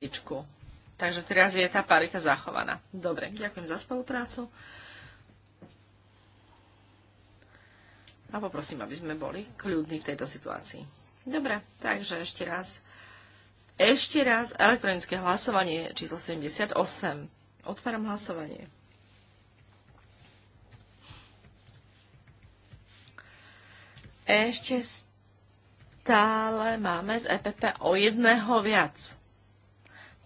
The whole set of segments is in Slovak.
balíčku. Takže teraz je tá parita zachovaná. Dobre, ďakujem za spoluprácu. A poprosím, aby sme boli kľudní v tejto situácii. Dobre, takže ešte raz. Ešte raz elektronické hlasovanie číslo 78. Otváram hlasovanie. Ešte stále máme z EPP o jedného viac.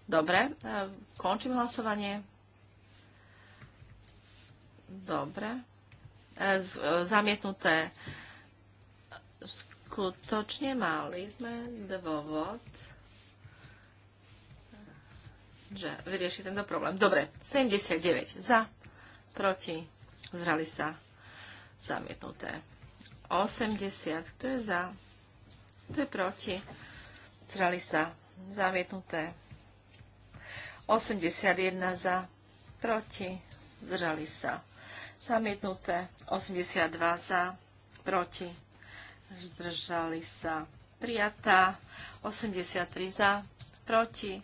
Dobre, e, končím hlasovanie. Dobre. E, e, zamietnuté. Skutočne mali sme dôvod, že vyrieši tento problém. Dobre, 79 za, proti, zrali sa, zamietnuté. 80, kto je za, kto je proti, zrali sa, zamietnuté. 81 za, proti, zdržali sa. Zamietnuté 82 za, proti, zdržali sa. Prijatá 83 za, proti,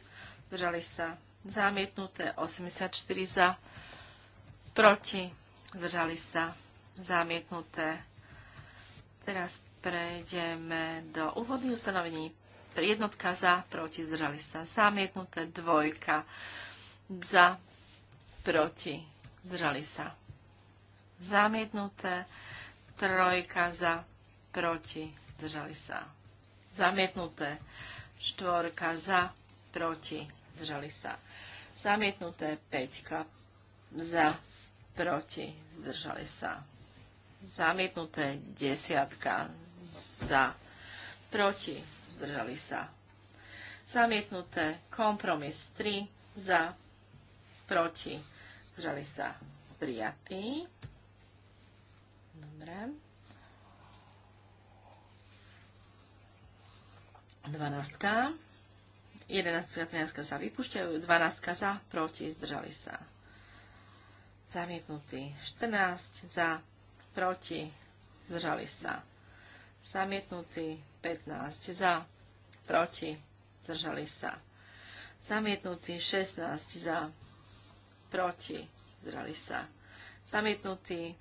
zdržali sa. Zamietnuté 84 za, proti, zdržali sa. Zamietnuté. Teraz prejdeme do úvodných ustanovení jednotka za, proti, zdržali sa zamietnuté, dvojka za, proti, zdržali sa zamietnuté, trojka za, proti, zdržali sa zamietnuté, štvorka za, proti, zdržali sa zamietnuté, peťka za, proti, zdržali sa zamietnuté, desiatka za, proti, zdržali sa. Zamietnuté kompromis 3 za, proti, zdržali sa prijatý. Dobre. 12. 11. 13. sa vypúšťajú, 12. za, proti, zdržali sa. Zamietnutý. 14. za, proti, zdržali sa. Zamietnutí 15 za, proti, zdržali sa. Zamietnutí 16 za, proti, zdržali sa. Zamietnutý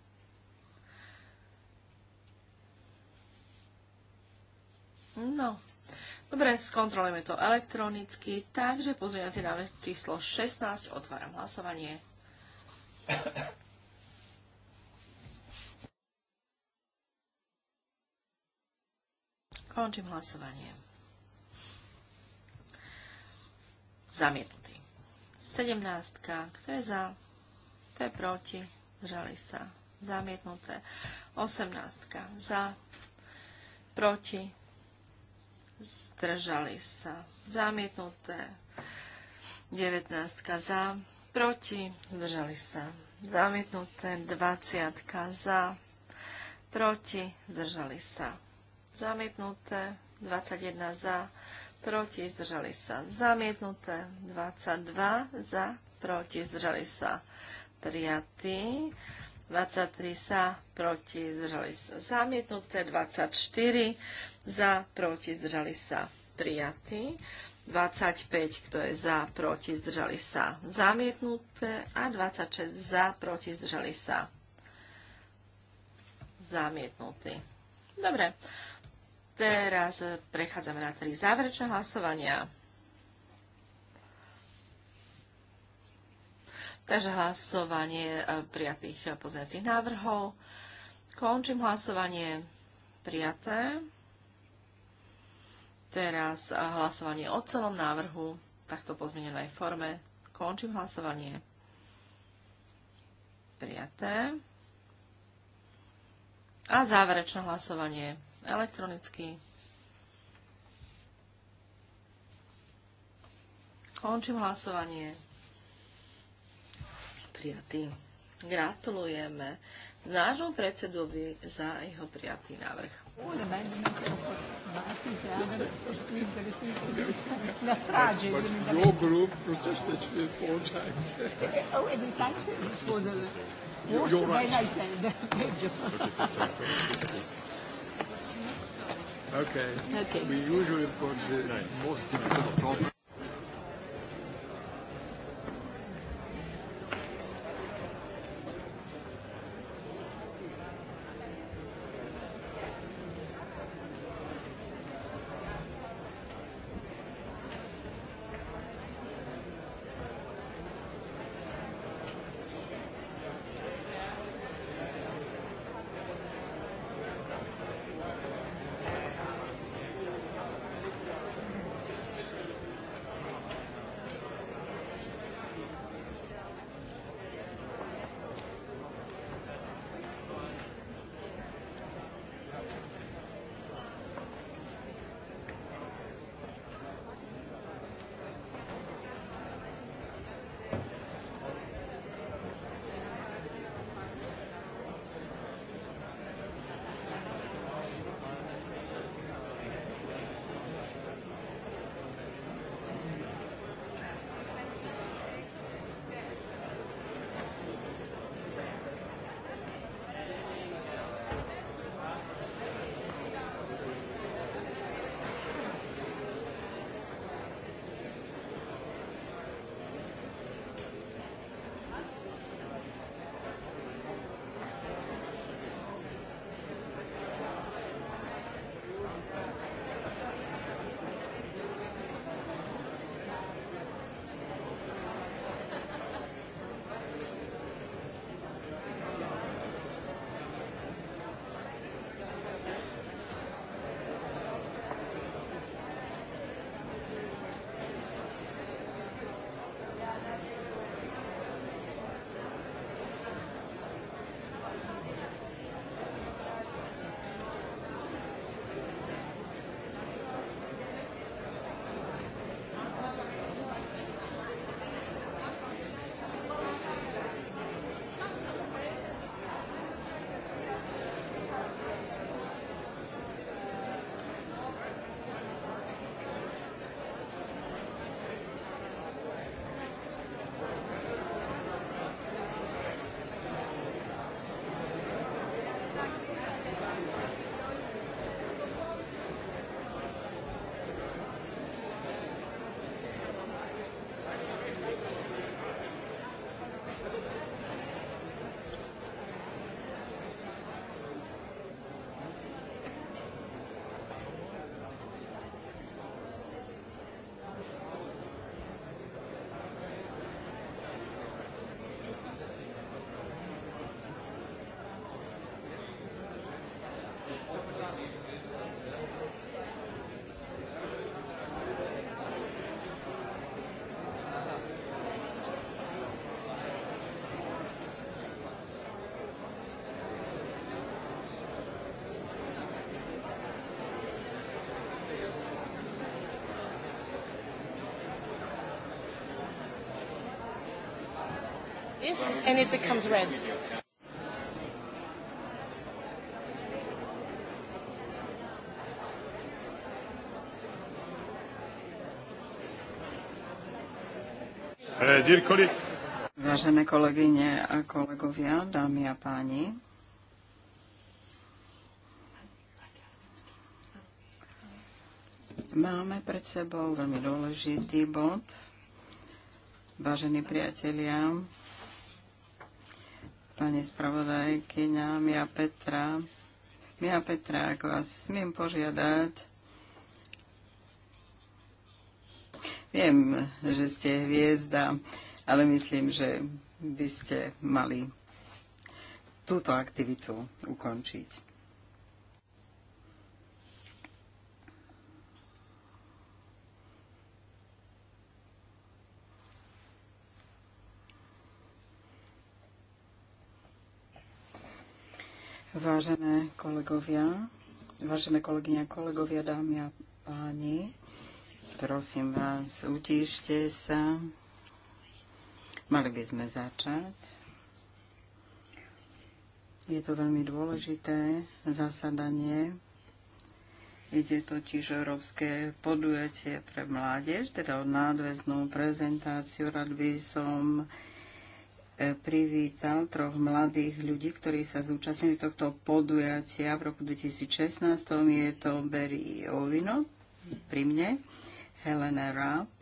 No, dobre, skontrolujeme to elektronicky, takže pozrieme si na číslo 16, otváram hlasovanie. Končím hlasovanie. Zamietnutý. 17. Kto je za? Kto je proti? Zdržali sa. Zamietnuté. 18. Za. Proti. Zdržali sa. Zamietnuté. 19. Za. Proti. Zdržali sa. Zamietnuté. 20. Za. Proti. Zdržali sa zamietnuté, 21 za, proti, zdržali sa, zamietnuté, 22 za, proti, zdržali sa, prijatí, 23 sa, proti, zdržali sa, zamietnuté, 24 za, proti, zdržali sa, prijatí, 25, kto je za, proti, zdržali sa, zamietnuté a 26 za, proti, zdržali sa, zamietnutý. Dobre, Teraz prechádzame na tri záverečné hlasovania. Takže hlasovanie e, prijatých pozmeňacích návrhov. Končím hlasovanie prijaté. Teraz e, hlasovanie o celom návrhu takto pozmenenej forme. Končím hlasovanie. Prijaté. A záverečné hlasovanie Elektronicky. Končím hlasovanie. Prijatý. Gratulujeme nášmu predsedovi za jeho prijatý návrh. your group protested four times. oh, every time was a, I said. Okay. Okay. We usually put the most difficult problem. this and it becomes red. Eh, Vážené kolegyne a kolegovia, dámy a páni, máme pred sebou veľmi dôležitý bod. Vážení priatelia, pani spravodajkyňa Mia Petra. Mia Petra, ak vás smiem požiadať, viem, že ste hviezda, ale myslím, že by ste mali túto aktivitu ukončiť. Vážené kolegovia, vážené kolegyňa, a kolegovia, dámy a páni, prosím vás, utíšte sa. Mali by sme začať. Je to veľmi dôležité zasadanie. Ide totiž Európske podujatie pre mládež, teda o nádveznú prezentáciu. rad by som privítal troch mladých ľudí, ktorí sa zúčastnili tohto podujatia v roku 2016. Je to Berry Ovino pri mne, Helena Rapp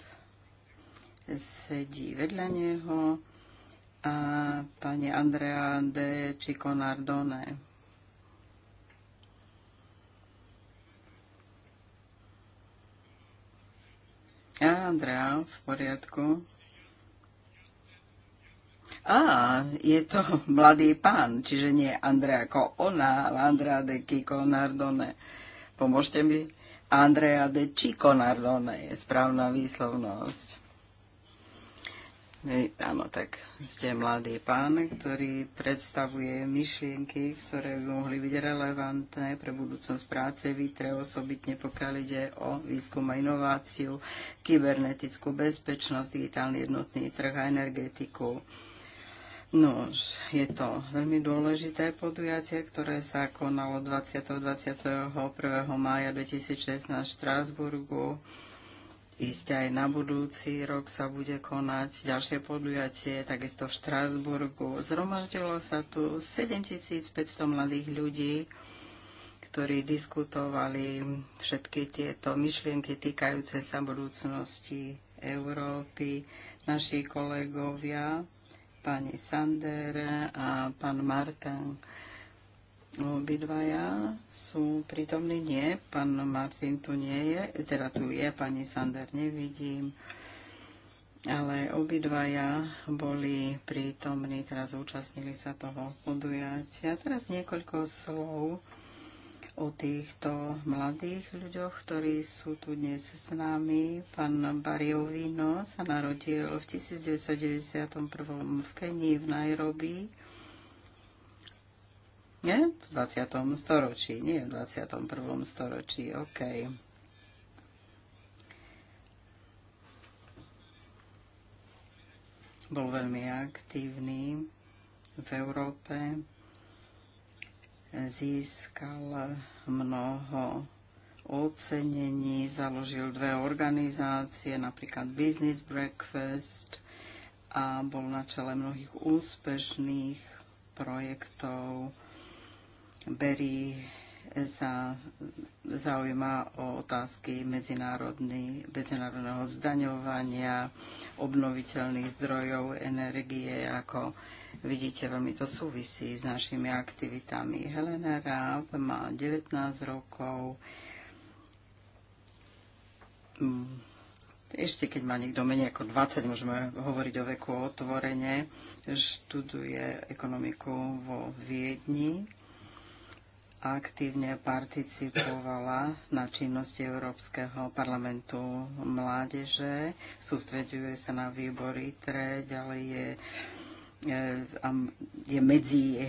sedí vedľa neho a pani Andrea de Ciconardone. Andrea, v poriadku. Á, je to mladý pán, čiže nie Andrea ako ona, ale Andrea de Kiko Nardone. Pomôžte mi. Andrea de Chico Nardone je správna výslovnosť. Hej, áno, tak ste mladý pán, ktorý predstavuje myšlienky, ktoré by mohli byť relevantné pre budúcnosť práce Vitre, osobitne pokiaľ ide o výskum a inováciu, kybernetickú bezpečnosť, digitálny jednotný trh a energetiku. Nož, je to veľmi dôležité podujatie, ktoré sa konalo 20. 21. mája 2016 v Štrásburgu. Isté aj na budúci rok sa bude konať ďalšie podujatie, takisto v Štrásburgu. Zromaždilo sa tu 7500 mladých ľudí, ktorí diskutovali všetky tieto myšlienky týkajúce sa budúcnosti Európy. Naši kolegovia pani Sander a pán Martin. Obidvaja sú prítomní? Nie. Pán Martin tu nie je, teda tu je, pani Sander nevidím. Ale obidvaja boli prítomní, teraz zúčastnili sa toho podujatia. Teraz niekoľko slov o týchto mladých ľuďoch, ktorí sú tu dnes s nami. Pán Bariovino sa narodil v 1991 v Kenii v Nairobi. Nie? V 20. storočí, nie v 21. storočí, OK. Bol veľmi aktívny v Európe, získal mnoho ocenení, založil dve organizácie, napríklad Business Breakfast a bol na čele mnohých úspešných projektov. Berry sa zaujíma o otázky medzinárodného zdaňovania, obnoviteľných zdrojov energie, ako vidíte, veľmi to súvisí s našimi aktivitami. Helena Ráb má 19 rokov. Mm, ešte keď má niekto menej ako 20, môžeme hovoriť o veku otvorene. Študuje ekonomiku vo Viedni aktívne participovala na činnosti Európskeho parlamentu mládeže, sústreďuje sa na výbory TRE, ďalej je e, je medzi e,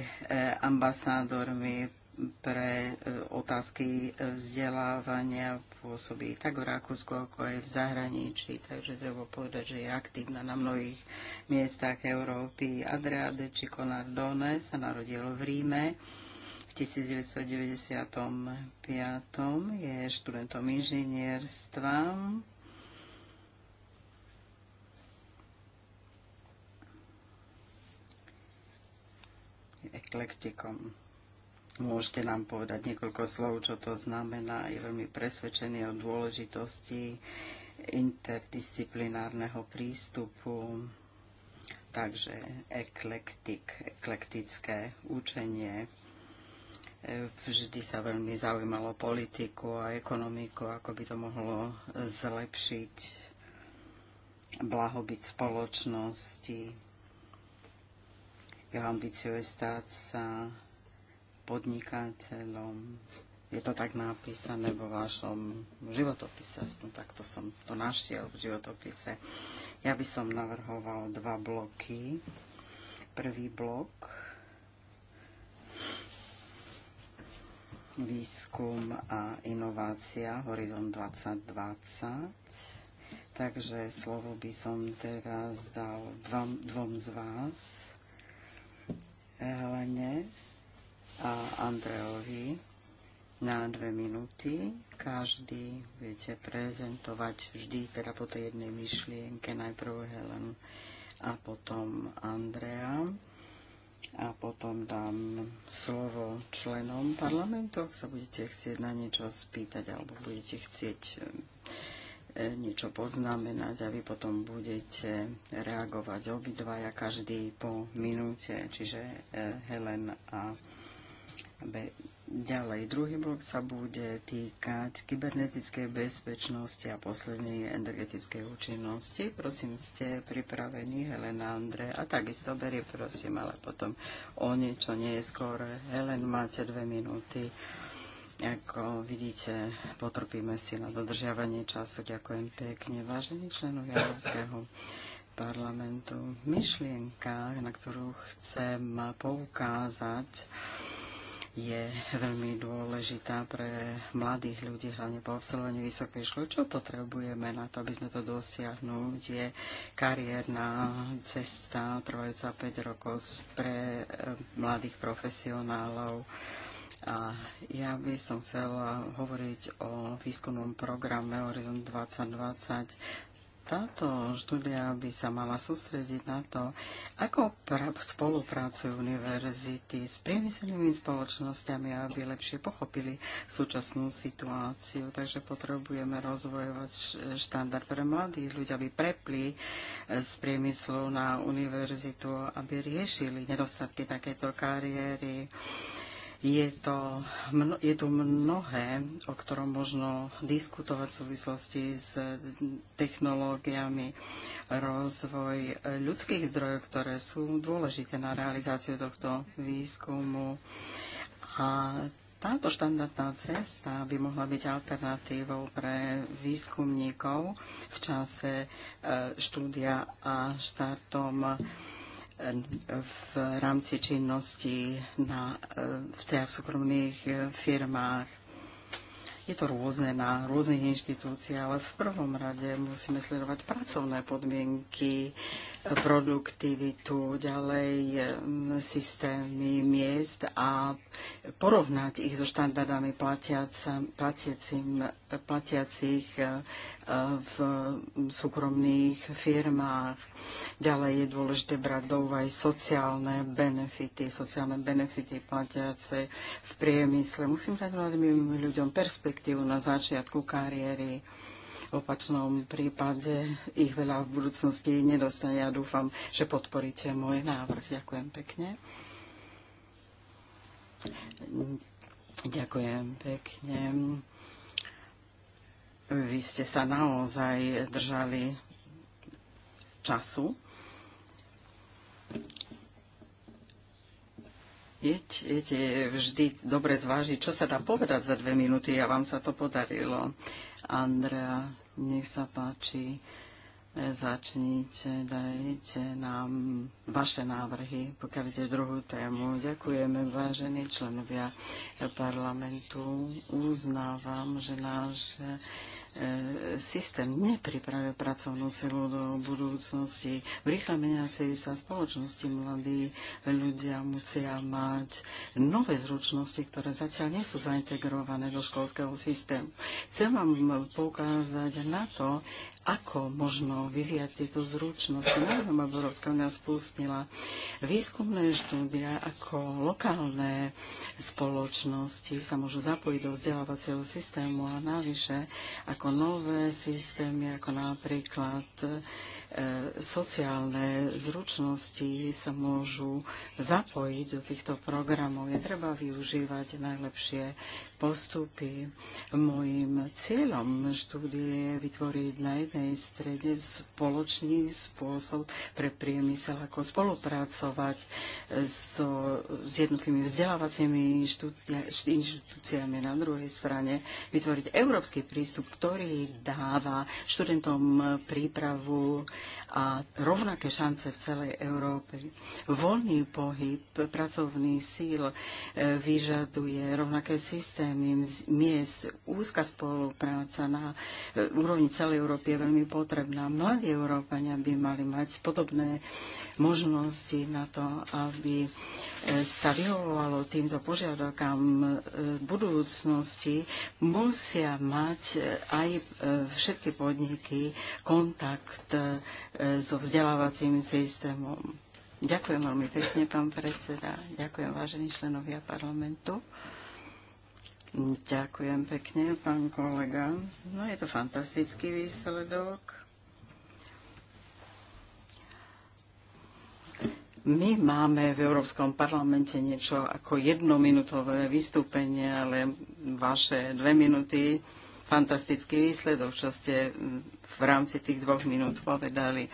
ambasádormi pre e, otázky vzdelávania pôsobí tak v Rakúsku, ako aj v zahraničí. Takže treba povedať, že je aktívna na mnohých miestach Európy. Adriade de Conardone sa narodil v Ríme 1995 je študentom inžinierstva. eklektikom. Môžete nám povedať niekoľko slov, čo to znamená. Je veľmi presvedčený o dôležitosti interdisciplinárneho prístupu. Takže eklektik, eklektické učenie vždy sa veľmi zaujímalo politiku a ekonomiku, ako by to mohlo zlepšiť blahobyt spoločnosti. Jeho ambíciou je stať sa podnikateľom. Je to tak napísané vo vašom životopise, aspoň takto som to našiel v životopise. Ja by som navrhoval dva bloky. Prvý blok výskum a inovácia Horizon 2020. Takže slovo by som teraz dal dvom, dvom z vás, Helene a Andreovi, na dve minúty. Každý viete prezentovať vždy, teda po tej jednej myšlienke, najprv Helen a potom Andrea a potom dám slovo členom parlamentu, ak sa budete chcieť na niečo spýtať alebo budete chcieť e, e, niečo poznamenať a vy potom budete reagovať obidvaja každý po minúte, čiže e, Helen a Ďalej, druhý blok sa bude týkať kybernetickej bezpečnosti a poslednej energetickej účinnosti. Prosím, ste pripravení, Helena Andre. A takisto berie, prosím, ale potom o niečo neskôr. Helen, máte dve minúty. Ako vidíte, potrpíme si na dodržiavanie času. Ďakujem pekne. Vážení členovia Európskeho parlamentu, myšlienka, na ktorú chcem poukázať, je veľmi dôležitá pre mladých ľudí, hlavne po absolvovaní vysokej školy. Čo potrebujeme na to, aby sme to dosiahnuť, je kariérna cesta trvajúca 5 rokov pre e, mladých profesionálov. A ja by som chcela hovoriť o výskumnom programe Horizon 2020. Táto štúdia by sa mala sústrediť na to, ako spolupracujú univerzity s priemyselnými spoločnosťami, aby lepšie pochopili súčasnú situáciu. Takže potrebujeme rozvojovať štandard pre mladých ľudí, aby prepli e, z priemyslu na univerzitu, aby riešili nedostatky takéto kariéry je, to, je tu mnohé, o ktorom možno diskutovať v súvislosti s technológiami, rozvoj ľudských zdrojov, ktoré sú dôležité na realizáciu tohto výskumu. A táto štandardná cesta by mohla byť alternatívou pre výskumníkov v čase e, štúdia a štartom v rámci činnosti na, v tých súkromných eh, firmách. Je to rôzne na rôznych inštitúciách, ale v prvom rade musíme sledovať pracovné podmienky produktivitu, ďalej um, systémy miest a porovnať ich so štandardami platiacich uh, v um, súkromných firmách. Ďalej je dôležité brať do úvahy sociálne benefity, sociálne benefity platiace v priemysle. Musím dať mladým ľuďom perspektívu na začiatku kariéry v opačnom prípade ich veľa v budúcnosti nedostane. Ja dúfam, že podporíte môj návrh. Ďakujem pekne. Ďakujem pekne. Vy ste sa naozaj držali času. Viete, vždy dobre zvážiť, čo sa dá povedať za dve minúty a vám sa to podarilo. Andrea, nech sa páči začnite, dajte nám vaše návrhy, pokiaľ ide druhú tému. Ďakujeme, vážení členovia parlamentu. Uznávam, že náš e, systém nepripravuje pracovnú silu do budúcnosti. V rýchle meniacej sa spoločnosti mladí ľudia musia mať nové zručnosti, ktoré zatiaľ nie sú zaintegrované do školského systému. Chcem vám poukázať na to, ako možno vyvíjať tieto zručnosti. Naozaj ma Borovská unia spustila výskumné štúdia, ako lokálne spoločnosti sa môžu zapojiť do vzdelávacieho systému a navyše ako nové systémy, ako napríklad e, sociálne zručnosti sa môžu zapojiť do týchto programov. Je treba využívať najlepšie postupy. Mojím cieľom štúdie je vytvoriť na jednej strede spoločný spôsob pre priemysel, ako spolupracovať so, s jednotlivými vzdelávacími inštitúciami na druhej strane, vytvoriť európsky prístup, ktorý dáva študentom prípravu a rovnaké šance v celej Európe. Voľný pohyb pracovných síl eh, vyžaduje rovnaké systémy pracovných miest. Úzka spolupráca na e, úrovni celej Európy je veľmi potrebná. Mladí Európania by mali mať podobné možnosti na to, aby e, sa vyhovovalo týmto požiadavkám e, budúcnosti, musia mať aj všetky podniky kontakt so vzdelávacím systémom. Ďakujem veľmi pekne, pán predseda. Ďakujem, vážení členovia parlamentu. Ďakujem pekne, pán kolega. No je to fantastický výsledok. My máme v Európskom parlamente niečo ako jednominútové vystúpenie, ale vaše dve minúty, fantastický výsledok, čo ste v rámci tých dvoch minút povedali.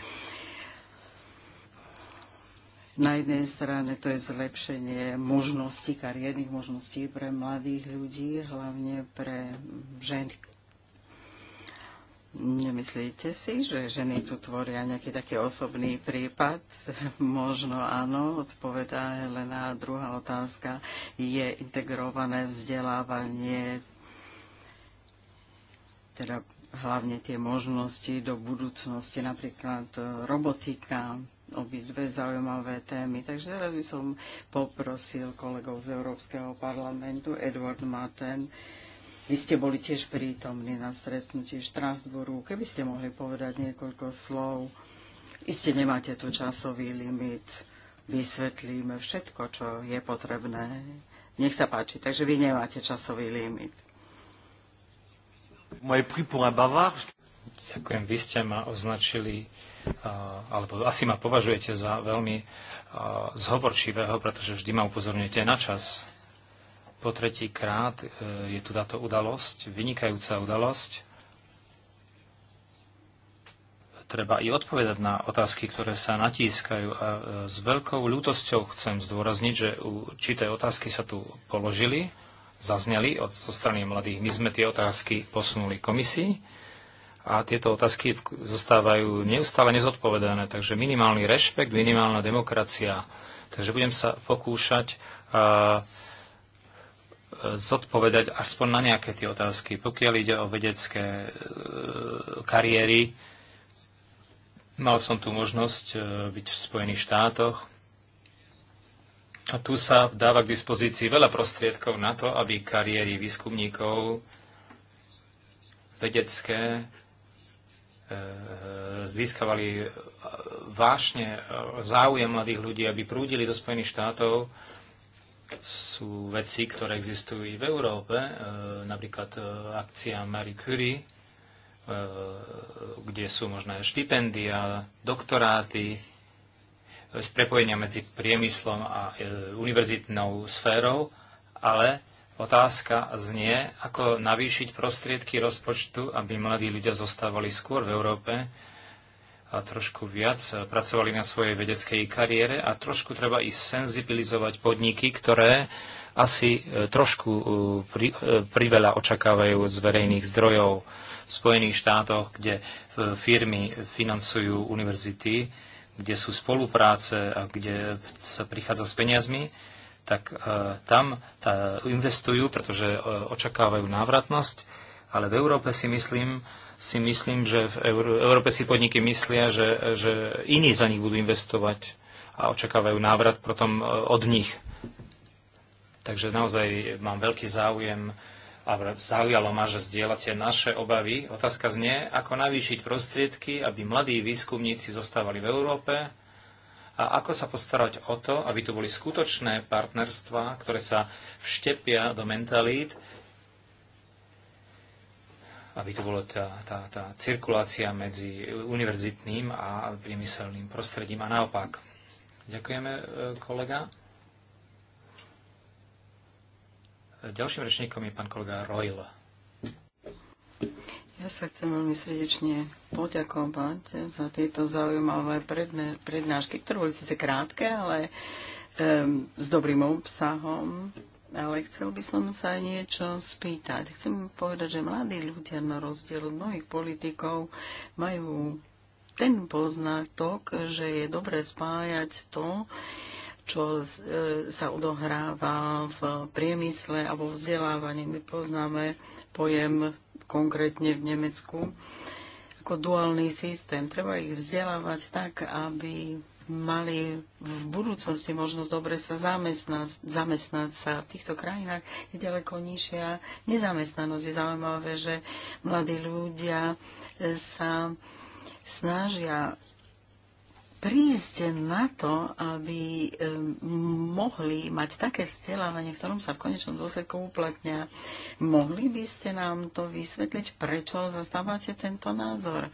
Na jednej strane to je zlepšenie možností, kariérnych možností pre mladých ľudí, hlavne pre ženy. Nemyslíte si, že ženy tu tvoria nejaký taký osobný prípad? Možno áno, odpovedá Helena. Druhá otázka je integrované vzdelávanie, teda hlavne tie možnosti do budúcnosti, napríklad robotika, obidve zaujímavé témy. Takže teraz by som poprosil kolegov z Európskeho parlamentu, Edward Martin, vy ste boli tiež prítomní na stretnutí v Štrasburu. Keby ste mohli povedať niekoľko slov, iste nemáte tu časový limit, vysvetlíme všetko, čo je potrebné. Nech sa páči, takže vy nemáte časový limit. Ďakujem, vy ste ma označili alebo asi ma považujete za veľmi zhovorčivého, pretože vždy ma upozorňujete na čas. Po tretí krát e, je tu táto udalosť, vynikajúca udalosť. Treba i odpovedať na otázky, ktoré sa natískajú. A e, s veľkou ľútosťou chcem zdôrazniť, že určité otázky sa tu položili, zazneli od, zo strany mladých. My sme tie otázky posunuli komisii a tieto otázky zostávajú neustále nezodpovedané. Takže minimálny rešpekt, minimálna demokracia. Takže budem sa pokúšať a, e, zodpovedať aspoň na nejaké tie otázky. Pokiaľ ide o vedecké e, kariéry, mal som tu možnosť e, byť v Spojených štátoch. A tu sa dáva k dispozícii veľa prostriedkov na to, aby kariéry výskumníkov vedecké E, získavali vášne e, záujem mladých ľudí, aby prúdili do Spojených štátov, sú veci, ktoré existujú i v Európe, e, napríklad akcia Marie Curie, kde sú možné štipendia, doktoráty, prepojenia medzi priemyslom a univerzitnou sférou, ale Otázka znie, ako navýšiť prostriedky rozpočtu, aby mladí ľudia zostávali skôr v Európe a trošku viac pracovali na svojej vedeckej kariére a trošku treba i senzibilizovať podniky, ktoré asi e, trošku e, pri, e, priveľa očakávajú z verejných zdrojov v Spojených štátoch, kde firmy financujú univerzity, kde sú spolupráce a kde sa prichádza s peniazmi tak e, tam e, investujú, pretože e, očakávajú návratnosť, ale v Európe si myslím, si myslím, že v Európe si podniky myslia, že, že iní za nich budú investovať a očakávajú návrat potom od nich. Takže naozaj mám veľký záujem a zaujalo ma, že zdieľate naše obavy. Otázka znie, ako navýšiť prostriedky, aby mladí výskumníci zostávali v Európe, a ako sa postarať o to, aby tu boli skutočné partnerstvá, ktoré sa vštepia do mentalít, aby tu bola tá, tá, tá cirkulácia medzi univerzitným a priemyselným prostredím a naopak. Ďakujeme, e, kolega. Ďalším rečníkom je pán kolega Royle. Ja sa chcem veľmi srdečne poďakovať za tieto zaujímavé prednášky, ktoré boli síce krátke, ale um, s dobrým obsahom. Ale chcel by som sa niečo spýtať. Chcem povedať, že mladí ľudia na rozdiel od mnohých politikov majú ten poznatok, že je dobre spájať to, čo e, sa odohráva v priemysle a vo vzdelávaní. My poznáme pojem konkrétne v Nemecku, ako duálny systém. Treba ich vzdelávať tak, aby mali v budúcnosti možnosť dobre sa zamestnať, zamestnať sa. V týchto krajinách je ďaleko nižšia nezamestnanosť. Je zaujímavé, že mladí ľudia sa snažia prísť na to, aby ehm, mohli mať také vzdelávanie, v ktorom sa v konečnom dôsledku uplatnia, Mohli by ste nám to vysvetliť, prečo zastávate tento názor?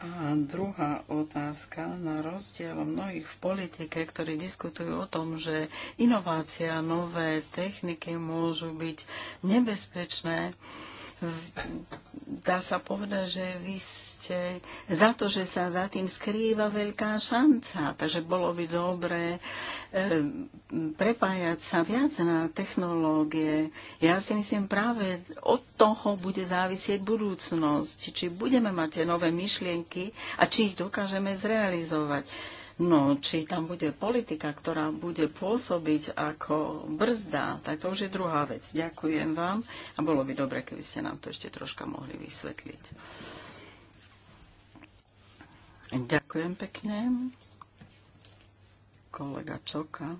A druhá otázka, na rozdiel mnohých v politike, ktorí diskutujú o tom, že inovácia, nové techniky môžu byť nebezpečné, dá sa povedať, že vy ste za to, že sa za tým skrýva veľká šanca. Takže bolo by dobré e, prepájať sa viac na technológie. Ja si myslím, práve od toho bude závisieť budúcnosť. Či budeme mať tie nové myšlienky a či ich dokážeme zrealizovať No, či tam bude politika, ktorá bude pôsobiť ako brzda, tak to už je druhá vec. Ďakujem vám a bolo by dobre, keby ste nám to ešte troška mohli vysvetliť. Ďakujem pekne. Kolega Čoka.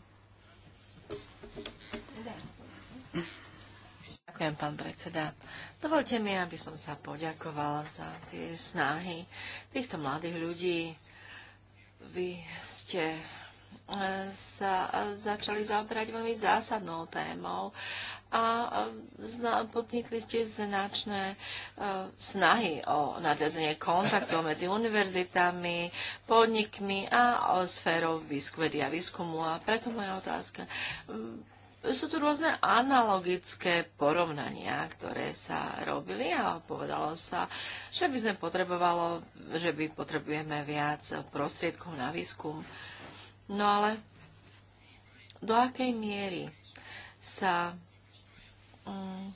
Ďakujem, pán predseda. Dovolte mi, aby som sa poďakovala za tie snahy týchto mladých ľudí, vy ste e, sa e, začali zaoberať veľmi zásadnou témou a e, podnikli ste značné snahy o nadväzenie kontaktov medzi univerzitami, podnikmi a o sférou výskvedy a výskumu. A preto moja otázka sú tu rôzne analogické porovnania, ktoré sa robili a povedalo sa, že by sme potrebovalo, že by potrebujeme viac prostriedkov na výskum. No ale do akej miery sa mm,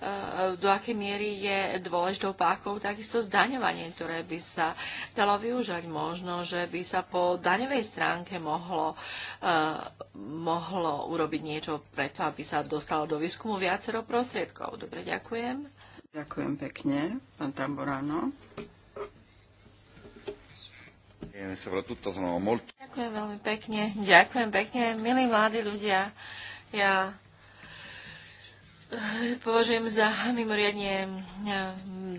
E, do akej miery je dôležitou pákou takisto zdaňovanie, ktoré by sa dalo využať. Možno, že by sa po daňovej stránke mohlo, e, mohlo urobiť niečo preto, aby sa dostalo do výskumu viacero prostriedkov. Dobre, ďakujem. Ďakujem pekne, pán Tamborano. Ďakujem veľmi pekne, ďakujem pekne, milí mladí ľudia. Ja Považujem za mimoriadne e,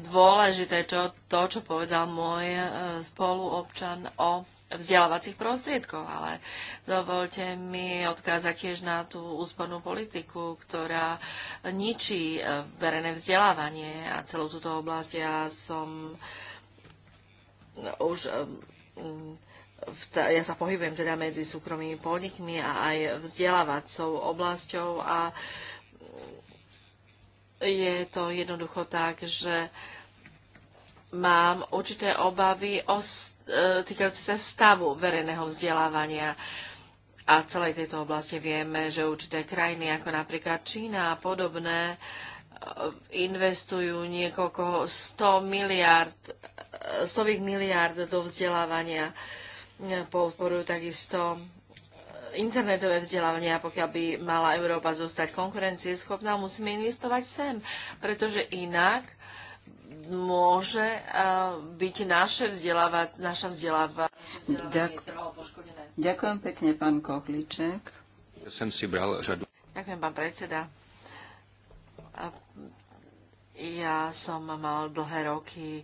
dôležité čo, to, čo povedal môj e, spoluobčan o vzdelávacích prostriedkoch, ale dovolte mi odkázať tiež na tú úspornú politiku, ktorá ničí e, verejné vzdelávanie a celú túto oblasť. Ja som už ja sa pohybujem teda medzi súkromnými podnikmi a aj vzdelávacou oblasťou a je to jednoducho tak, že mám určité obavy o e, týkajúce sa stavu verejného vzdelávania a celej tejto oblasti vieme, že určité krajiny ako napríklad Čína a podobné e, investujú niekoľko 100 miliard, e, stových miliard do vzdelávania, podporujú takisto internetové vzdelávanie a pokiaľ by mala Európa zostať konkurencieschopná, musíme investovať sem, pretože inak môže eh, byť naše vzdelávať, naša vzdelávanie Ďak- Ďakujem pekne, pán Kohliček. Ja som si bral žadu. Ďakujem, pán predseda. Ja som mal dlhé roky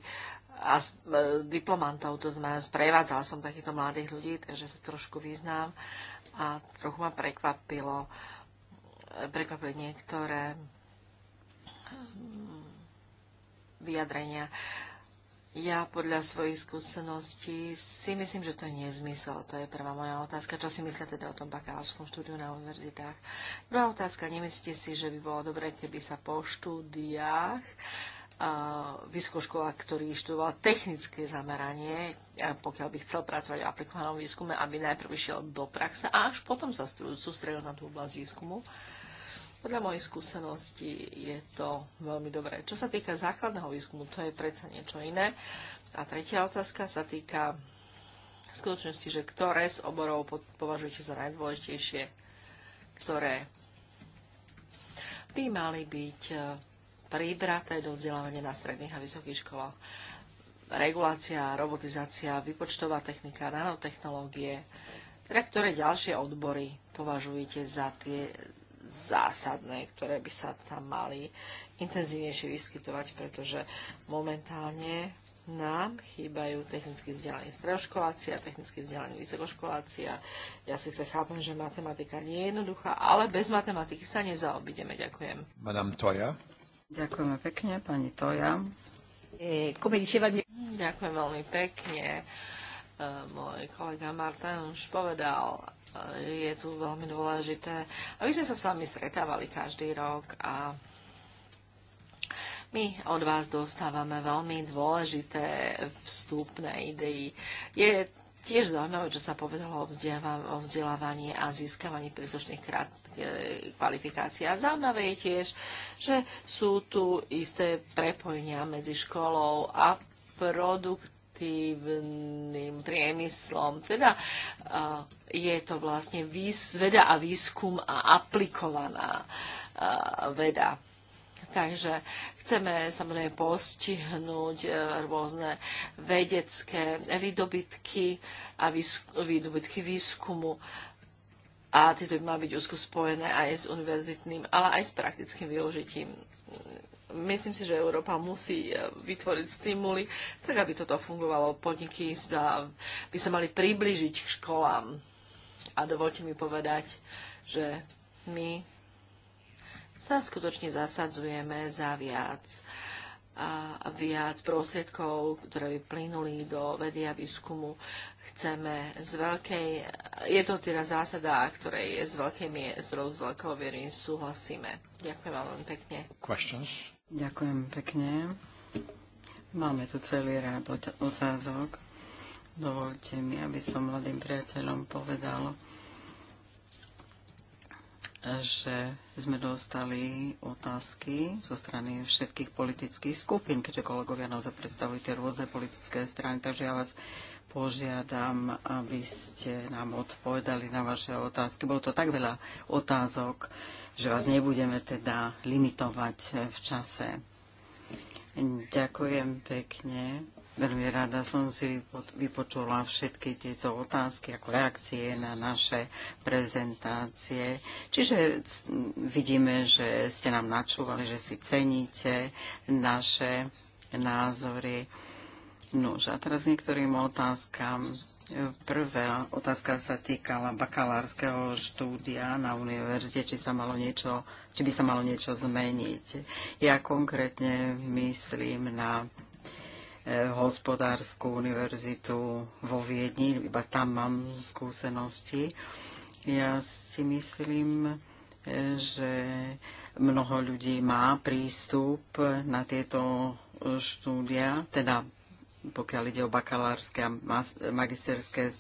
a s, e, diplomantov, to znamená, sprevádzala som takýchto mladých ľudí, takže sa trošku význam a trochu ma prekvapilo, prekvapili niektoré mm, vyjadrenia. Ja podľa svojich skúseností si myslím, že to je zmysel. To je prvá moja otázka. Čo si myslíte teda o tom bakalárskom štúdiu na univerzitách? Druhá otázka. Nemyslíte si, že by bolo dobré, keby sa po štúdiách vysokoškolák, ktorý študoval technické zameranie, pokiaľ by chcel pracovať v aplikovanom výskume, aby najprv išiel do praxe a až potom sa sústredil na tú oblasť výskumu. Podľa mojej skúseností je to veľmi dobré. Čo sa týka základného výskumu, to je predsa niečo iné. A tretia otázka sa týka skutočnosti, že ktoré z oborov považujete za najdôležitejšie, ktoré by mali byť pribraté do vzdelávania na stredných a vysokých školách. Regulácia, robotizácia, vypočtová technika, nanotechnológie, teda ktoré ďalšie odbory považujete za tie zásadné, ktoré by sa tam mali intenzívnejšie vyskytovať, pretože momentálne nám chýbajú technicky vzdelaní stredoškoláci a technicky vzdelaní vysokoškoláci. Ja síce chápem, že matematika nie je jednoduchá, ale bez matematiky sa nezaobideme. Ďakujem. Madame Toja. Ďakujeme pekne, pani Toja. E, Ďakujem veľmi pekne. E, môj kolega Martin už povedal, e, je tu veľmi dôležité, aby sme sa s vami stretávali každý rok a my od vás dostávame veľmi dôležité vstupné idei. Je tiež zaujímavé, čo sa povedalo o, o vzdelávaní a získavaní príslušných E, kvalifikácia. Zaujímavé je tiež, že sú tu isté prepojenia medzi školou a produktívnym priemyslom. Teda e, je to vlastne veda a výskum a aplikovaná e, veda. Takže chceme samozrejme postihnúť rôzne vedecké výdobytky a výdobytky výskumu a tieto by mali byť úzko spojené aj s univerzitným, ale aj s praktickým využitím. Myslím si, že Európa musí e, vytvoriť stimuly, tak aby toto fungovalo. Podniky by sa mali priblížiť k školám. A dovolte mi povedať, že my sa skutočne zasadzujeme za viac a viac prostriedkov, ktoré by plynuli do vedy a výskumu. Chceme z veľkej, je to teda zásada, ktorej z veľkej miestrov, z veľkou viery súhlasíme. Ďakujem vám veľmi pekne. Questions? Ďakujem pekne. Máme tu celý rád otázok. Dovolte mi, aby som mladým priateľom povedal, že sme dostali otázky zo strany všetkých politických skupín, keďže kolegovia naozaj predstavujú tie rôzne politické strany, takže ja vás požiadam, aby ste nám odpovedali na vaše otázky. Bolo to tak veľa otázok, že vás nebudeme teda limitovať v čase. Ďakujem pekne. Veľmi rada som si vypočula všetky tieto otázky ako reakcie na naše prezentácie. Čiže vidíme, že ste nám načúvali, že si ceníte naše názory. Nož a teraz niektorým otázkam. Prvá otázka sa týkala bakalárskeho štúdia na univerzite, či sa malo niečo, či by sa malo niečo zmeniť. Ja konkrétne myslím na hospodárskú univerzitu vo Viedni, iba tam mám skúsenosti. Ja si myslím, že mnoho ľudí má prístup na tieto štúdia, teda pokiaľ ide o bakalárske a magisterské e,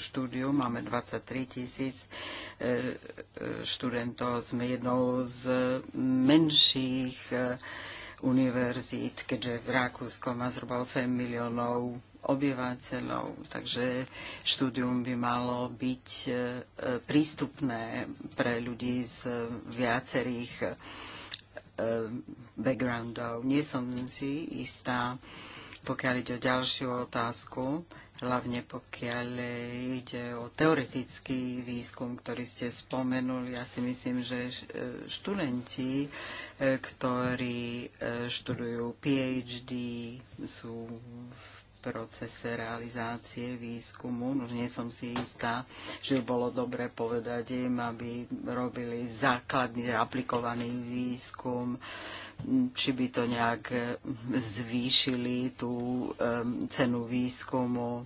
štúdium, máme 23 tisíc e, e, študentov, sme jednou z menších univerzít, keďže v Rakúsko má zhruba 8 miliónov obyvateľov, takže štúdium by malo byť e, prístupné pre ľudí z viacerých e, backgroundov. Nie som si istá, pokiaľ ide o ďalšiu otázku, hlavne pokiaľ ide o teoretický výskum, ktorý ste spomenuli. Ja si myslím, že e, študenti, e, ktorí e, študujú PhD, sú v procese realizácie výskumu. Už nie som si istá, že bolo dobre povedať im, aby robili základný aplikovaný výskum, či by to nejak zvýšili tú cenu výskumu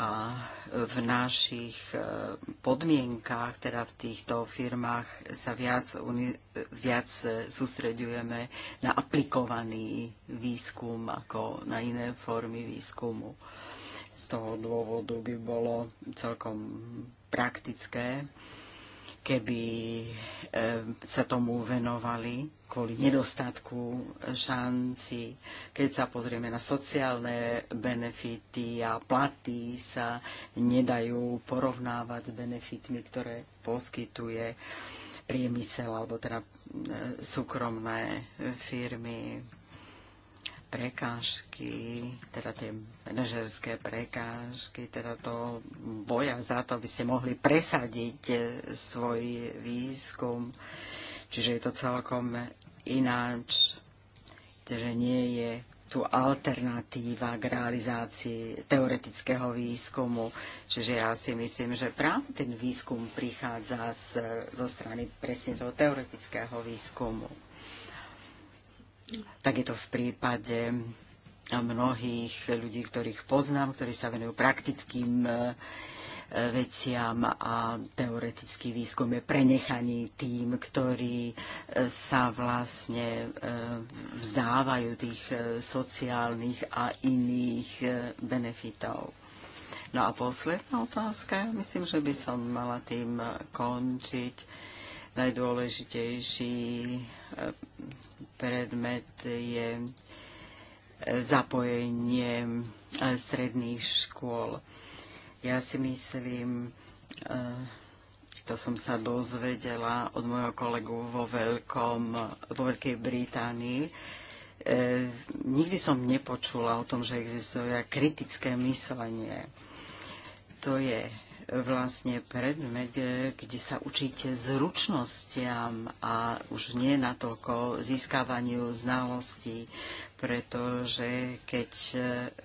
a v našich e, podmienkách, teda v týchto firmách, sa viac, viac e, sústreďujeme na aplikovaný výskum ako na iné formy výskumu. Z toho dôvodu by bolo celkom praktické, keby e, sa tomu venovali kvôli nedostatku šanci. Keď sa pozrieme na sociálne benefity a platy sa nedajú porovnávať s benefitmi, ktoré poskytuje priemysel alebo teda e, súkromné firmy prekážky, teda tie manažerské prekážky, teda to boja za to, aby ste mohli presadiť e, svoj výskum. Čiže je to celkom ináč, že nie je tu alternatíva k realizácii teoretického výskumu. Čiže ja si myslím, že práve ten výskum prichádza z, zo strany presne toho teoretického výskumu. Tak je to v prípade mnohých ľudí, ktorých poznám, ktorí sa venujú praktickým veciam a teoretický výskum je prenechaný tým, ktorí e, sa vlastne e, vzdávajú tých e, sociálnych a iných benefitov. No a posledná otázka, myslím, že by som mala tým končiť. Najdôležitejší predmet je zapojenie stredných škôl. Ja si myslím, eh, to som sa dozvedela od môjho kolegu vo, veľkom, vo Veľkej Británii, eh, nikdy som nepočula o tom, že existuje kritické myslenie. To je vlastne predmet, e, kde sa učíte zručnostiam a už nie natoľko získavaniu znalostí, pretože keď e,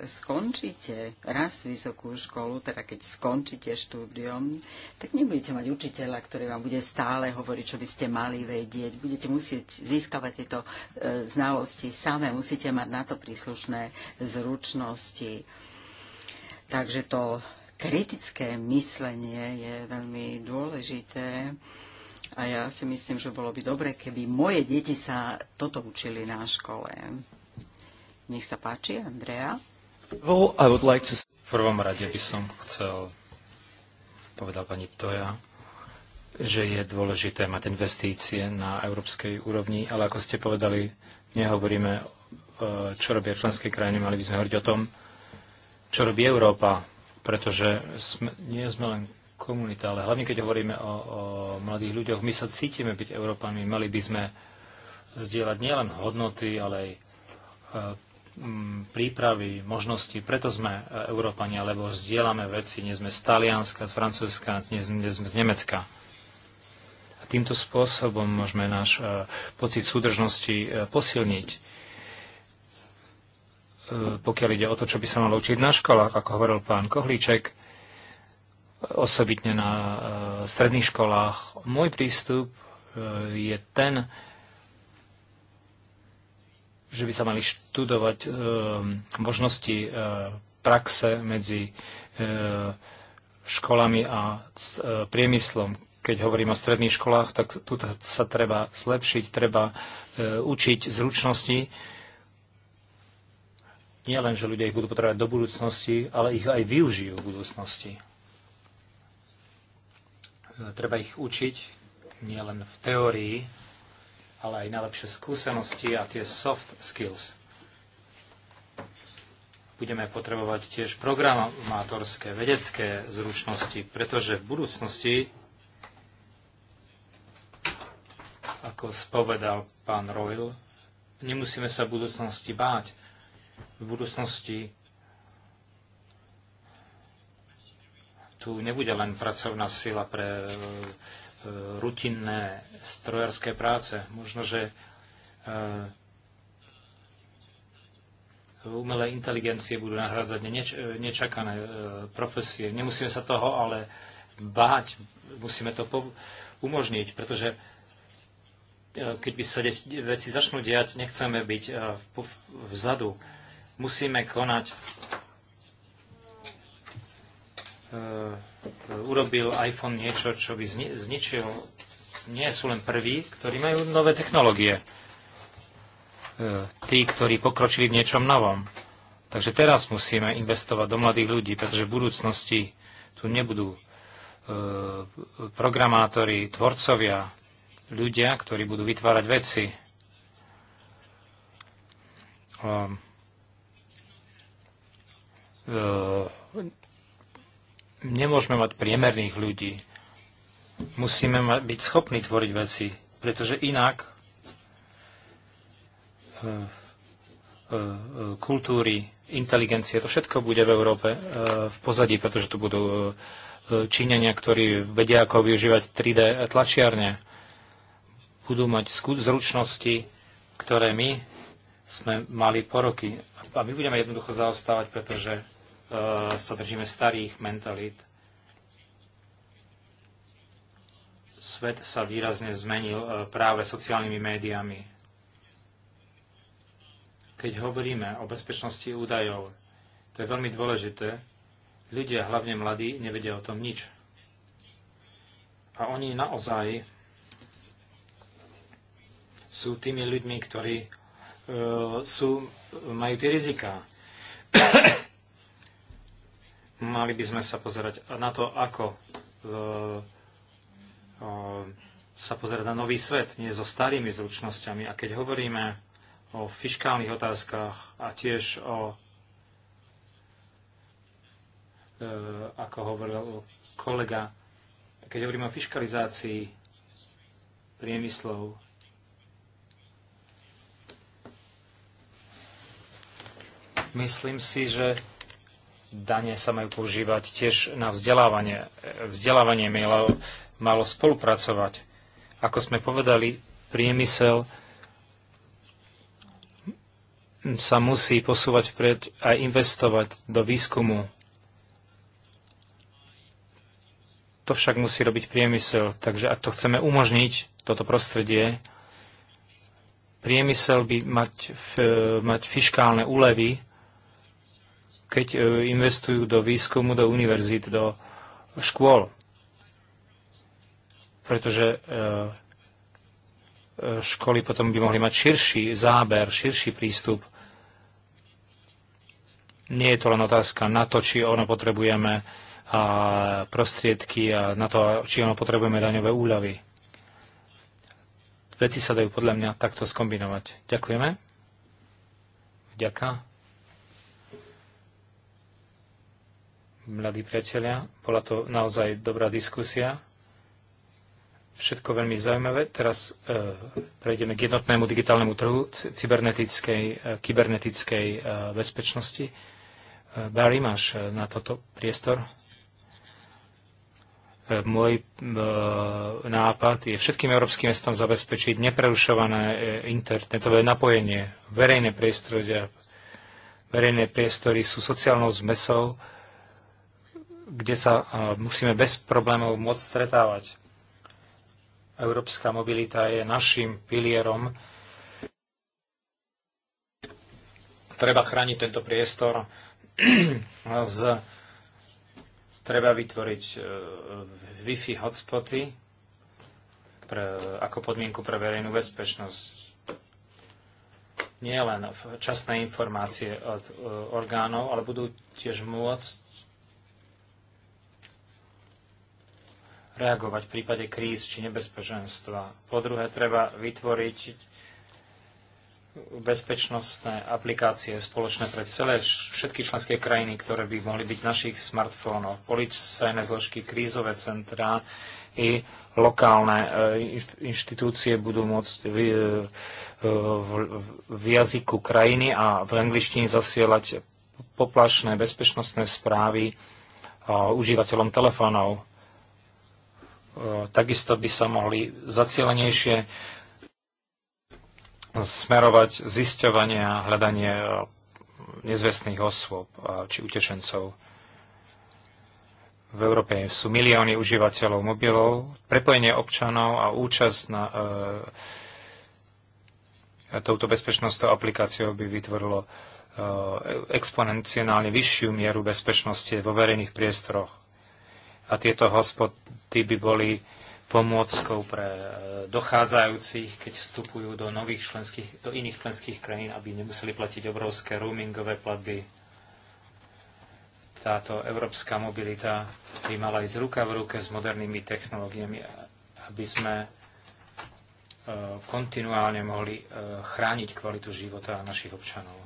skončíte raz vysokú školu, teda keď skončíte štúdium, tak nebudete mať učiteľa, ktorý vám bude stále hovoriť, čo by ste mali vedieť. Budete musieť získavať tieto e, znalosti samé, musíte mať na to príslušné zručnosti. Takže to kritické myslenie je veľmi dôležité a ja si myslím, že bolo by dobre, keby moje deti sa toto učili na škole. Nech sa páči, Andrea. Well, like to... V prvom rade by som chcel, povedal pani Toja, že je dôležité mať investície na európskej úrovni, ale ako ste povedali, nehovoríme, e, čo robia členské krajiny, mali by sme hovoriť o tom, čo robí Európa pretože sme, nie sme len komunita, ale hlavne keď hovoríme o, o mladých ľuďoch, my sa cítime byť Európanmi, mali by sme zdieľať nielen hodnoty, ale aj eh, prípravy, možnosti. Preto sme eh, Európania, lebo zdieľame veci. Nie sme z Talianska, z Francúzska, nie sme z Nemecka. A týmto spôsobom môžeme náš eh, pocit súdržnosti posilniť. E, pokiaľ ide o to, čo by sa malo učiť na školách, ako hovoril pán Kohlíček, osobitne na e, stredných školách. Môj prístup e, je ten, že by sa mali študovať možnosti praxe medzi školami a priemyslom. Keď hovorím o stredných školách, tak tu sa treba zlepšiť, treba učiť zručnosti, nie len, že ľudia ich budú potrebovať do budúcnosti, ale ich aj využijú v budúcnosti. Treba ich učiť nie len v teórii, ale aj najlepšie skúsenosti a tie soft skills. Budeme potrebovať tiež programátorské, vedecké zručnosti, pretože v budúcnosti, ako spovedal pán Royal, nemusíme sa v budúcnosti báť v budúcnosti tu nebude len pracovná sila pre e, e, rutinné strojarské práce. Možno, že e, umelé inteligencie budú nahrádzať neč nečakané profesie. Nemusíme sa toho ale báť, musíme to umožniť, pretože keď by sa veci začnú diať, nechceme byť vzadu. V- Musíme konať. E, e, urobil iPhone niečo, čo by zničil. Nie sú len prví, ktorí majú nové technológie. E, tí, ktorí pokročili v niečom novom. Takže teraz musíme investovať do mladých ľudí, pretože v budúcnosti tu nebudú programátori, tvorcovia, ľudia, ktorí budú vytvárať veci. Um, E, nemôžeme mať priemerných ľudí. Musíme byť schopní tvoriť veci, pretože inak e, e, kultúry, inteligencie, to všetko bude v Európe v pozadí, pretože tu budú Číňania, ktorí vedia, ako využívať 3D tlačiarne. Budú mať zručnosti, ktoré my sme mali po roky. A my budeme jednoducho zaostávať, pretože Eh, sa držíme starých mentalít. Svet sa výrazne zmenil eh, práve sociálnymi médiami. Keď hovoríme o bezpečnosti údajov, to je veľmi dôležité. Ľudia, hlavne mladí, nevedia o tom nič. A oni naozaj sú tými ľuďmi, ktorí e, sú, majú tie riziká. Mali by sme sa pozerať na to, ako e, e, sa pozerať na nový svet, nie so starými zručnosťami. A keď hovoríme o fiškálnych otázkach a tiež o e, ako hovoril kolega, keď hovoríme o fiskalizácii priemyslov, myslím si, že dane sa majú používať tiež na vzdelávanie. Vzdelávanie malo, malo spolupracovať. Ako sme povedali, priemysel sa musí posúvať vpred a investovať do výskumu. To však musí robiť priemysel. Takže ak to chceme umožniť, toto prostredie, priemysel by mať, mať fiškálne úlevy, keď e, investujú do výskumu, do univerzít, do škôl. Pretože e, e, školy potom by mohli mať širší záber, širší prístup. Nie je to len otázka na to, či ono potrebujeme a prostriedky a na to, či ono potrebujeme daňové úľavy. Veci sa dajú podľa mňa takto skombinovať. Ďakujeme. Ďakujem. mladí priatelia. Bola to naozaj dobrá diskusia. Všetko veľmi zaujímavé. Teraz e, prejdeme k jednotnému digitálnemu trhu cybernetickej, e, kybernetickej e, bezpečnosti. E, Barry, máš e, na toto priestor? E, môj e, nápad je všetkým európskym mestom zabezpečiť neprerušované e, internetové napojenie, verejné priestory, verejné priestory sú sociálnou zmesou kde sa musíme bez problémov môcť stretávať. Európska mobilita je našim pilierom. Treba chrániť tento priestor z treba vytvoriť e, Wi-Fi hotspoty pre, ako podmienku pre verejnú bezpečnosť. Nie len časné informácie od e, orgánov, ale budú tiež môcť reagovať v prípade kríz či nebezpečenstva. Po druhé, treba vytvoriť bezpečnostné aplikácie spoločné pre celé všetky členské krajiny, ktoré by mohli byť v našich smartfónoch, policajné zložky, krízové centrá i lokálne e, inštitúcie budú môcť e, e, v, v, v jazyku krajiny a v angličtine zasielať poplašné bezpečnostné správy užívateľom telefónov E, takisto by sa mohli zacielenejšie smerovať zisťovanie a hľadanie e, nezvestných osôb e, či utešencov. V Európe sú milióny užívateľov mobilov, prepojenie občanov a účasť na e, touto bezpečnosťou aplikáciou by vytvorilo e, exponenciálne vyššiu mieru bezpečnosti vo verejných priestoroch. A tieto hospod, Tí by boli pomôckou pre e, dochádzajúcich, keď vstupujú do, nových členských, do iných členských krajín, aby nemuseli platiť obrovské roamingové platby. Táto európska mobilita by mala ísť ruka v ruke s modernými technológiami, aby sme e, kontinuálne mohli e, chrániť kvalitu života našich občanov.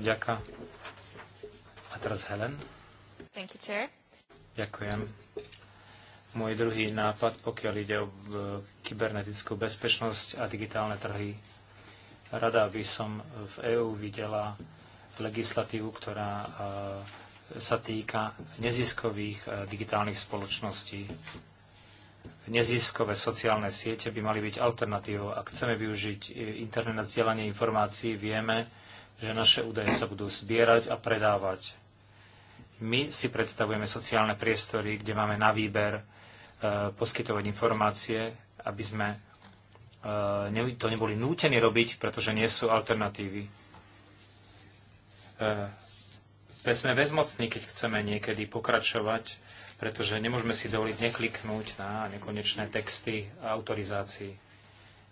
Ďakujem. A teraz Helen. Thank you, Chair. Ďakujem. Môj druhý nápad, pokiaľ ide o e, kybernetickú bezpečnosť a digitálne trhy, rada by som v EÚ videla legislatívu, ktorá e, sa týka neziskových e, digitálnych spoločností. Neziskové sociálne siete by mali byť alternatívou. Ak chceme využiť internet na zdieľanie informácií, vieme, že naše údaje sa budú zbierať a predávať. My si predstavujeme sociálne priestory, kde máme na výber e, poskytovať informácie, aby sme e, to neboli nútení robiť, pretože nie sú alternatívy. Veď sme bezmocní, keď chceme niekedy pokračovať, pretože nemôžeme si dovoliť nekliknúť na nekonečné texty a autorizácii,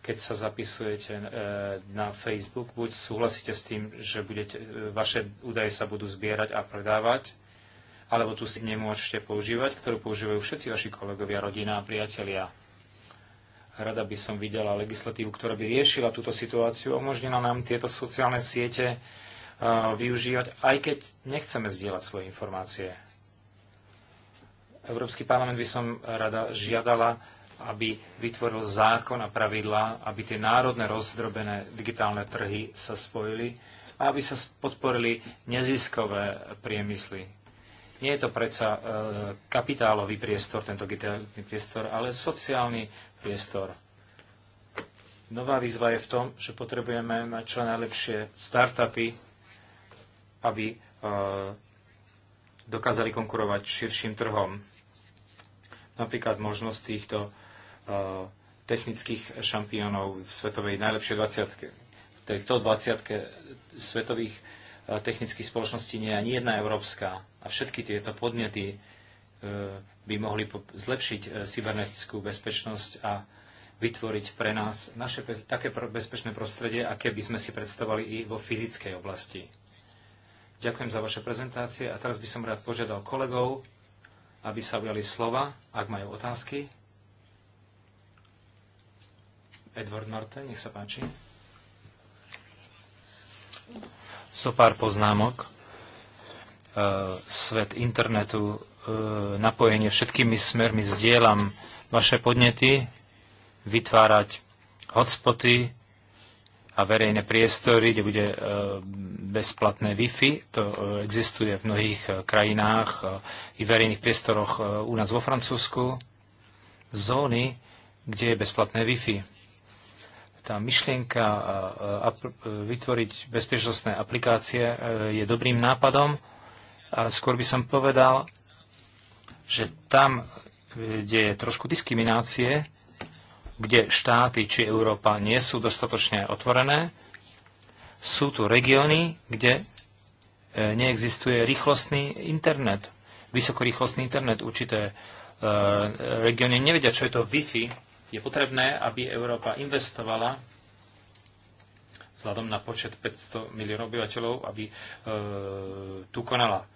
Keď sa zapisujete e, na Facebook, buď súhlasíte s tým, že budete, vaše údaje sa budú zbierať a predávať, alebo tu si nemôžete používať, ktorú používajú všetci vaši kolegovia, rodina a priatelia. Rada by som videla legislatívu, ktorá by riešila túto situáciu, umožnila nám tieto sociálne siete e, využívať, aj keď nechceme zdieľať svoje informácie. Európsky parlament by som rada žiadala, aby vytvoril zákon a pravidlá, aby tie národné rozdrobené digitálne trhy sa spojili a aby sa podporili neziskové priemysly, nie je to predsa e, kapitálový priestor, tento digitálny priestor, ale sociálny priestor. Nová výzva je v tom, že potrebujeme mať čo najlepšie startupy, aby e, dokázali konkurovať širším trhom. Napríklad možnosť týchto e, technických šampiónov v svetovej najlepšej 20 v tejto 20 svetových E, technických spoločností nie je ani jedna európska. A všetky tieto podnety e, by mohli zlepšiť e, cybernetickú bezpečnosť a vytvoriť pre nás naše také bezpečné prostredie, aké by sme si predstavovali i vo fyzickej oblasti. Ďakujem za vaše prezentácie a teraz by som rád požiadal kolegov, aby sa ujali slova, ak majú otázky. Edward Marte, nech sa páči. So pár poznámok. E, svet internetu, e, napojenie všetkými smermi, zdieľam vaše podnety, vytvárať hotspoty a verejné priestory, kde bude e, bezplatné Wi-Fi. To existuje v mnohých krajinách i verejných priestoroch u nás vo Francúzsku. Zóny, kde je bezplatné Wi-Fi tá myšlienka vytvoriť bezpečnostné aplikácie e, je dobrým nápadom, ale skôr by som povedal, že tam, e, kde je trošku diskriminácie, kde štáty či Európa nie sú dostatočne otvorené, sú tu regióny, kde e, neexistuje rýchlostný internet, vysokorýchlostný internet. Určité regióny nevedia, čo je to Wi-Fi, je potrebné, aby Európa investovala vzhľadom na počet 500 miliónov obyvateľov, aby e, tu konala.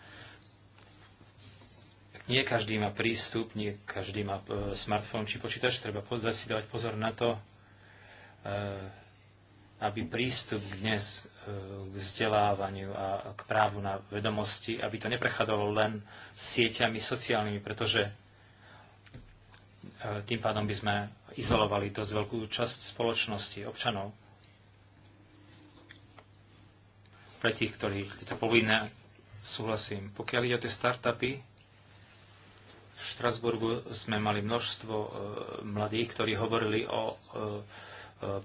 Nie každý má prístup, nie každý má e, smartfón či počítač, treba si dávať pozor na to, e, aby prístup dnes e, k vzdelávaniu a k právu na vedomosti, aby to neprechádzalo len sieťami sociálnymi, pretože E, tým pádom by sme izolovali dosť veľkú časť spoločnosti, občanov. Pre tých, ktorí je to povinné, súhlasím. Pokiaľ ide o tie startupy, v Štrasburgu sme mali množstvo e, mladých, ktorí hovorili o e,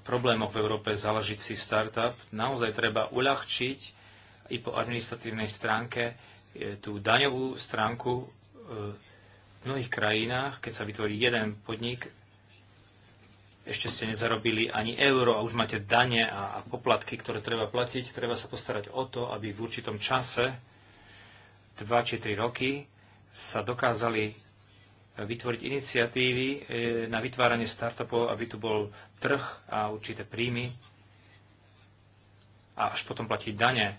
problémoch v Európe založiť si startup. Naozaj treba uľahčiť i po administratívnej stránke tú daňovú stránku v mnohých krajinách, keď sa vytvorí jeden podnik, ešte ste nezarobili ani euro a už máte dane a, a poplatky, ktoré treba platiť. Treba sa postarať o to, aby v určitom čase, 2 či 3 roky, sa dokázali vytvoriť iniciatívy e, na vytváranie startupov, aby tu bol trh a určité príjmy a až potom platiť dane.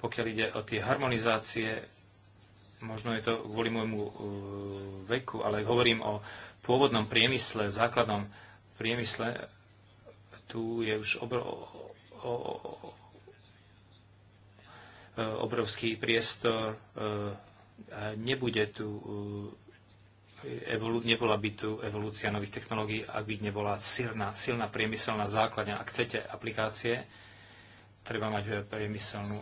Pokiaľ ide o tie harmonizácie, možno je to kvôli môjmu e, veku, ale hovorím o pôvodnom priemysle, základnom priemysle. Tu je už o, e, obrovský priestor. E, nebude tu evolu- nebola by tu evolúcia nových technológií, ak by nebola silná, silná priemyselná základňa. Ak chcete aplikácie, treba mať priemyselnú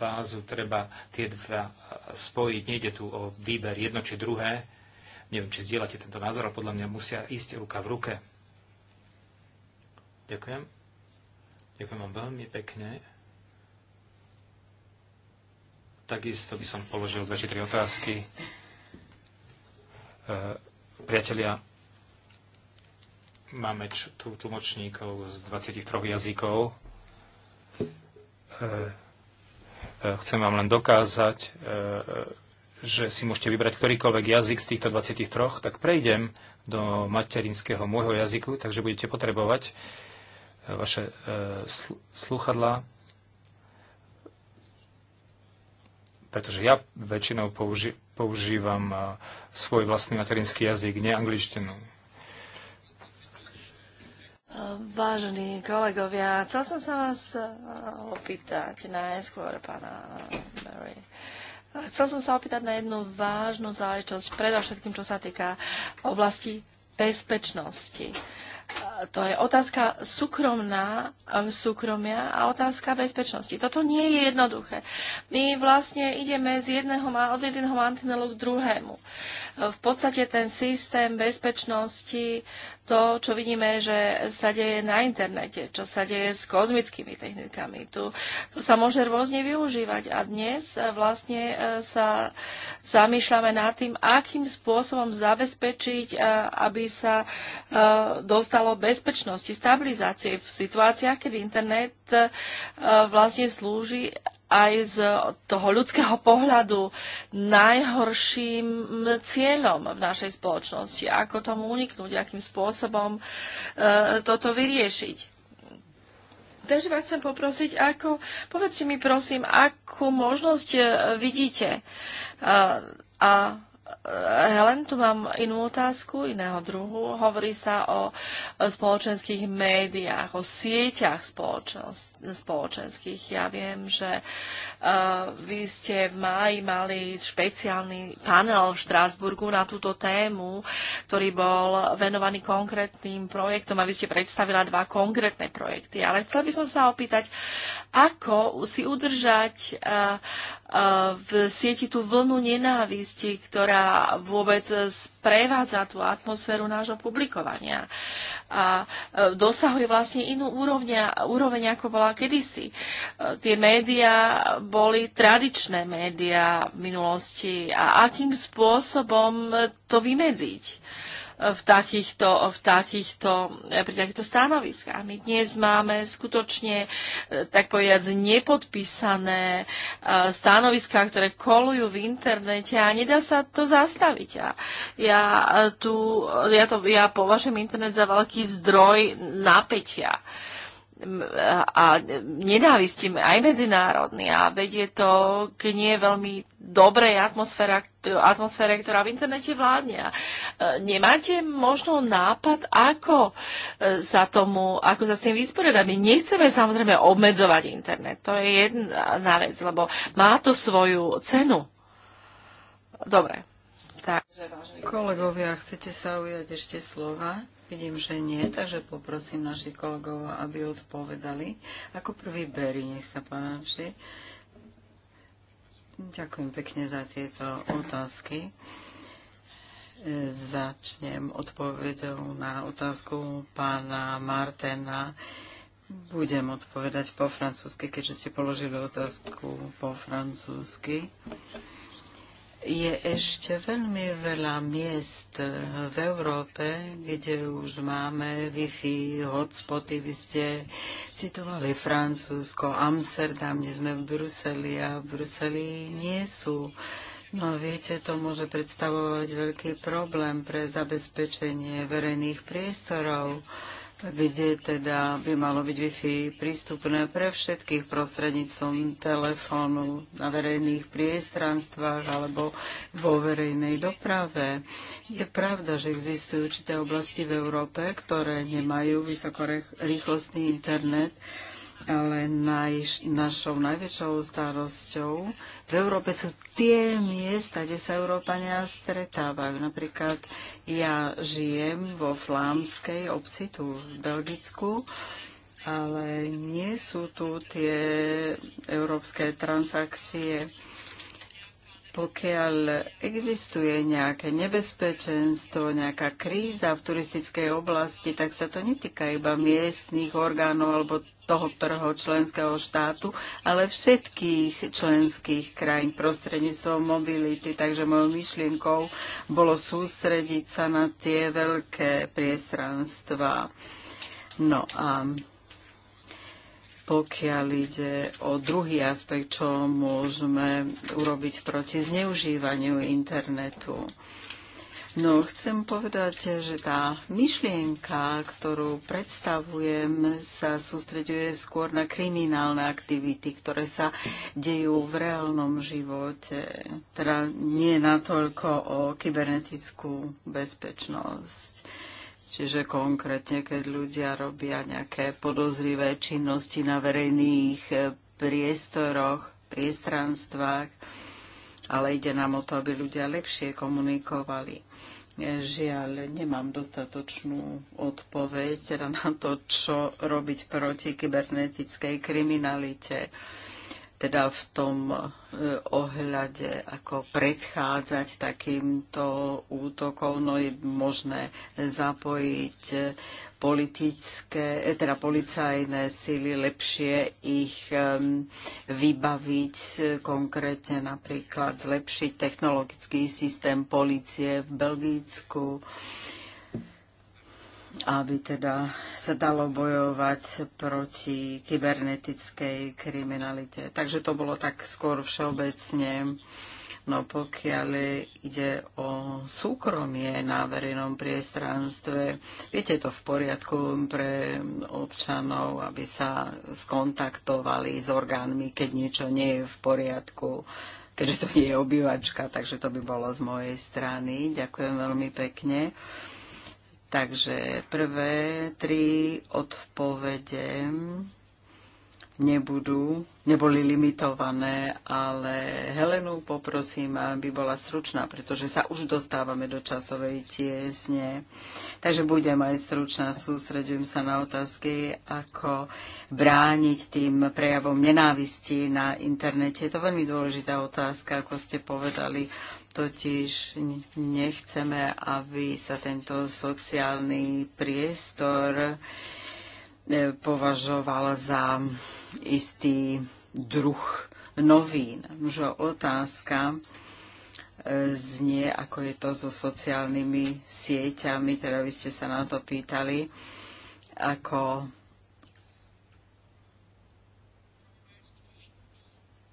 bázu treba tie dva spojiť. Nejde tu o výber jedno či druhé. Neviem, či zdieľate tento názor, ale podľa mňa musia ísť ruka v ruke. Ďakujem. Ďakujem vám veľmi pekne. Takisto by som položil dve či tri otázky. E, priatelia, máme tu tlmočníkov z 23 jazykov. E, E, chcem vám len dokázať, e, že si môžete vybrať ktorýkoľvek jazyk z týchto 23, tak prejdem do materinského môjho jazyku, takže budete potrebovať e, vaše sluchadlá, pretože ja väčšinou použi- používam svoj vlastný materinský jazyk, nie angličtinu. Vážení kolegovia, chcel som sa vás eh, opýtať najskôr pána Mary. Chcel som sa opýtať na jednu vážnu záležitosť, predovšetkým čo sa týka oblasti bezpečnosti to je otázka súkromná, súkromia a otázka bezpečnosti. Toto nie je jednoduché. My vlastne ideme z jedného, od jedného mantinelu k druhému. V podstate ten systém bezpečnosti, to, čo vidíme, že sa deje na internete, čo sa deje s kozmickými technikami, tu, to sa môže rôzne využívať. A dnes e, vlastne e, sa zamýšľame nad tým, akým spôsobom zabezpečiť, e, aby sa dostalo bezpečnosti bezpečnosti, stabilizácie v situáciách, kedy internet e, vlastne slúži aj z toho ľudského pohľadu najhorším cieľom v našej spoločnosti. Ako tomu uniknúť, akým spôsobom e, toto vyriešiť. Takže vás chcem poprosiť, ako, povedzte mi prosím, akú možnosť e, vidíte. a Helen, tu mám inú otázku, iného druhu. Hovorí sa o spoločenských médiách, o sieťach spoločenských. Ja viem, že e, vy ste v máji mali špeciálny panel v Štrásburgu na túto tému, ktorý bol venovaný konkrétnym projektom a vy ste predstavila dva konkrétne projekty. Ale chcela by som sa opýtať, ako si udržať e, E, v sieti tú vlnu nenávisti, ktorá vôbec sprevádza tú atmosféru nášho publikovania a e, dosahuje vlastne inú úrovňa, úroveň, ako bola kedysi. E, tie médiá boli tradičné médiá v minulosti a akým spôsobom to vymedziť v takýchto, v takýchto, eh, pri takýchto stanoviskách. My dnes máme skutočne, eh, tak povedať, nepodpísané eh, stanoviská, ktoré kolujú v internete a nedá sa to zastaviť. Ja, ja, tu, ja, to, ja považujem internet za veľký zdroj napätia a nenávisti aj medzinárodný a vedie to k nie veľmi dobrej atmosfére, atmosfére ktorá v internete vládne. E, nemáte možno nápad, ako e, sa tomu, ako sa s tým vysporiadať? My nechceme samozrejme obmedzovať internet. To je jedna vec, lebo má to svoju cenu. Dobre. Takže, Kolegovia, chcete sa ujať ešte slova? Vidím, že nie, takže poprosím našich kolegov, aby odpovedali. Ako prvý Berry, nech sa páči. Ďakujem pekne za tieto otázky. E, začnem odpovedou na otázku pána Martena. Budem odpovedať po francúzsky, keďže ste položili otázku po francúzsky. Je ešte veľmi veľa miest eh, v Európe, kde už máme Wi-Fi, hotspoty. Vy ste citovali Francúzsko, Amsterdam, kde sme v Bruseli a v Bruseli nie sú. No viete, to môže predstavovať veľký problém pre zabezpečenie verejných priestorov kde teda by malo byť Wi-Fi prístupné pre všetkých prostredníctvom telefónu na verejných priestranstvách alebo vo verejnej doprave. Je pravda, že existujú určité oblasti v Európe, ktoré nemajú vysokorýchlostný internet, ale naj, našou najväčšou starosťou v Európe sú tie miesta, kde sa Európania stretávajú. Napríklad ja žijem vo flámskej obci tu v Belgicku, ale nie sú tu tie európske transakcie. Pokiaľ existuje nejaké nebezpečenstvo, nejaká kríza v turistickej oblasti, tak sa to netýka iba miestných orgánov alebo toho ktorého členského štátu, ale všetkých členských krajín prostredníctvom mobility. Takže mojou myšlienkou bolo sústrediť sa na tie veľké priestranstva. No a pokiaľ ide o druhý aspekt, čo môžeme urobiť proti zneužívaniu internetu. No, chcem povedať, že tá myšlienka, ktorú predstavujem, sa sústreďuje skôr na kriminálne aktivity, ktoré sa dejú v reálnom živote. Teda nie natoľko o kybernetickú bezpečnosť. Čiže konkrétne, keď ľudia robia nejaké podozrivé činnosti na verejných eh, priestoroch, priestranstvách, ale ide nám o to, aby ľudia lepšie komunikovali. Žiaľ, nemám dostatočnú odpoveď teda na to, čo robiť proti kybernetickej kriminalite teda v tom e, ohľade, ako predchádzať takýmto útokom, no je možné zapojiť e, politické, e, teda policajné síly, lepšie ich vybaviť, konkrétne napríklad zlepšiť technologický systém policie v Belgicku, aby teda sa dalo bojovať proti kybernetickej kriminalite. Takže to bolo tak skôr všeobecne. No pokiaľ ide o súkromie na verejnom priestranstve, viete to v poriadku pre občanov, aby sa skontaktovali s orgánmi, keď niečo nie je v poriadku, keďže to nie je obývačka, takže to by bolo z mojej strany. Ďakujem veľmi pekne. Takže prvé tri odpovede nebudú, neboli limitované, ale Helenu poprosím, aby bola stručná, pretože sa už dostávame do časovej tiesne. Takže budem aj stručná, sústredujem sa na otázky, ako brániť tým prejavom nenávisti na internete. Je to veľmi dôležitá otázka, ako ste povedali. Totiž nechceme, aby sa tento sociálny priestor e, považoval za istý druh novín. Že otázka e, znie, ako je to so sociálnymi sieťami, teda vy ste sa na to pýtali, ako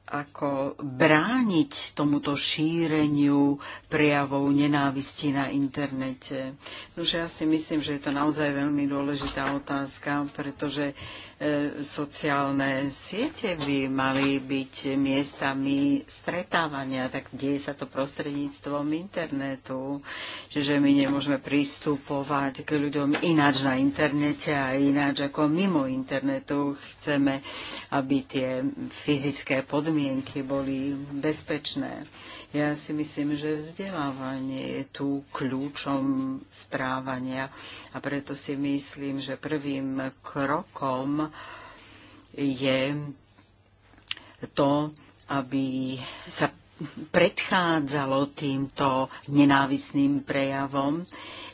ako brániť tomuto šíreniu prejavov nenávisti na internete. Takže ja si myslím, že je to naozaj veľmi dôležitá otázka, pretože E, sociálne siete by mali byť miestami stretávania, tak deje sa to prostredníctvom internetu, že my nemôžeme pristupovať k ľuďom ináč na internete a ináč ako mimo internetu. Chceme, aby tie fyzické podmienky boli bezpečné. Ja si myslím, že vzdelávanie je tu kľúčom správania a preto si myslím, že prvým krokom je to, aby sa predchádzalo týmto nenávisným prejavom.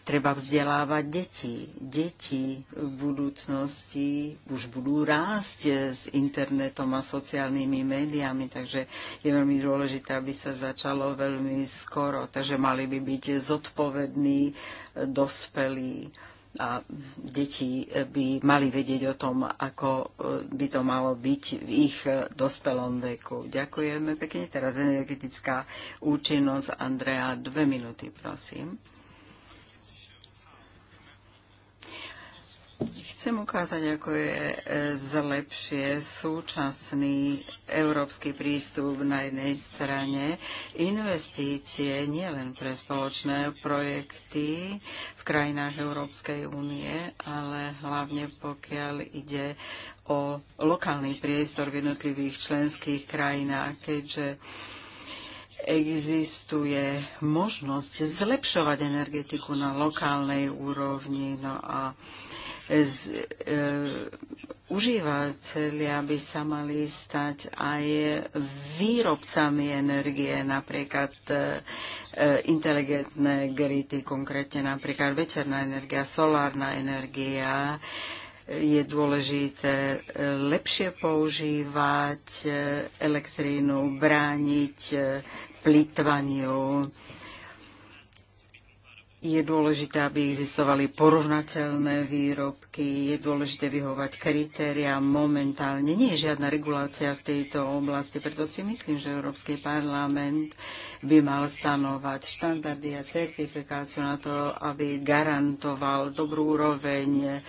Treba vzdelávať deti. Deti v budúcnosti už budú rásť s internetom a sociálnymi médiami, takže je veľmi dôležité, aby sa začalo veľmi skoro. Takže mali by byť zodpovední, dospelí a deti by mali vedieť o tom, ako by to malo byť v ich dospelom veku. Ďakujeme pekne. Teraz energetická účinnosť. Andrea, dve minúty, prosím. Chcem ukázať, ako je e, zlepšie súčasný európsky prístup na jednej strane investície nielen pre spoločné projekty v krajinách Európskej únie, ale hlavne pokiaľ ide o lokálny priestor v jednotlivých členských krajinách, keďže existuje možnosť zlepšovať energetiku na lokálnej úrovni. No a z, e, užívateľia by sa mali stať aj výrobcami energie, napríklad e, e inteligentné grity, konkrétne napríklad veterná energia, solárna energia. Je dôležité e, lepšie používať e, elektrínu, brániť plitvaniu je dôležité, aby existovali porovnateľné výrobky, je dôležité vyhovať kritéria momentálne. Nie je žiadna regulácia v tejto oblasti, preto si myslím, že Európsky parlament by mal stanovať štandardy a certifikáciu na to, aby garantoval dobrú úroveň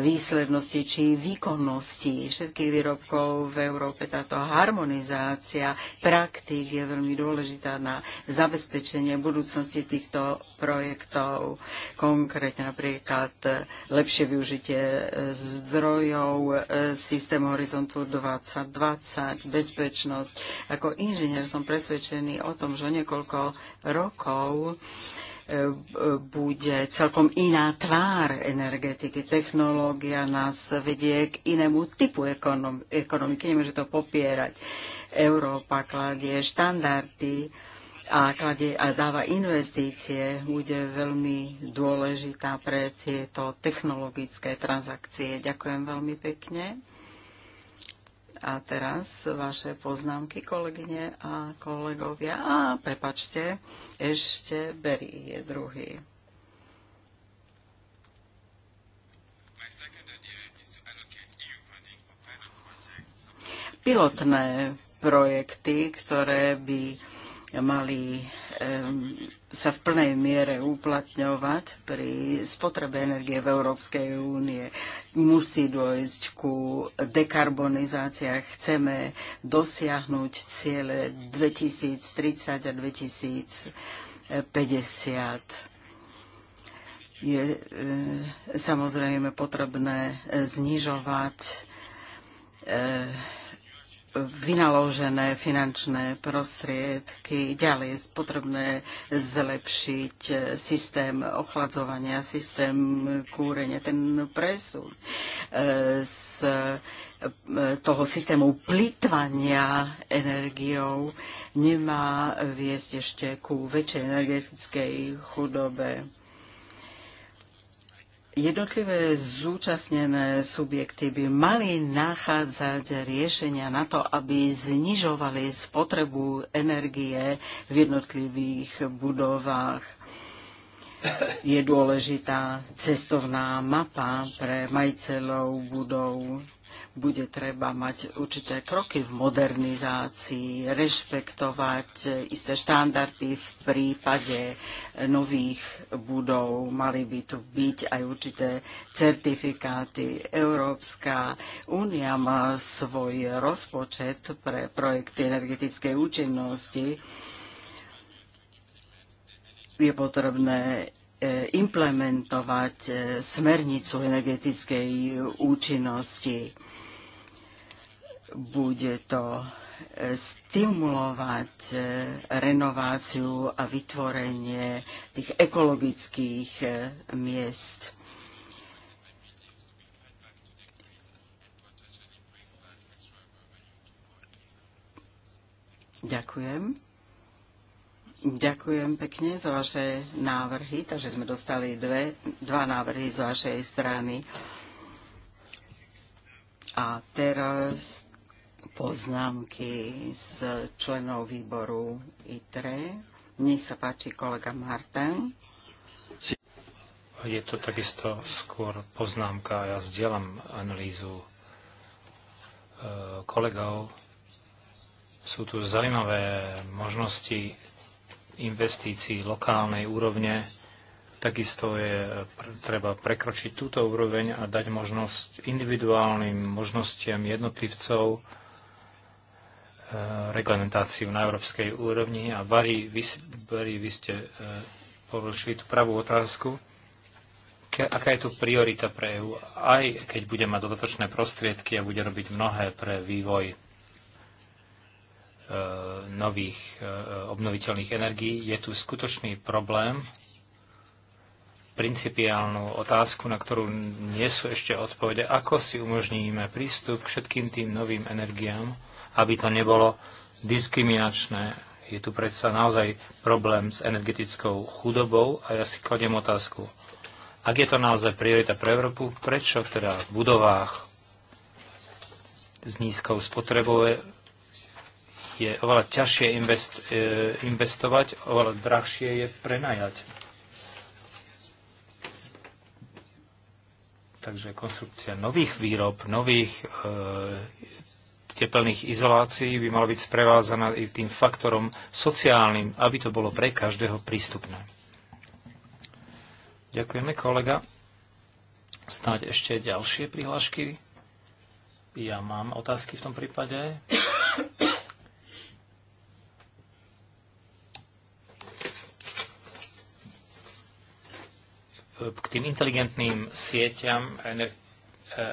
výslednosti či výkonnosti všetkých výrobkov v Európe. Táto harmonizácia praktík je veľmi dôležitá na zabezpečenie budúcnosti týchto projektov aspektov, konkrétne napríklad e, lepšie využitie e, zdrojov, e, systém Horizontu 2020, bezpečnosť. Ako inžinier som presvedčený o tom, že niekoľko rokov bude celkom iná tvár energetiky. Technológia nás vedie k inému typu ekonom- ekonomiky, nemôže to popierať. Európa kladie štandardy a, kladie, a dáva investície, bude veľmi dôležitá pre tieto technologické transakcie. Ďakujem veľmi pekne. A teraz vaše poznámky, kolegyne a kolegovia. A prepačte, ešte Berry je druhý. Pilotné projekty, ktoré by mali sa v plnej miere uplatňovať pri spotrebe energie v Európskej únie. Musí dôjsť ku dekarbonizácii. Chceme dosiahnuť ciele 2030 a 2050 je samozrejme potrebné eh, znižovať eh, vynaložené finančné prostriedky, ďalej je potrebné zlepšiť e, systém ochladzovania, systém kúrenia, ten presun e, z e, toho systému plýtvania energiou nemá viesť ešte ku väčšej energetickej chudobe jednotlivé zúčastnené subjekty by mali nachádzať riešenia na to, aby znižovali spotrebu energie v jednotlivých budovách. Je dôležitá cestovná mapa pre majiteľov budov bude treba mať určité kroky v modernizácii, rešpektovať isté štandardy v prípade nových budov. Mali by tu byť aj určité certifikáty. Európska únia má svoj rozpočet pre projekty energetickej účinnosti. Je potrebné e, implementovať e, smernicu energetickej účinnosti bude to e, stimulovať e, renováciu a vytvorenie tých ekologických e, miest. Ďakujem. Ďakujem pekne za vaše návrhy, takže sme dostali dve, dva návrhy z vašej strany. A teraz poznámky z členov výboru ITRE. Mne sa páči kolega Martin. Je to takisto skôr poznámka. Ja zdieľam analýzu e, kolegov. Sú tu zaujímavé možnosti investícií lokálnej úrovne. Takisto je treba prekročiť túto úroveň a dať možnosť individuálnym možnostiam jednotlivcov Eh, reglementáciu na európskej úrovni a Bari, vy, Bari, vy ste eh, položili tú pravú otázku. Ke, aká je tu priorita pre EU, aj keď bude mať dodatočné prostriedky a bude robiť mnohé pre vývoj eh, nových obnoviteľných energií, je tu skutočný problém, principiálnu otázku, na ktorú nie sú ešte odpovede, ako si umožníme prístup k všetkým tým novým energiám, aby to nebolo diskriminačné. Je tu predsa naozaj problém s energetickou chudobou a ja si kladiem otázku, ak je to naozaj priorita pre Európu, prečo teda v budovách s nízkou spotrebou je, je oveľa ťažšie invest, e, investovať, oveľa drahšie je prenajať. Takže konstrukcia nových výrob, nových e, tepelných izolácií by mala byť sprevázaná i tým faktorom sociálnym, aby to bolo pre každého prístupné. Ďakujeme, kolega. Snáď ešte ďalšie prihlášky. Ja mám otázky v tom prípade. K tým inteligentným sieťam e,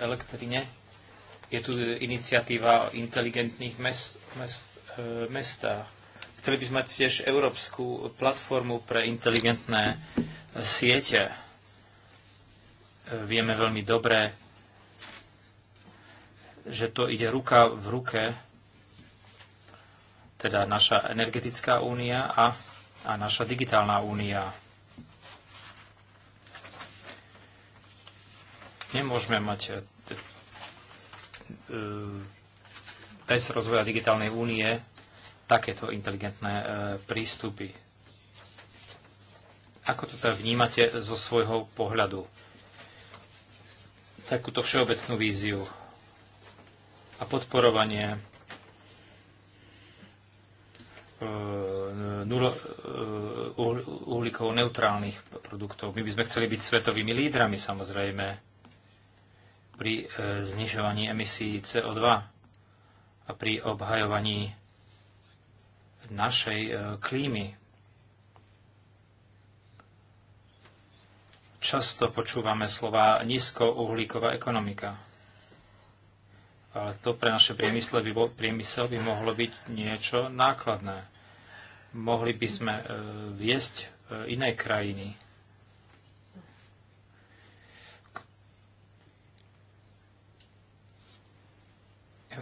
elektrine je tu iniciatíva o inteligentných mest, mest, e, mestách. Chceli by sme mať tiež európsku platformu pre inteligentné e, siete. E, vieme veľmi dobre, že to ide ruka v ruke, teda naša energetická únia a, a naša digitálna únia. Nemôžeme mať E, bez rozvoja digitálnej únie takéto inteligentné e, prístupy. Ako to teda vnímate zo svojho pohľadu? Takúto všeobecnú víziu a podporovanie e, uhlíkov neutrálnych produktov. My by sme chceli byť svetovými lídrami samozrejme pri e, znižovaní emisí CO2 a pri obhajovaní našej e, klímy. Často počúvame slova nízkouhlíková ekonomika. Ale to pre naše priemysle by bol, priemysel by mohlo byť niečo nákladné. Mohli by sme e, viesť iné krajiny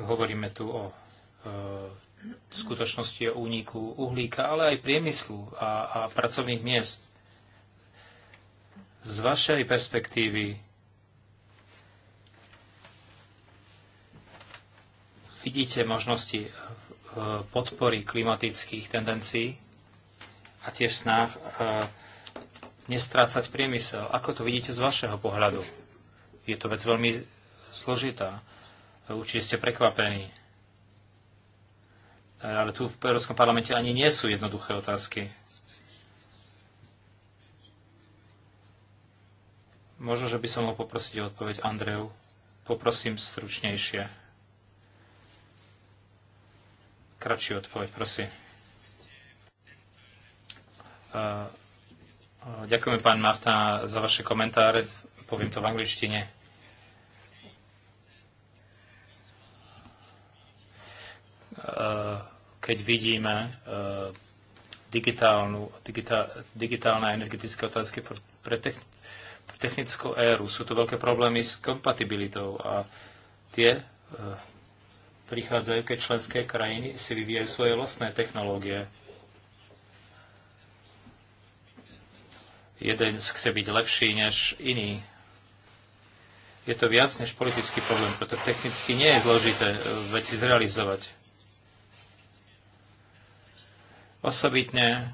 Hovoríme tu o e, skutočnosti o úniku uhlíka, ale aj priemyslu a, a pracovných miest. Z vašej perspektívy vidíte možnosti e, podpory klimatických tendencií a tiež e, nestrácať priemysel. Ako to vidíte z vašeho pohľadu? Je to vec veľmi zložitá. Určite ste prekvapení. Ale tu v Európskom parlamente ani nie sú jednoduché otázky. Možno, že by som mohol poprosiť o odpoveď Andreu. Poprosím stručnejšie. Kratšiu odpoveď, prosím. Ďakujem, pán Marta, za vaše komentáre. Poviem to v angličtine. Eh, keď vidíme eh, digitálnu, digitál, digitálne energetické otázky pre, pre, technickú éru. Sú to veľké problémy s kompatibilitou a tie eh, prichádzajú, keď členské krajiny si vyvíjajú svoje vlastné technológie. Jeden chce byť lepší než iný. Je to viac než politický problém, pretože technicky nie je zložité veci zrealizovať Osobitne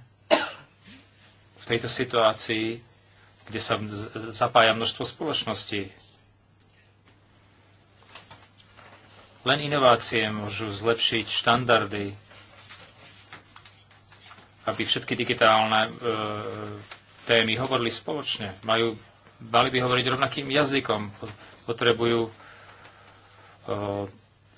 v tejto situácii, kde sa zapája množstvo spoločností, len inovácie môžu zlepšiť štandardy, aby všetky digitálne e, témy hovorili spoločne. Majú, mali by hovoriť rovnakým jazykom, potrebujú e,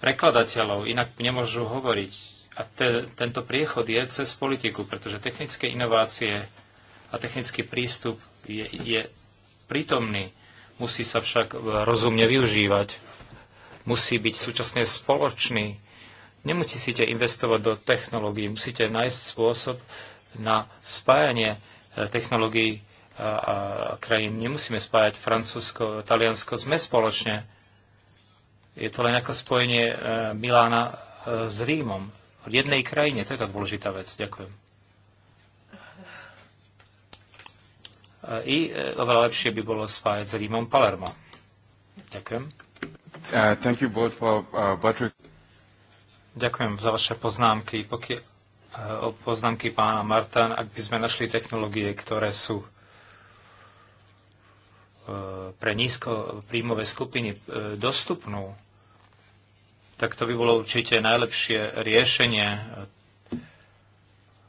prekladateľov, inak nemôžu hovoriť a te, tento priechod je cez politiku, pretože technické inovácie a technický prístup je, je prítomný, musí sa však rozumne využívať, musí byť súčasne spoločný. Nemusíte investovať do technológií, musíte nájsť spôsob na spájanie eh, technológií a, a krajín. Nemusíme spájať Francúzsko, Taliansko, sme spoločne. Je to len ako spojenie eh, Milána eh, s Rímom v jednej krajine. To je tá dôležitá vec. Ďakujem. I e, oveľa lepšie by bolo spájať s Rímom Palermo. Ďakujem. Uh, thank you both for, uh, Patrick. Ďakujem za vaše poznámky. Pokia- uh, o poznámky pána Martán, ak by sme našli technológie, ktoré sú uh, pre nízko príjmové skupiny uh, dostupnú, tak to by bolo určite najlepšie riešenie.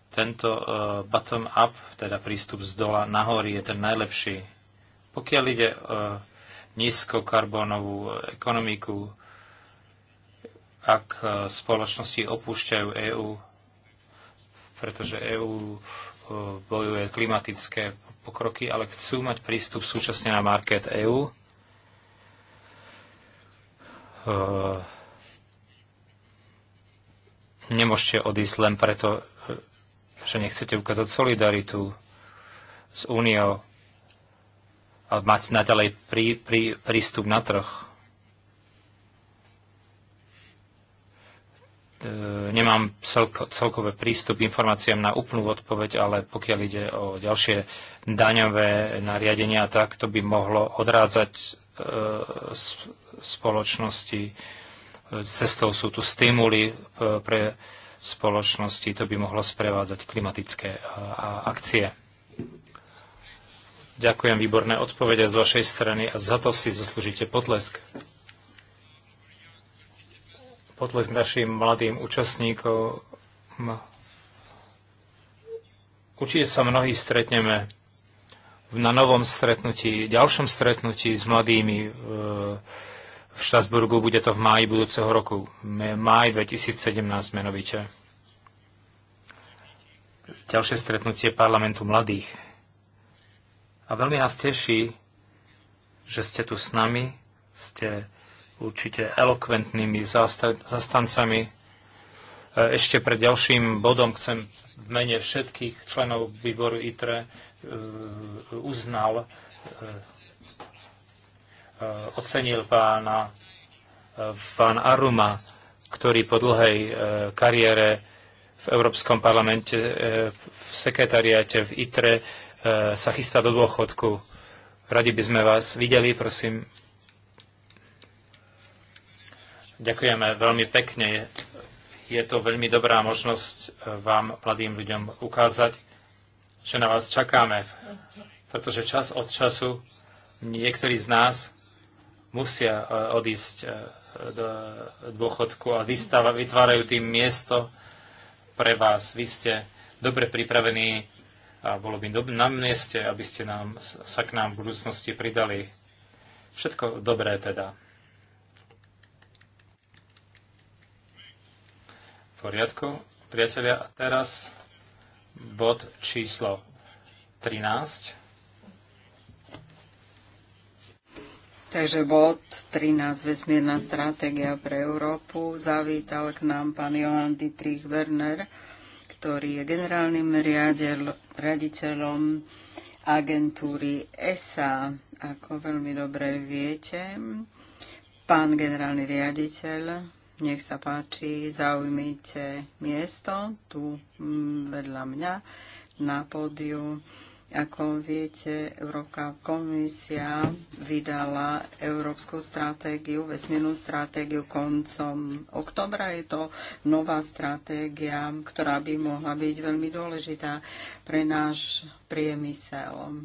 Tento eh, bottom-up, teda prístup z dola nahor, je ten najlepší. Pokiaľ ide o eh, nízkokarbónovú ekonomiku, ak eh, spoločnosti opúšťajú EÚ, pretože EÚ bojuje klimatické pokroky, ale chcú mať prístup súčasne na market EÚ, Nemôžete odísť len preto, e, že nechcete ukázať solidaritu s úniou a mať naďalej prí, prí, prístup na trh. E, nemám celko, celkové prístup k informáciám na úplnú odpoveď, ale pokiaľ ide o ďalšie daňové nariadenia, tak to by mohlo odrádzať e, spoločnosti cestou sú tu stimuly e, pre spoločnosti, to by mohlo sprevádzať klimatické e, akcie. Ďakujem, výborné odpovede z vašej strany a za to si zaslúžite potlesk. Potlesk našim mladým účastníkom. Určite sa mnohí stretneme na novom stretnutí, ďalšom stretnutí s mladými účastníkom, e, v Štrasburgu, bude to v máji budúceho roku, máj 2017 menovite. Ďalšie stretnutie parlamentu mladých. A veľmi nás teší, že ste tu s nami, ste určite elokventnými zastancami. E, ešte pred ďalším bodom chcem v mene všetkých členov výboru ITRE e, uznal e, Eh, ocenil pána eh, pán Aruma, ktorý po dlhej eh, kariére v Európskom parlamente, v sekretariáte, v ITRE sa chystá do dôchodku. Radi by sme vás videli, prosím. Ďakujeme veľmi pekne. Je to veľmi dobrá možnosť vám, mladým ľuďom, ukázať, že na vás čakáme, pretože čas od času niektorí z nás musia e, odísť e, do dôchodku a vystáva, vytvárajú tým miesto pre vás. Vy ste dobre pripravení a bolo by na mieste, aby ste nám, sa k nám v budúcnosti pridali. Všetko dobré teda. V poriadku, priatelia. A teraz bod číslo 13. Takže bod 13, vesmírna stratégia pre Európu, zavítal k nám pán Johan Dietrich Werner, ktorý je generálnym riaditeľom agentúry ESA. Ako veľmi dobre viete, pán generálny riaditeľ, nech sa páči, zaujmite miesto tu mm, vedľa mňa na pódiu. Ako viete, Európska komisia vydala Európsku stratégiu, vesmírnu stratégiu koncom oktobra. Je to nová stratégia, ktorá by mohla byť veľmi dôležitá pre náš priemysel.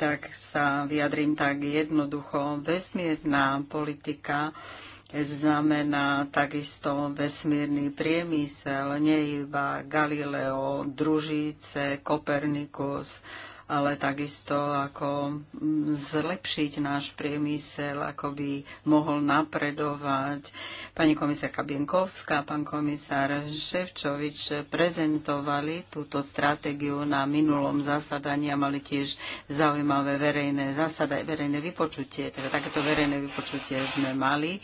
Tak sa vyjadrím tak jednoducho. Vesmírna politika znamená takisto vesmírny priemysel, nie iba Galileo, Družice, Kopernikus, ale takisto ako mm, zlepšiť náš priemysel, ako by mohol napredovať. Pani komisárka Bienkovská, pán komisár Ševčovič prezentovali túto stratégiu na minulom zasadaní a mali tiež zaujímavé verejné, zasada, verejné vypočutie, teda takéto verejné vypočutie sme mali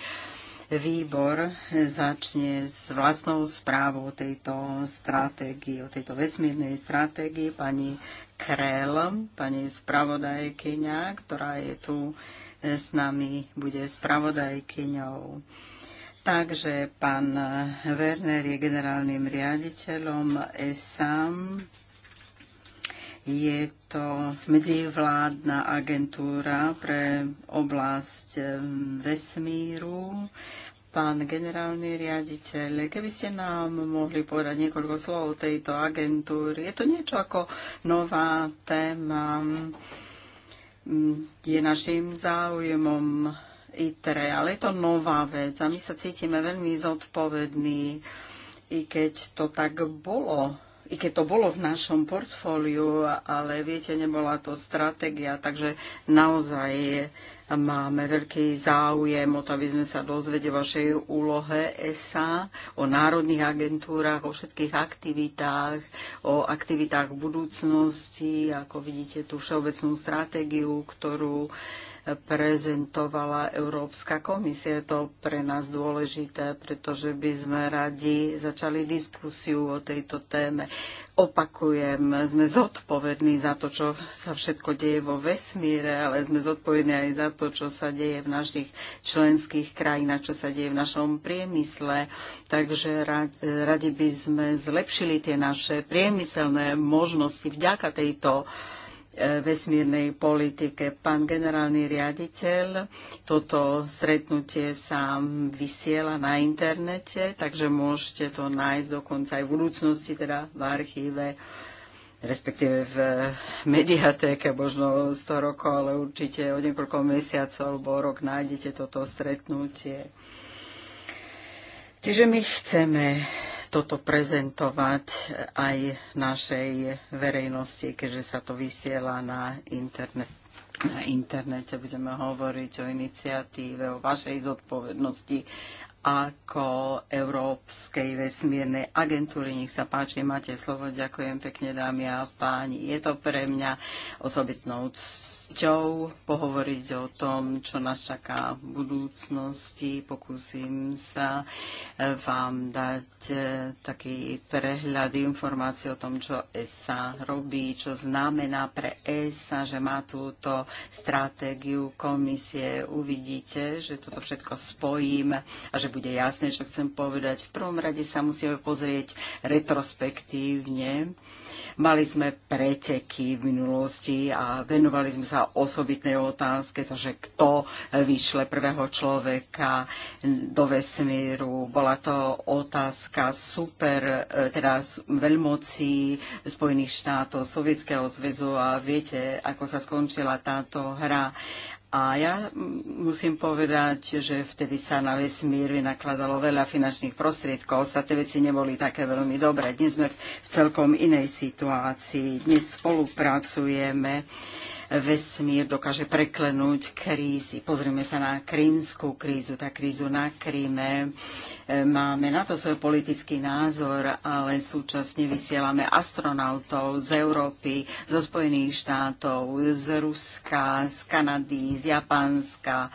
výbor začne s vlastnou správou tejto stratégii, o tejto vesmírnej stratégii pani Krell, pani spravodajkyňa, ktorá je tu s nami, bude spravodajkyňou. Takže pán Werner je generálnym riaditeľom ESAM je to medzivládna agentúra pre oblasť eh, vesmíru. Pán generálny riaditeľ, keby ste nám mohli povedať niekoľko slov o tejto agentúry. Je to niečo ako nová téma. Mm, je našim záujmom ITRE, ale je to nová vec a my sa cítime veľmi zodpovední, i keď to tak bolo i keď to bolo v našom portfóliu, ale viete, nebola to stratégia, takže naozaj máme veľký záujem o to, aby sme sa dozvedeli vašej úlohe ESA, o národných agentúrach, o všetkých aktivitách, o aktivitách budúcnosti, ako vidíte tú všeobecnú stratégiu, ktorú prezentovala Európska komisia. Je to pre nás dôležité, pretože by sme radi začali diskusiu o tejto téme. Opakujem, sme zodpovední za to, čo sa všetko deje vo vesmíre, ale sme zodpovední aj za to, čo sa deje v našich členských krajinách, čo sa deje v našom priemysle. Takže radi by sme zlepšili tie naše priemyselné možnosti vďaka tejto uh, Eh, vesmírnej politike. Pán generálny riaditeľ, toto stretnutie sa vysiela na internete, takže môžete to nájsť dokonca aj v budúcnosti, teda v archíve respektíve v eh, mediatéke možno 100 rokov, ale určite o niekoľko mesiacov alebo rok nájdete toto stretnutie. Čiže my chceme toto prezentovať aj našej verejnosti, keďže sa to vysiela na internet. Na internete budeme hovoriť o iniciatíve, o vašej zodpovednosti ako Európskej vesmírnej agentúry. Nech sa páči, máte slovo. Ďakujem pekne, dámy a páni. Je to pre mňa osobitnou cťou pohovoriť o tom, čo nás čaká v budúcnosti. Pokúsim sa eh, vám dať eh, taký prehľad informácií o tom, čo ESA robí, čo znamená pre ESA, že má túto stratégiu komisie. Uvidíte, že toto všetko spojím a že bude jasné, čo chcem povedať. V prvom rade sa musíme pozrieť retrospektívne Mali sme preteky v minulosti a venovali sme sa osobitnej otázke, to, že kto vyšle prvého človeka do vesmíru. Bola to otázka super, e, teda veľmocí Spojených štátov, Sovietskeho zväzu a viete, ako sa skončila táto hra. A ja musím povedať, že vtedy sa na vesmír vynakladalo veľa finančných prostriedkov. Ostatné veci neboli také veľmi dobré. Dnes sme v celkom inej situácii. Dnes spolupracujeme vesmír dokáže preklenúť krízy. Pozrieme sa na krímskú krízu, tá krízu na Kríme. E, máme na to svoj politický názor, ale súčasne vysielame astronautov z Európy, zo Spojených štátov, z Ruska, z Kanady, z Japánska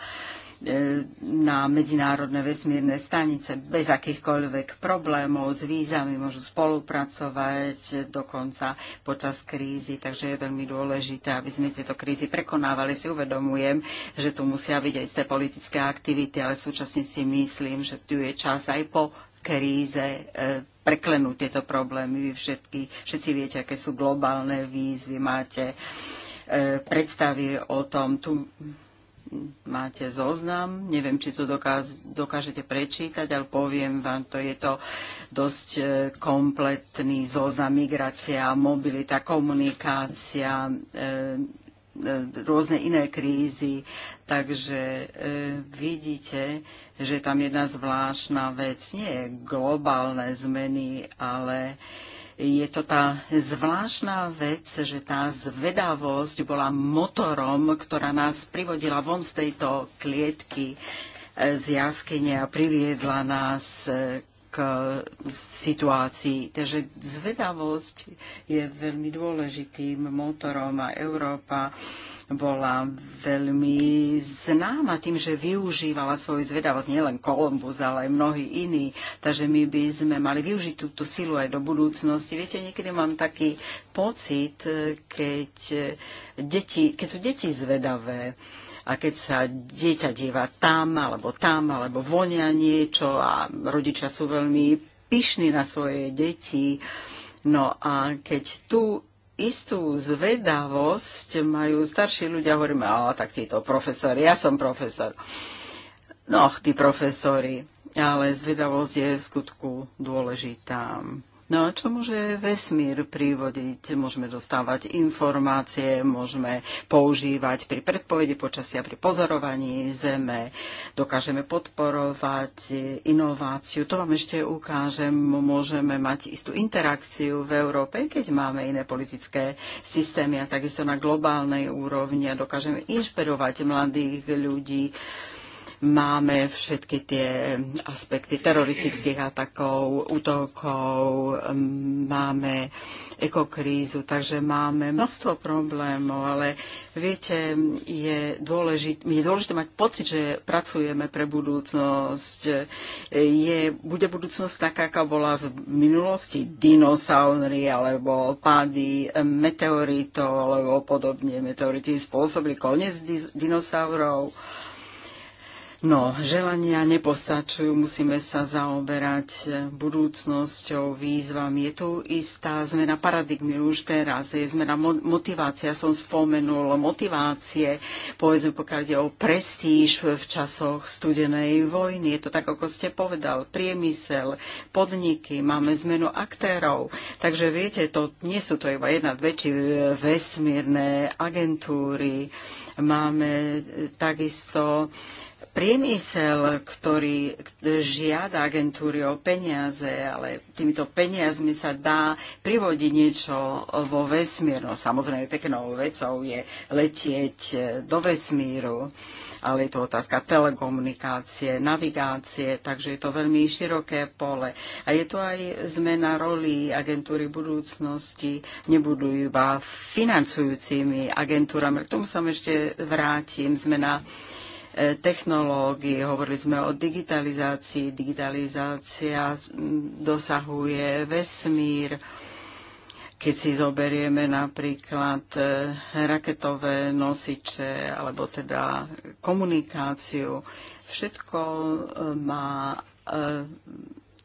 E, na medzinárodné vesmírne stanice bez akýchkoľvek problémov s vízami, môžu spolupracovať dokonca počas krízy, takže je veľmi dôležité, aby sme tieto krízy prekonávali. Si uvedomujem, že tu musia byť aj isté politické aktivity, ale súčasne si myslím, že tu je čas aj po kríze e, preklenú tieto problémy. Vy všetky, všetci viete, aké sú globálne výzvy, máte e, predstavy o tom. Tu máte zoznam, neviem, či to dokáz, dokážete prečítať, ale poviem vám to, je to dosť e, kompletný zoznam migrácia, mobilita, komunikácia, e, e, rôzne iné krízy. Takže e, vidíte, že tam jedna zvláštna vec nie je globálne zmeny, ale e, je to tá zvláštna vec, že tá zvedavosť bola motorom, ktorá nás privodila von z tejto klietky e, z jaskyne a priviedla nás e, k situácii. Takže zvedavosť je veľmi dôležitým motorom a Európa bola veľmi známa tým, že využívala svoju zvedavosť nielen Kolumbus, ale aj mnohí iní. Takže my by sme mali využiť túto silu aj do budúcnosti. Viete, niekedy mám taký pocit, keď, deti, keď sú deti zvedavé, a keď sa dieťa díva tam, alebo tam, alebo vonia niečo a rodičia sú veľmi pyšní na svoje deti, no a keď tu istú zvedavosť majú starší ľudia, hovoríme, o, tak títo profesori, ja som profesor. No, tí profesori, ale zvedavosť je v skutku dôležitá. No a čo môže vesmír privodiť? Môžeme dostávať informácie, môžeme používať pri predpovedi počasia, pri pozorovaní Zeme, dokážeme podporovať inováciu. To vám ešte ukážem. Môžeme mať istú interakciu v Európe, keď máme iné politické systémy a takisto na globálnej úrovni a dokážeme inšpirovať mladých ľudí máme všetky tie aspekty teroristických atakov, útokov, máme ekokrízu, takže máme množstvo problémov, ale viete, je dôležité, je dôležité mať pocit, že pracujeme pre budúcnosť. Je, bude budúcnosť taká, aká bola v minulosti, dinosaury alebo pády meteoritov alebo podobne. Meteority spôsobili koniec dinosaurov No, želania nepostačujú, musíme sa zaoberať eh, budúcnosťou, výzvami. Je tu istá zmena paradigmy už teraz, je zmena motivácia, som spomenul motivácie, povedzme pokiaľ ide o prestíž v časoch studenej vojny. Je to tak, ako ste povedal, priemysel, podniky, máme zmenu aktérov. Takže viete, to nie sú to iba jedna, dve či eh, vesmírne agentúry, máme eh, takisto priemysel, ktorý žiada agentúry o peniaze, ale týmito peniazmi sa dá privodiť niečo vo vesmíru. No, samozrejme peknou vecou je letieť e, do vesmíru, ale je to otázka telekomunikácie, navigácie, takže je to veľmi široké pole. A je to aj zmena roli agentúry budúcnosti, nebudú iba financujúcimi agentúrami. K tomu sa ešte vrátim. Zmena E, technológií. Hovorili sme o digitalizácii. Digitalizácia dosahuje vesmír. Keď si zoberieme napríklad e, raketové nosiče alebo teda komunikáciu, všetko e, má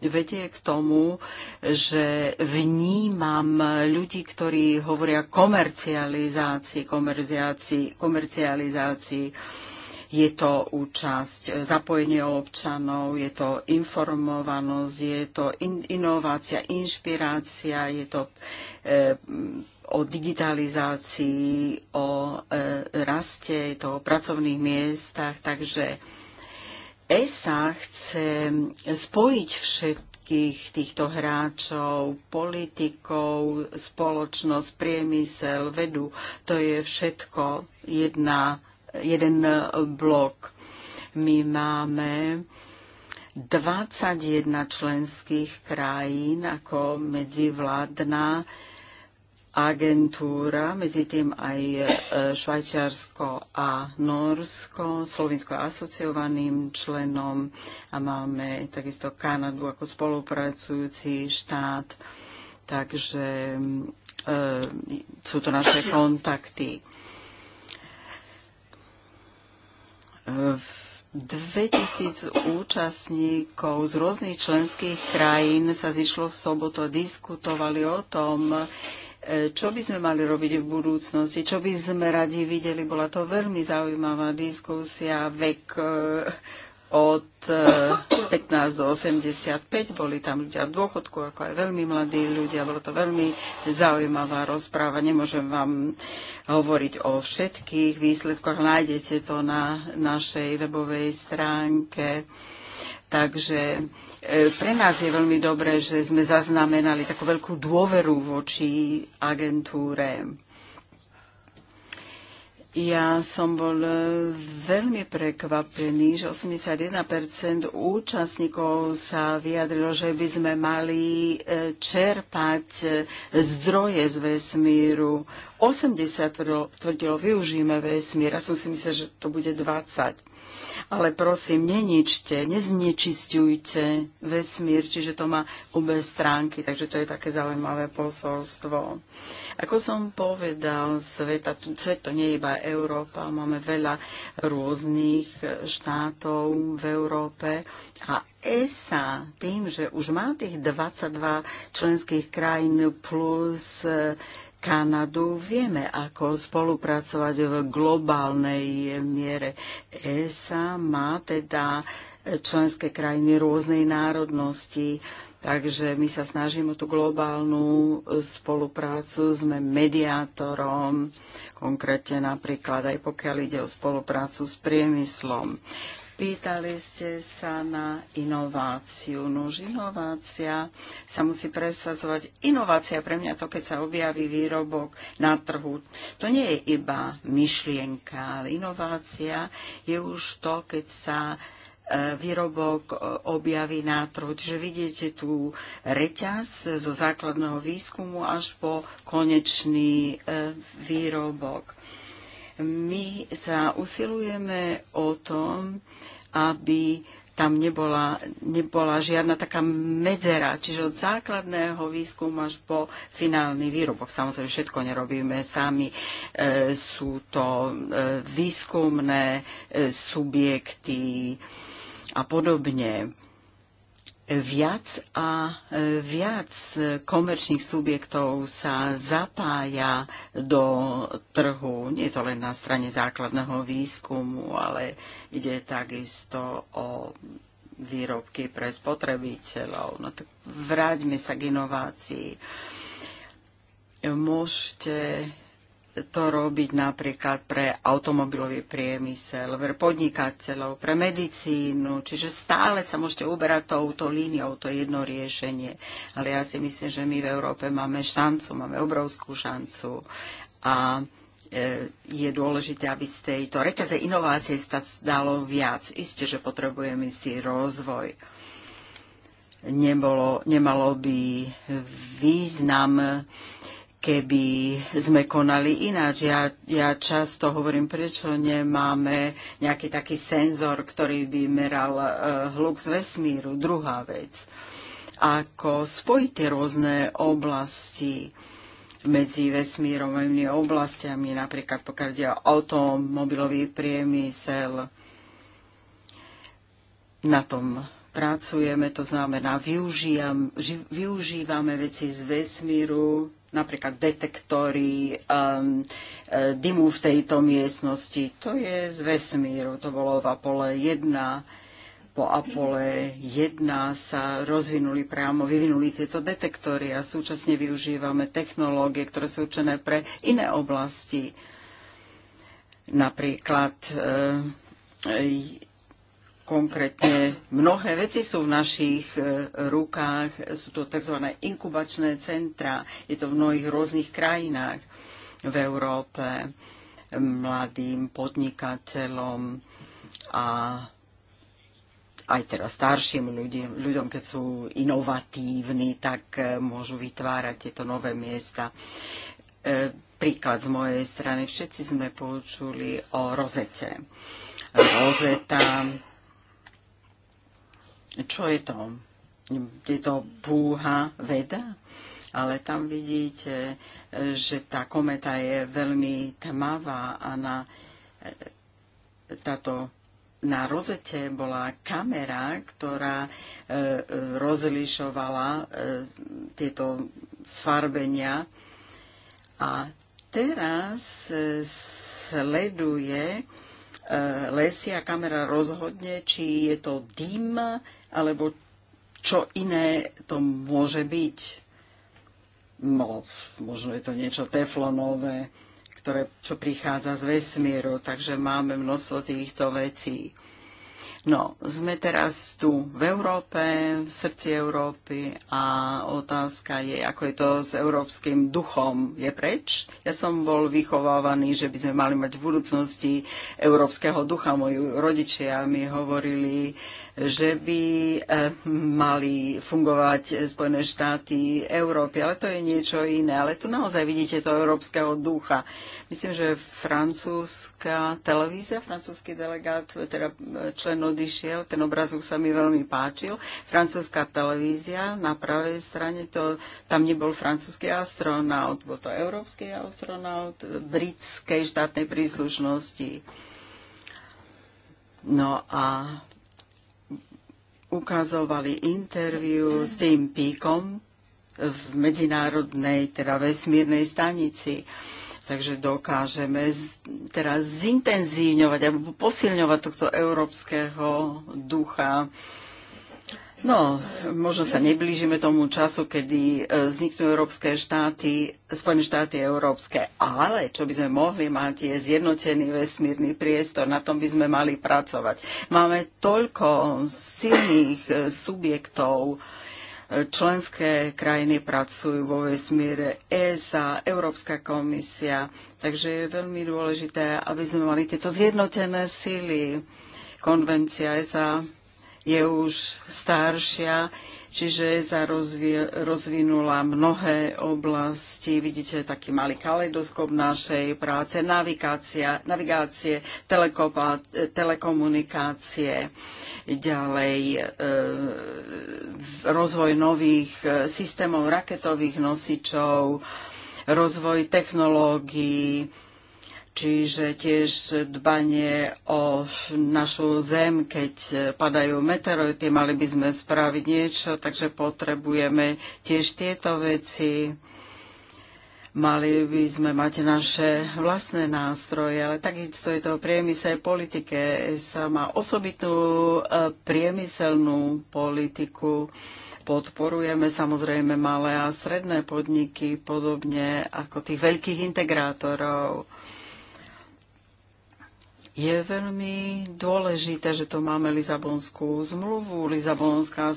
vedie k tomu, že vnímam ľudí, ktorí hovoria komercializácii, komercializácii, komercializácii je to účasť, e, zapojenie občanov, je to informovanosť, je to in, inovácia, inšpirácia, je to e, o digitalizácii, o e, raste, je to o pracovných miestach, takže ESA chce spojiť všetko všetkých týchto hráčov, politikov, spoločnosť, priemysel, vedu. To je všetko jedna jeden e, blok. My máme 21 členských krajín ako medzivládna agentúra, medzi tým aj e, Švajčiarsko a Norsko, Slovinsko asociovaným členom a máme takisto Kanadu ako spolupracujúci štát. Takže e, sú to naše kontakty. 2000 účastníkov z rôznych členských krajín sa zišlo v sobotu, a diskutovali o tom, e, čo by sme mali robiť v budúcnosti, čo by sme radi videli. Bola to veľmi zaujímavá diskusia, vek e, od 15 e, do 85, boli tam ľudia v dôchodku, ako aj veľmi mladí ľudia, bolo to veľmi zaujímavá rozpráva. Nemôžem vám hovoriť o všetkých výsledkoch, nájdete to na našej webovej stránke. Takže e, pre nás je veľmi dobré, že sme zaznamenali takú veľkú dôveru voči agentúre ja som bol e, veľmi prekvapený, že 81% účastníkov sa vyjadrilo, že by sme mali e, čerpať e, zdroje z vesmíru. 80 tvrdilo, využijeme vesmír. Ja som si myslel, že to bude 20. Ale prosím, neničte, neznečistujte vesmír, čiže to má obe stránky, takže to je také zaujímavé posolstvo. Ako som povedal, sveta, svet to nie je iba Európa, máme veľa rôznych štátov v Európe a ESA tým, že už má tých 22 členských krajín plus Kanadu. Vieme, ako spolupracovať v globálnej miere. ESA má teda členské krajiny rôznej národnosti, takže my sa snažíme tú globálnu spoluprácu, sme mediátorom, konkrétne napríklad aj pokiaľ ide o spoluprácu s priemyslom. Pýtali ste sa na inováciu. Nož inovácia sa musí presadzovať. Inovácia pre mňa to, keď sa objaví výrobok na trhu. To nie je iba myšlienka, ale inovácia je už to, keď sa e, výrobok e, objaví na trhu. Čiže vidíte tu reťaz zo základného výskumu až po konečný e, výrobok. My sa usilujeme o tom, aby tam nebola, nebola žiadna taká medzera, čiže od základného výskumu až po finálny výrobok. Samozrejme, všetko nerobíme sami. E, sú to e, výskumné e, subjekty a podobne viac a e, viac komerčných subjektov sa zapája do trhu. Nie je to len na strane základného výskumu, ale ide takisto o výrobky pre spotrebiteľov. No tak vráťme sa k inovácii. Môžete to robiť napríklad pre automobilový priemysel, pre podnikateľov, pre medicínu. Čiže stále sa môžete uberať touto líniou, to je jedno riešenie. Ale ja si myslím, že my v Európe máme šancu, máme obrovskú šancu. A e, je dôležité, aby z tejto reťaze inovácie stať dalo viac. Isté, že potrebujeme istý rozvoj. Nebolo, nemalo by význam keby sme konali ináč. Ja, ja často hovorím, prečo nemáme nejaký taký senzor, ktorý by meral e, hluk z vesmíru. Druhá vec, ako spojiť tie rôzne oblasti medzi vesmírovými oblastiami, napríklad pokiaľ ide automobilový priemysel. Na tom pracujeme, to znamená, využívame veci z vesmíru, napríklad detektory um, e, dymu v tejto miestnosti. To je z vesmíru, to bolo v Apole 1. Po Apole 1 sa rozvinuli priamo, vyvinuli tieto detektory a súčasne využívame technológie, ktoré sú určené pre iné oblasti. Napríklad e, e konkrétne mnohé veci sú v našich e, rukách. Sú to tzv. inkubačné centra. Je to v mnohých rôznych krajinách v Európe mladým podnikateľom a aj teda starším ľuďom, ľuďom, keď sú inovatívni, tak e, môžu vytvárať tieto nové miesta. E, príklad z mojej strany, všetci sme počuli o rozete. Rozeta čo je to? Je to búha veda? Ale tam vidíte, že tá kometa je veľmi tmavá a na táto na rozete bola kamera, ktorá e, rozlišovala e, tieto sfarbenia a teraz e, sleduje e, lesia kamera rozhodne, či je to dym, alebo čo iné to môže byť. No, možno je to niečo teflonové, ktoré, čo prichádza z vesmíru, takže máme množstvo týchto vecí. No, sme teraz tu v Európe, v srdci Európy a otázka je, ako je to s európskym duchom. Je preč? Ja som bol vychovávaný, že by sme mali mať v budúcnosti európskeho ducha. Moji rodičia mi hovorili, že by eh, mali fungovať Spojené štáty Európy, ale to je niečo iné. Ale tu naozaj vidíte to európskeho ducha. Myslím, že francúzska televízia, francúzsky delegát, teda eh, člen odišiel, ten obrazok sa mi veľmi páčil. Francúzska televízia na pravej strane, to, tam nebol francúzsky astronaut, bol to európsky astronaut britskej štátnej príslušnosti. No a ukazovali interviu s tým píkom v medzinárodnej, teda vesmírnej stanici. Takže dokážeme teraz zintenzívňovať alebo posilňovať tohto európskeho ducha. No, možno sa neblížime tomu času, kedy e, vzniknú európske štáty, Spojené štáty európske, ale čo by sme mohli mať je zjednotený vesmírny priestor, na tom by sme mali pracovať. Máme toľko silných e, subjektov, e, členské krajiny pracujú vo vesmíre, ESA, Európska komisia, takže je veľmi dôležité, aby sme mali tieto zjednotené sily. Konvencia ESA je už staršia, čiže sa rozvinula mnohé oblasti. Vidíte taký malý kaleidoskop našej práce, navigácia, navigácie, telekopa, telekomunikácie, ďalej e, rozvoj nových e, systémov raketových nosičov, rozvoj technológií, čiže tiež dbanie o našu zem, keď padajú meteority, mali by sme spraviť niečo, takže potrebujeme tiež tieto veci. Mali by sme mať naše vlastné nástroje, ale takisto je to priemysel politike. Sa má osobitnú e, priemyselnú politiku. Podporujeme samozrejme malé a stredné podniky, podobne ako tých veľkých integrátorov je veľmi dôležité, že to máme Lizabonskú zmluvu. Lizabonská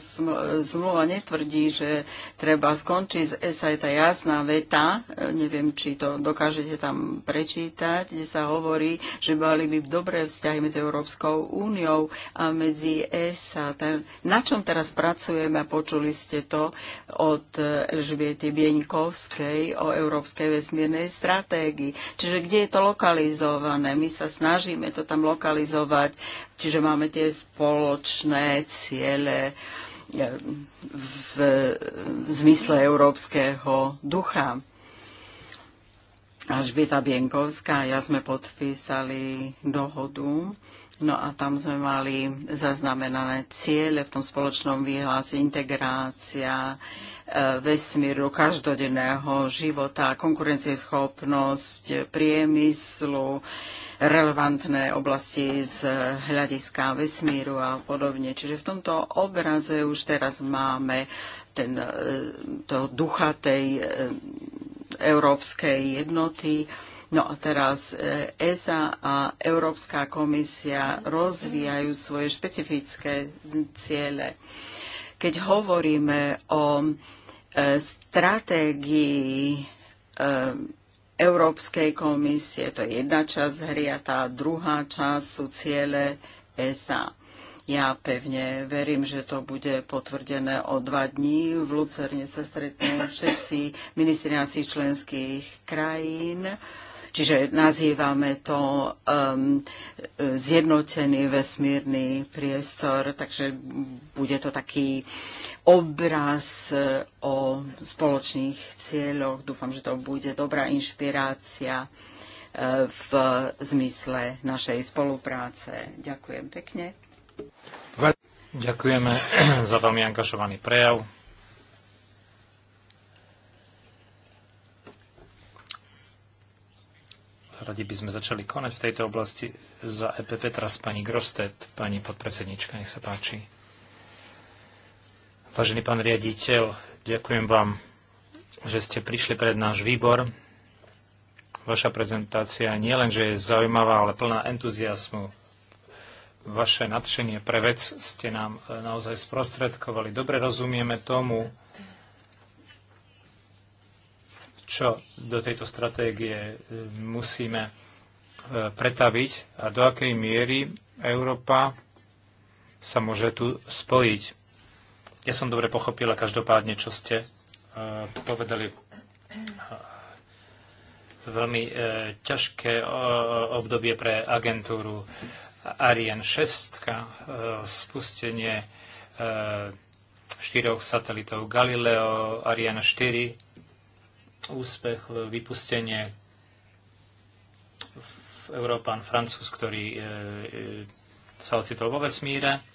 zmluva netvrdí, že treba skončiť z ESA, je tá jasná veta, neviem, či to dokážete tam prečítať, kde sa hovorí, že mali by dobré vzťahy medzi Európskou úniou a medzi ESA. Na čom teraz pracujeme, počuli ste to od Elžbiety Bieňkovskej o Európskej vesmírnej stratégii. Čiže kde je to lokalizované? My sa snažíme to tam lokalizovať, čiže máme tie spoločné ciele eh, v zmysle európskeho ducha. Alžbieta Bienkovská a ja sme podpísali dohodu No a tam sme mali zaznamenané ciele v tom spoločnom výhlase, integrácia e, vesmíru, každodenného života, konkurencieschopnosť priemyslu, relevantné oblasti z hľadiska vesmíru a podobne. Čiže v tomto obraze už teraz máme ten, e, to ducha tej e, európskej jednoty No a teraz e, ESA a Európska komisia rozvíjajú svoje špecifické ciele. Keď hovoríme o e, stratégii e, Európskej komisie, to je jedna časť hry a tá druhá časť sú ciele ESA. Ja pevne verím, že to bude potvrdené o dva dní. V Lucerne sa stretnú všetci ministri členských krajín. Uh, Čiže nazývame to um, zjednotený vesmírny priestor, takže bude to taký obraz uh, o spoločných cieľoch. Dúfam, že to bude dobrá inšpirácia uh, v zmysle našej spolupráce. Ďakujem pekne. Ďakujeme za veľmi angažovaný prejav. Radi by sme začali konať v tejto oblasti za EPP. Teraz pani Grostet, pani podpredsednička, nech sa páči. Vážený pán riaditeľ, ďakujem vám, že ste prišli pred náš výbor. Vaša prezentácia nie len, že je zaujímavá, ale plná entuziasmu. Vaše nadšenie pre vec ste nám e, naozaj sprostredkovali. Dobre rozumieme tomu, čo do tejto stratégie e, musíme e, pretaviť a do akej miery Európa sa môže tu spojiť. Ja som dobre pochopila každopádne, čo ste e, povedali. Veľmi ťažké obdobie pre agentúru Ariane 6, spustenie štyroch satelitov Galileo, Ariane 4, úspech e, vypustenie Európan Francúz, ktorý e, e, sa ocitol vo vesmíre.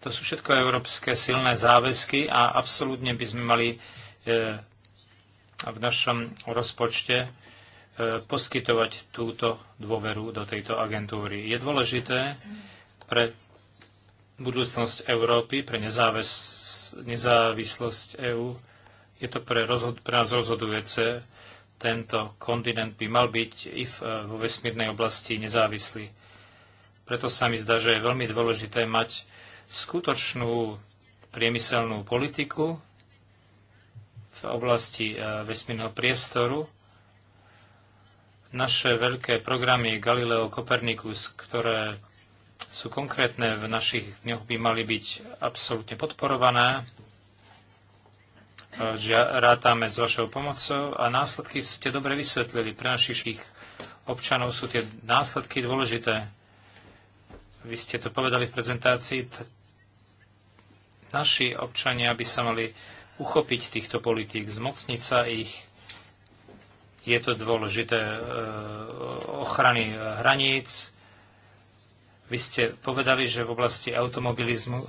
To sú všetko európske silné záväzky a absolútne by sme mali v našom rozpočte poskytovať túto dôveru do tejto agentúry. Je dôležité pre budúcnosť Európy, pre nezávislosť EÚ, je to pre, rozhod- pre nás rozhodujúce. Tento kontinent by mal byť i v, e, vo vesmírnej oblasti nezávislý. Preto sa mi zdá, že je veľmi dôležité mať skutočnú priemyselnú politiku v oblasti e, vesmírneho priestoru. Naše veľké programy Galileo Copernicus, ktoré sú konkrétne v našich dňoch, by mali byť absolútne podporované že rátame s vašou pomocou a následky ste dobre vysvetlili. Pre našich občanov sú tie následky dôležité. Vy ste to povedali v prezentácii. Naši občania by sa mali uchopiť týchto politík, zmocniť sa ich. Je to dôležité e, ochrany e, hraníc. Vy ste povedali, že v oblasti automobilizmu e,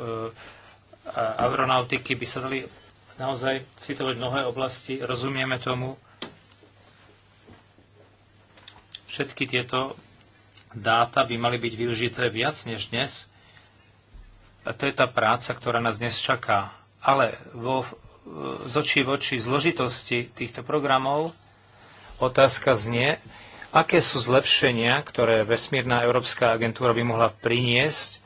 a aeronautiky by sa dali naozaj citovať mnohé oblasti, rozumieme tomu. Všetky tieto dáta by mali byť využité viac než dnes. A to je tá práca, ktorá nás dnes čaká. Ale vo, z očí v oči zložitosti týchto programov otázka znie, aké sú zlepšenia, ktoré Vesmírna Európska agentúra by mohla priniesť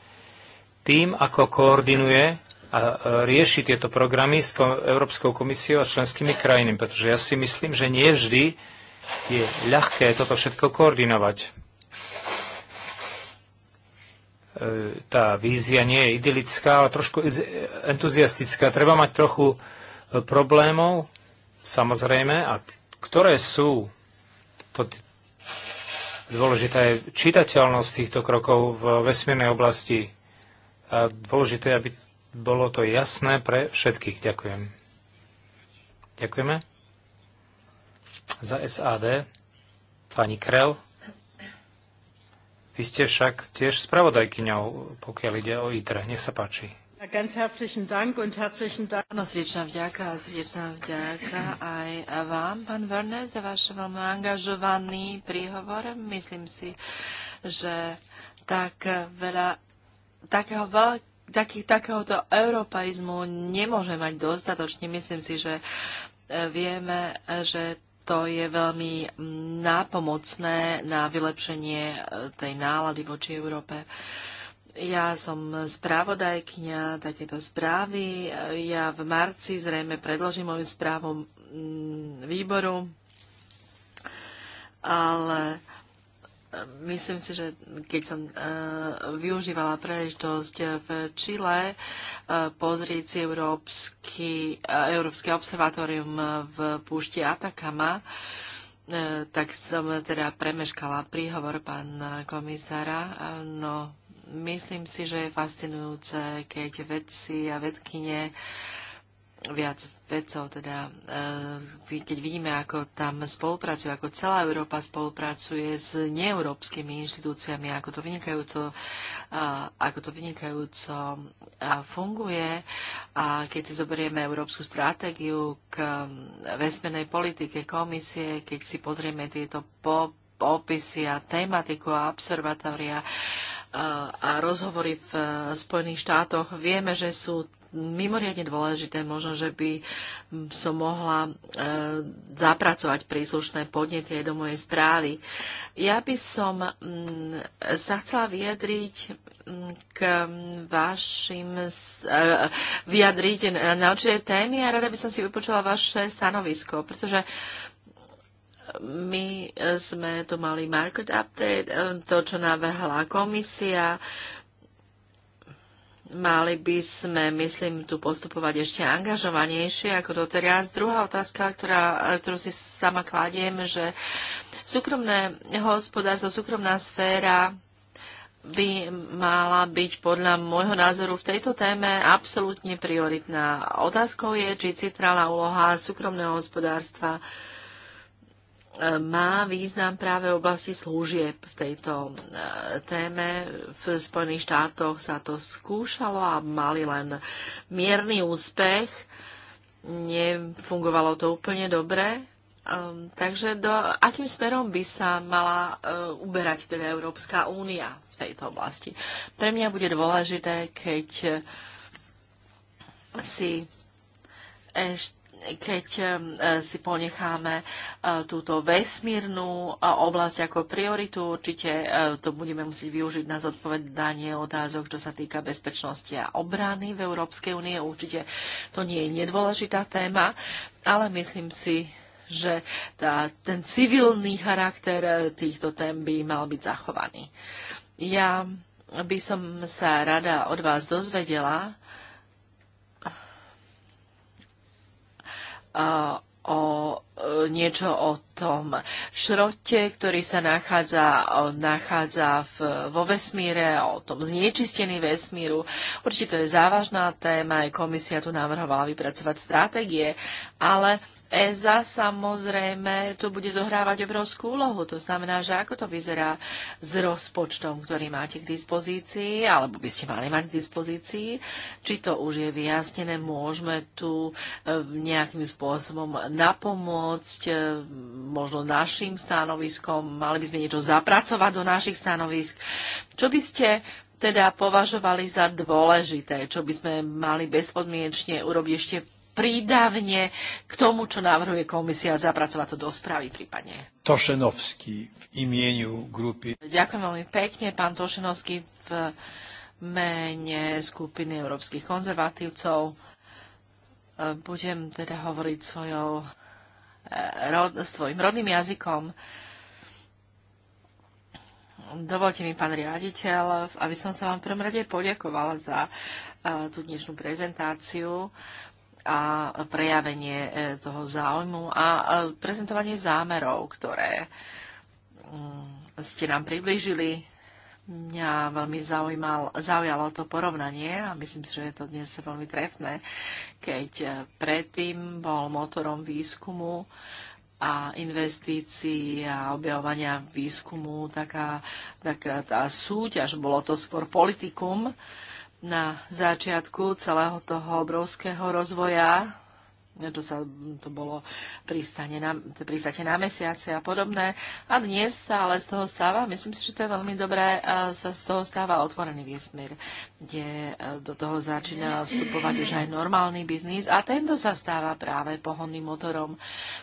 tým, ako koordinuje a e, rieši tieto programy s Európskou komisiou a členskými krajinami, pretože ja si myslím, že nie vždy je ľahké toto všetko koordinovať. E, tá vízia nie je idylická, ale trošku entuziastická. Treba mať trochu e, problémov, samozrejme, a ktoré sú, to dôležitá je čitateľnosť týchto krokov v vesmírnej oblasti a dôležité, aby bolo to jasné pre všetkých. Ďakujem. Ďakujeme. Za SAD pani Krel. Vy ste však tiež spravodajkyňou, pokiaľ ide o ITRE. Nech sa páči. Ganz herzlichen Dank und herzlichen Dank. No, srdečná vďaka a srdečná vďaka aj vám, pán Werner, za váš veľmi angažovaný príhovor. Myslím si, že tak veľa takého veľkého taký, takéhoto europaizmu nemôže mať dostatočne. Myslím si, že e, vieme, že to je veľmi nápomocné na vylepšenie e, tej nálady voči Európe. Ja som správodajkňa takéto správy. Ja v marci zrejme predložím moju správu výboru, ale Myslím si, že keď som e, využívala príležitosť v Čile e, pozrieť si Európsky, uh, Európske observatórium v púšti Atakama, tak som teda premeškala príhovor pán komisára. no, myslím si, že je fascinujúce, keď vedci a vedkine viac vedcov, teda eh, keď vidíme, ako tam spolupracujú, ako celá Európa spolupracuje s neeurópskymi inštitúciami, ako to vynikajúco, ako to vynikajúco funguje a keď si zoberieme európsku stratégiu k eh, vesmenej politike komisie, keď si pozrieme tieto popisy a tematiku a observatória, eh, a rozhovory v Spojených štátoch. Vieme, že sú mimoriadne dôležité. Možno, že by som mohla e, zapracovať príslušné podnety aj do mojej správy. Ja by som m, mm, sa chcela vyjadriť mm, k vašim e, vyjadriť na určité témy a rada by som si vypočula vaše stanovisko, pretože my sme tu mali market update, e, to, čo navrhla komisia, Mali by sme, myslím, tu postupovať ešte angažovanejšie ako doteraz. Druhá otázka, ktorá, ktorú si sama kladiem, že súkromné hospodárstvo, súkromná sféra by mala byť podľa môjho názoru v tejto téme absolútne prioritná. Otázkou je, či citrálna úloha súkromného hospodárstva uh, má význam práve v oblasti služieb v tejto e, téme. V Spojených štátoch sa to skúšalo a mali len mierny úspech. Nefungovalo to úplne dobre. Ehm, takže do, akým smerom by sa mala e, uberať teda Európska únia v tejto oblasti? Pre mňa bude dôležité, keď si eš, keď um, eh, si ponecháme eh, túto vesmírnu eh, oblasť ako prioritu, určite to budeme musieť využiť na zodpovedanie otázok, čo sa týka bezpečnosti a obrany v Európskej únie. Určite to nie je nedôležitá téma, ale myslím si, že tá, ten civilný charakter týchto tém by mal byť zachovaný. Ja by som sa rada od vás dozvedela, o niečo o tom šrote, ktorý sa nachádza, nachádza v, vo vesmíre, o tom znečistení vesmíru. Určite to je závažná téma, aj komisia tu navrhovala vypracovať stratégie, ale ESA samozrejme tu bude zohrávať obrovskú úlohu. To znamená, že ako to vyzerá s rozpočtom, ktorý máte k dispozícii, alebo by ste mali mať k dispozícii, či to už je vyjasnené, môžeme tu e, nejakým spôsobom napomôcť pomôcť e, možno našim stanoviskom, mali by sme niečo zapracovať do našich stanovisk. Čo by ste teda považovali za dôležité, čo by sme mali bezpodmienečne urobiť ešte prídavne k tomu, čo navrhuje komisia zapracovať to do správy prípadne. Tošenovský v imieniu grupy. Ďakujem veľmi pekne, pán Tošenovský v mene skupiny európskych konzervatívcov. E, budem teda hovoriť svojou rod, svojim rodným jazykom. Dovolte mi, pán riaditeľ, aby som sa vám v prvom rade poďakovala za e, tú dnešnú prezentáciu a prejavenie e, toho záujmu a e, prezentovanie zámerov, ktoré mm, ste nám priblížili Mňa veľmi zaujímal, zaujalo to porovnanie a myslím si, že je to dnes veľmi trefné, keď eh, predtým bol motorom výskumu a investícií a objavovania výskumu taká, taká tá súťaž, bolo to skôr politikum na začiatku celého toho obrovského rozvoja to, sa, to bolo pristane na, na mesiace a podobné. A dnes sa ale z toho stáva, myslím si, že to je veľmi dobré, sa z toho stáva otvorený vesmír, kde e, do toho začína vstupovať už aj normálny biznis a tento sa stáva práve pohonným motorom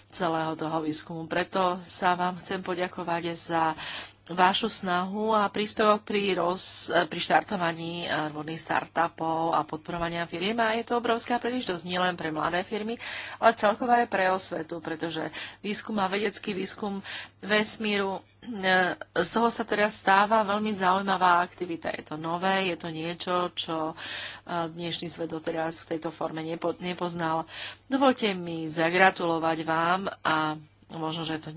celého toho výskumu. Preto sa vám chcem poďakovať za vašu snahu a príspevok pri, roz, pri štartovaní rôznych eh, startupov a podporovania firiem. A je to obrovská príležitosť nielen pre mladé firmy, ale celkovo aj pre osvetu, pretože výskum a vedecký výskum vesmíru, eh, z toho sa teraz stáva veľmi zaujímavá aktivita. Je to nové, je to niečo, čo eh, dnešný svet doteraz v tejto forme nepoznal. Dovolte mi zagratulovať vám a možno, že to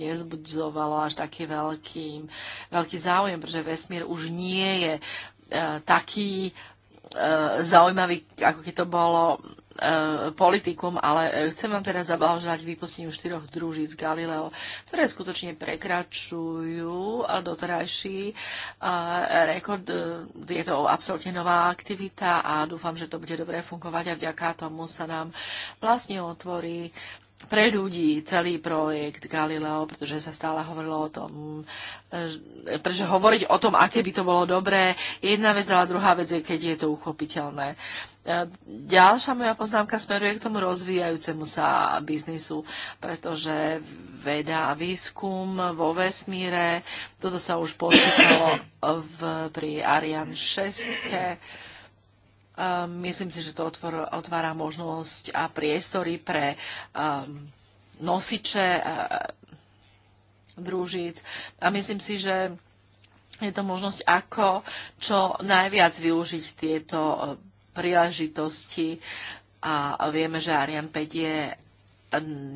nezbudzovalo až taký veľký, veľký záujem, pretože vesmír už nie je uh, taký uh, zaujímavý, ako keď to bolo e, politikum, ale chcem vám teraz zablahoželať vypustením štyroch družíc Galileo, ktoré skutočne prekračujú doterajší rekord. Je to absolútne nová aktivita a dúfam, že to bude dobre fungovať a vďaka tomu sa nám vlastne otvorí pre ľudí celý projekt Galileo, pretože sa stále hovorilo o tom, e, pretože hovoriť o tom, aké by to bolo dobré, je jedna vec, ale druhá vec je, keď je to uchopiteľné. E, ďalšia moja poznámka smeruje k tomu rozvíjajúcemu sa biznisu, pretože veda a výskum vo vesmíre, toto sa už podpísalo pri Ariane 6 Ehm, myslím si, že to otvára možnosť a priestory pre ehm, nosiče e, družíc. A myslím si, že je to možnosť, ako čo najviac využiť tieto e, príležitosti. A vieme, že Ariane 5 je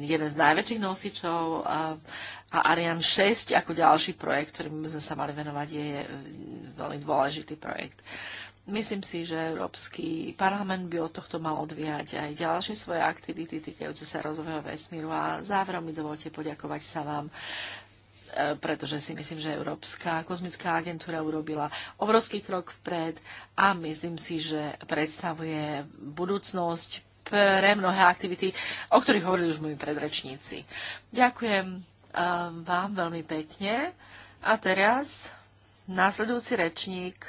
jeden z najväčších nosičov a, Arian Ariane 6 ako ďalší projekt, ktorým sme sa mali venovať, je e, veľmi dôležitý projekt. Um, Myslím si, že Európsky parlament by od tohto mal odvíjať aj ďalšie svoje aktivity týkajúce sa rozvojho vesmíru. A záverom mi dovolte poďakovať sa vám, e, pretože si myslím, že Európska kozmická agentúra urobila obrovský krok vpred a myslím si, že predstavuje budúcnosť pre mnohé aktivity, o ktorých hovorili už moji predrečníci. Ďakujem e, vám veľmi pekne. A teraz následujúci rečník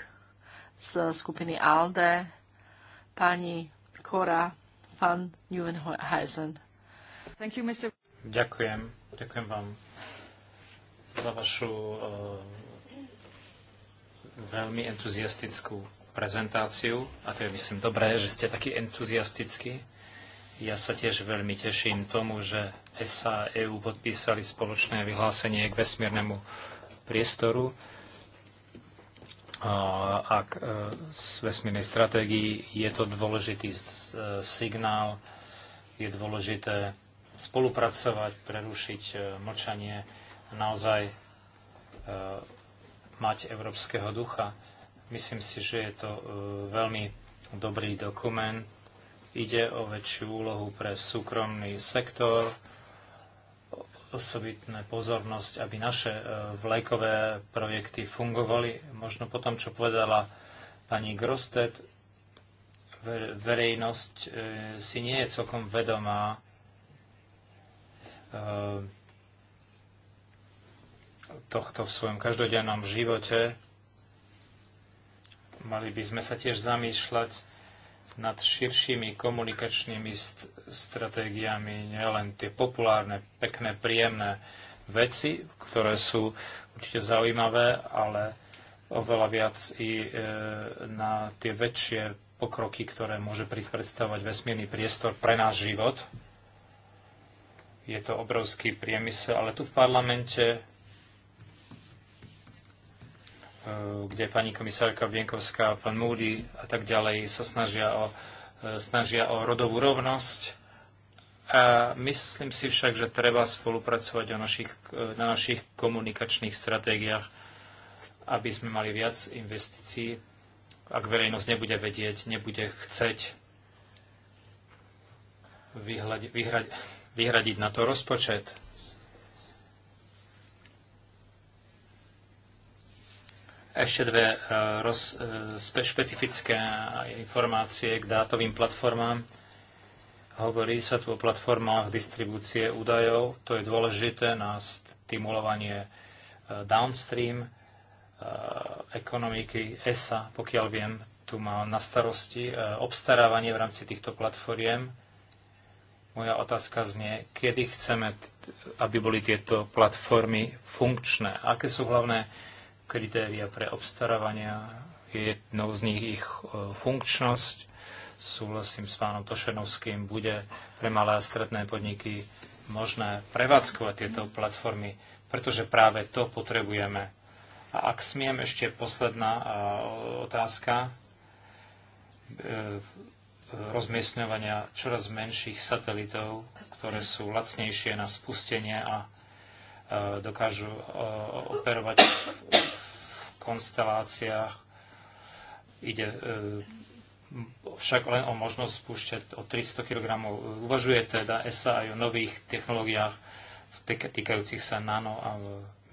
z skupiny ALDE, pani Cora van Nieuwenhuizen. Ďakujem. Ďakujem vám za vašu uh, veľmi entuziastickú prezentáciu. A to je, myslím, dobré, že ste takí entuziastickí. Ja sa tiež veľmi teším tomu, že ESA a EU podpísali spoločné vyhlásenie k vesmírnemu priestoru ak e, z vesmírnej stratégii je to dôležitý e, signál, je dôležité spolupracovať, prerušiť e, mlčanie, naozaj mať európskeho ducha. Myslím si, že je to veľmi dobrý dokument. Ide o väčšiu úlohu pre súkromný sektor, osobitná pozornosť, aby naše e, vlajkové projekty fungovali. Možno po tom, čo povedala pani Grosted, verejnosť e, si nie je celkom vedomá e, tohto v svojom každodennom živote. Mali by sme sa tiež zamýšľať nad širšími komunikačnými st- stratégiami, nielen tie populárne, pekné, príjemné veci, ktoré sú určite zaujímavé, ale oveľa viac i e, na tie väčšie pokroky, ktoré môže predstavovať vesmírny priestor pre náš život. Je to obrovský priemysel, ale tu v parlamente Eh, kde pani komisárka Bienkovská, pán Múdy a tak ďalej sa snažia o, eh, snažia o rodovú rovnosť. A myslím si však, že treba spolupracovať o našich, eh, na našich komunikačných stratégiách, aby sme mali viac investícií. Ak verejnosť nebude vedieť, nebude chceť vyhradiť, vyhradiť na to rozpočet, Ešte dve eh, roz, eh, spe, špecifické informácie k dátovým platformám. Hovorí sa tu o platformách distribúcie údajov. To je dôležité na stimulovanie eh, downstream ekonomiky ESA, pokiaľ viem, tu má na starosti obstarávanie v rámci týchto platformiem. Moja otázka znie, kedy chceme, aby boli tieto platformy funkčné. Aké sú hlavné kritéria pre obstarávania. Jednou z nich ich e, funkčnosť. Súhlasím s pánom Tošenovským, bude pre malé a stredné podniky možné prevádzkovať tieto platformy, pretože práve to potrebujeme. A ak smiem, ešte posledná e, otázka e, rozmiestňovania čoraz menších satelitov, ktoré sú lacnejšie na spustenie a Eh, dokážu eh, operovať v konsteláciách. Ide eh, však len o možnosť spúšťať od 300 kg. Uvažuje teda ESA aj o nových technológiách týkajúcich sa nano a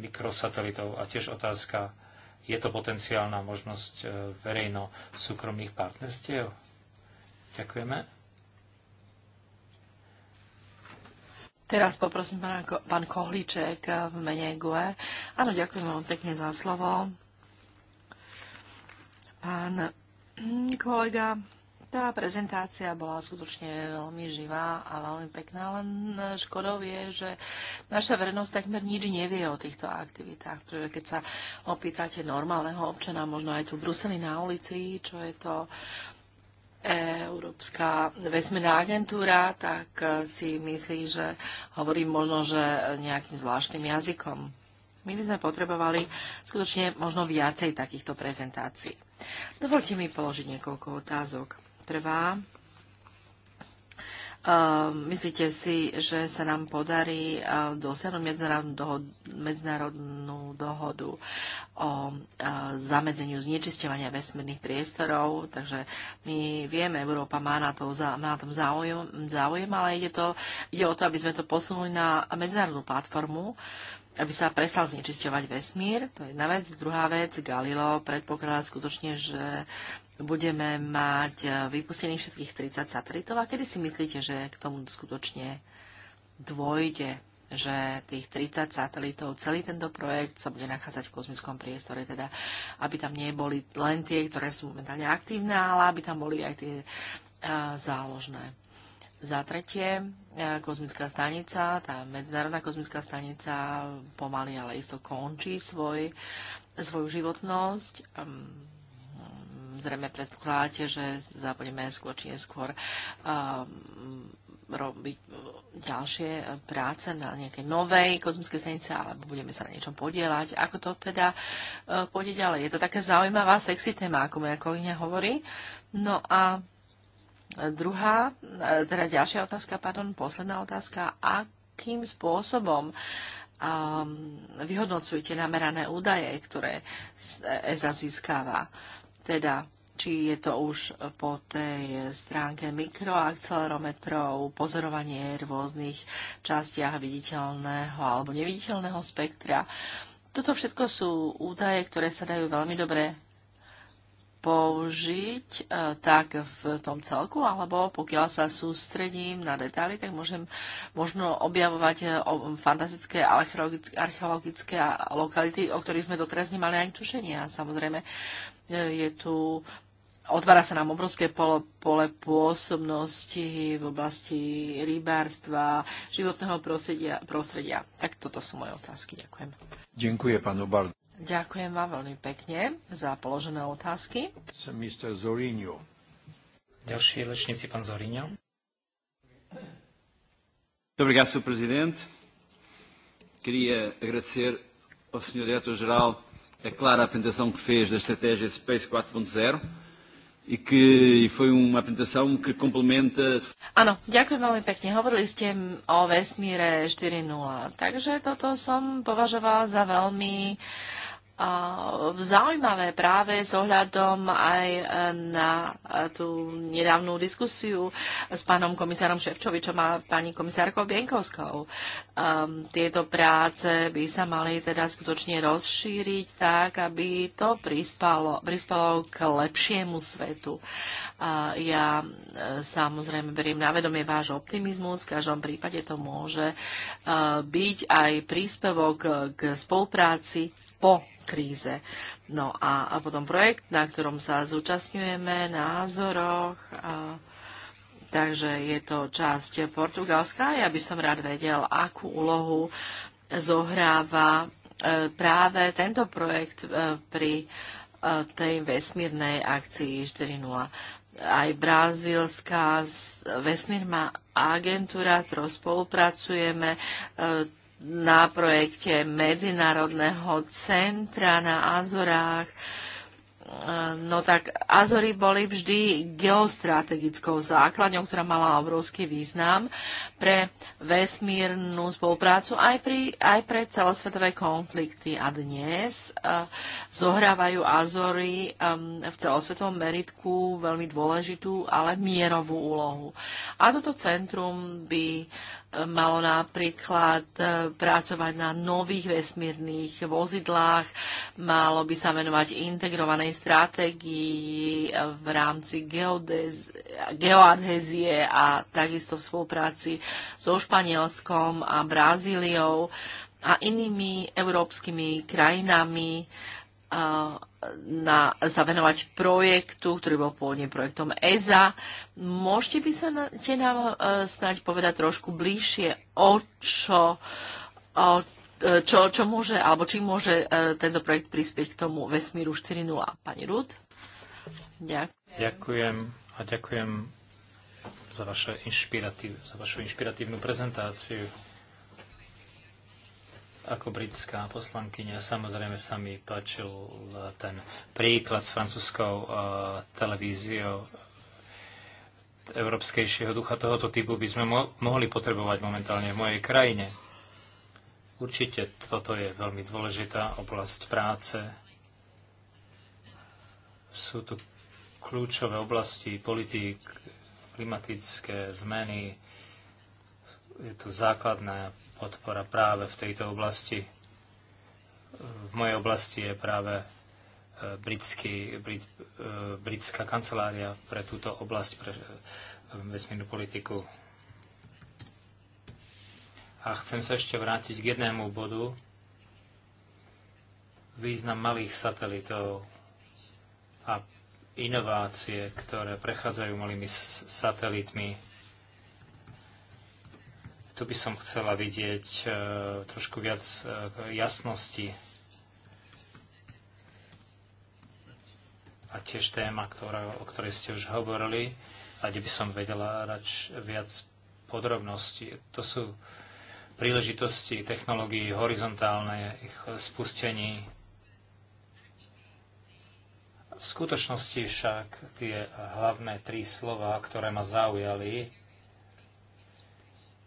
mikrosatelitov a tiež otázka, je to potenciálna možnosť verejno-súkromných partnerstiev? Ďakujeme. Teraz poprosím pána, pán Kohlíček eh, v mene GUE. Áno, ďakujem veľmi pekne za slovo. Pán kolega, tá prezentácia bola skutočne veľmi živá a veľmi pekná, len eh, škodou je, že naša verejnosť takmer nič nevie o týchto aktivitách. Pretože keď sa opýtate normálneho občana, možno aj tu v Bruseli na ulici, čo je to Európska vesmírna agentúra, tak eh, si myslí, že hovorím možno, že nejakým zvláštnym jazykom. My by sme potrebovali skutočne možno viacej takýchto prezentácií. Dovolte mi položiť niekoľko otázok. Prvá Ehm, myslíte si, že sa nám podarí ehm, dosiahnuť medzinárodnú dohodu, medzinárodnú dohodu o ehm, zamedzeniu znečisťovania vesmírnych priestorov? Takže my vieme, Európa má na, to, má na tom záujem, záujem ale ide, to, ide o to, aby sme to posunuli na medzinárodnú platformu, aby sa prestal znečisťovať vesmír. To je jedna vec. Druhá vec, Galileo predpokladá skutočne, že budeme mať e, vypustených všetkých 30 satelitov a kedy si myslíte, že k tomu skutočne dôjde, že tých 30 satelitov, celý tento projekt sa bude nachádzať v kozmickom priestore, teda aby tam neboli len tie, ktoré sú momentálne aktívne, ale aby tam boli aj tie e, záložné. Za tretie, e, kozmická stanica, tá medzinárodná kozmická stanica pomaly, ale isto končí svoj, svoju životnosť. Ehm, zrejme predpokladáte, že zabudeme skôr či neskôr um, robiť ďalšie práce na nejakej novej kozmickej stanice, alebo budeme sa na niečom podielať. Ako to teda uh, pôjde ďalej? Je to taká zaujímavá, sexy téma, ako moja kolegyňa hovorí. No a druhá, uh, teda ďalšia otázka, pardon, posledná otázka, akým spôsobom um, vyhodnocujete namerané údaje, ktoré ESA získava. Teda, či je to už po tej stránke mikroakcelerometrov, pozorovanie v rôznych častiach viditeľného alebo neviditeľného spektra. Toto všetko sú údaje, ktoré sa dajú veľmi dobre použiť e, tak v tom celku, alebo pokiaľ sa sústredím na detaily, tak môžem možno objavovať e, fantastické archeologické, archeologické lokality, o ktorých sme doteraz nemali ani tušenie. A samozrejme, E, je tu Otvára sa nám obrovské pole, pole pôsobnosti v oblasti rybárstva, životného prostredia, prostredia. Tak toto sú moje otázky. Ďakujem. Ďakujem pánu Bardu. Ďakujem vám veľmi pekne za položené otázky. Som mister Zorinio. Ďalší lečníci, pán Zorinio. Dobrý gás, prezident. Queria agradecer ao Sr. Diretor-Geral é clara a apresentação que fez da estratégia Space 4.0 i e que foi uma apresentação que complementa... Áno, ďakujem veľmi pekne. Hovorili ste o vesmíre 4.0, takže toto som považovala za veľmi uh, zaujímavé práve s ohľadom aj e, na e, tú nedávnu diskusiu s pánom komisárom Ševčovičom a pani komisárkou Bienkovskou. Um, tieto práce by sa mali teda skutočne rozšíriť tak, aby to prispalo, prispalo k lepšiemu svetu. A ja samozrejme beriem na vedomie váš optimizmus, v každom prípade to môže byť aj príspevok k spolupráci po kríze. No a, a potom projekt, na ktorom sa zúčastňujeme, názoroch. A, takže je to časť Portugalska. Ja by som rád vedel, akú úlohu zohráva e, práve tento projekt e, pri e, tej vesmírnej akcii 4.0 aj brazílska vesmírna agentúra, s ktorou spolupracujeme, na projekte Medzinárodného centra na Azorách. E, no tak Azory boli vždy geostrategickou základňou, ktorá mala obrovský význam pre vesmírnu spoluprácu aj, pri, aj pre celosvetové konflikty. A dnes uh, zohrávajú Azory um, v celosvetovom meritku veľmi dôležitú, ale mierovú úlohu. A toto centrum by uh, malo napríklad e, pracovať na nových vesmírnych vozidlách, malo by sa venovať integrovanej stratégii e, v rámci geoadhezie a takisto v spolupráci so Španielskom a Brazíliou a inými európskymi krajinami na, zavenovať projektu, ktorý bol pôvodne projektom EZA. Môžete by sa na, te nám e, snáď povedať trošku bližšie, o čo, o, e, čo, čo môže, alebo či môže e, tento projekt prispieť k tomu vesmíru 4.0. Pani Rud? Ďakujem. Ďakujem a ďakujem za, vaše inšpiratív, za vašu inšpiratívnu prezentáciu ako britská poslankyňa samozrejme sa mi páčil ten príklad s francúzskou eh, televíziou európskejšieho ducha tohoto typu by sme mo- mohli potrebovať momentálne v mojej krajine. Určite toto je veľmi dôležitá oblasť práce. Sú tu kľúčové oblasti politik, klimatické zmeny, je tu základná podpora práve v tejto oblasti. V mojej oblasti je práve e, britský, brit, e, britská kancelária pre túto oblasť, pre e, vesmírnu politiku. A chcem sa ešte vrátiť k jednému bodu. Význam malých satelitov a inovácie, ktoré prechádzajú malými satelitmi tu by som chcela vidieť e, trošku viac e, jasnosti a tiež téma, ktorá, o ktorej ste už hovorili a kde by som vedela rač viac podrobností. To sú príležitosti technológií horizontálne, ich spustení. V skutočnosti však tie hlavné tri slova, ktoré ma zaujali,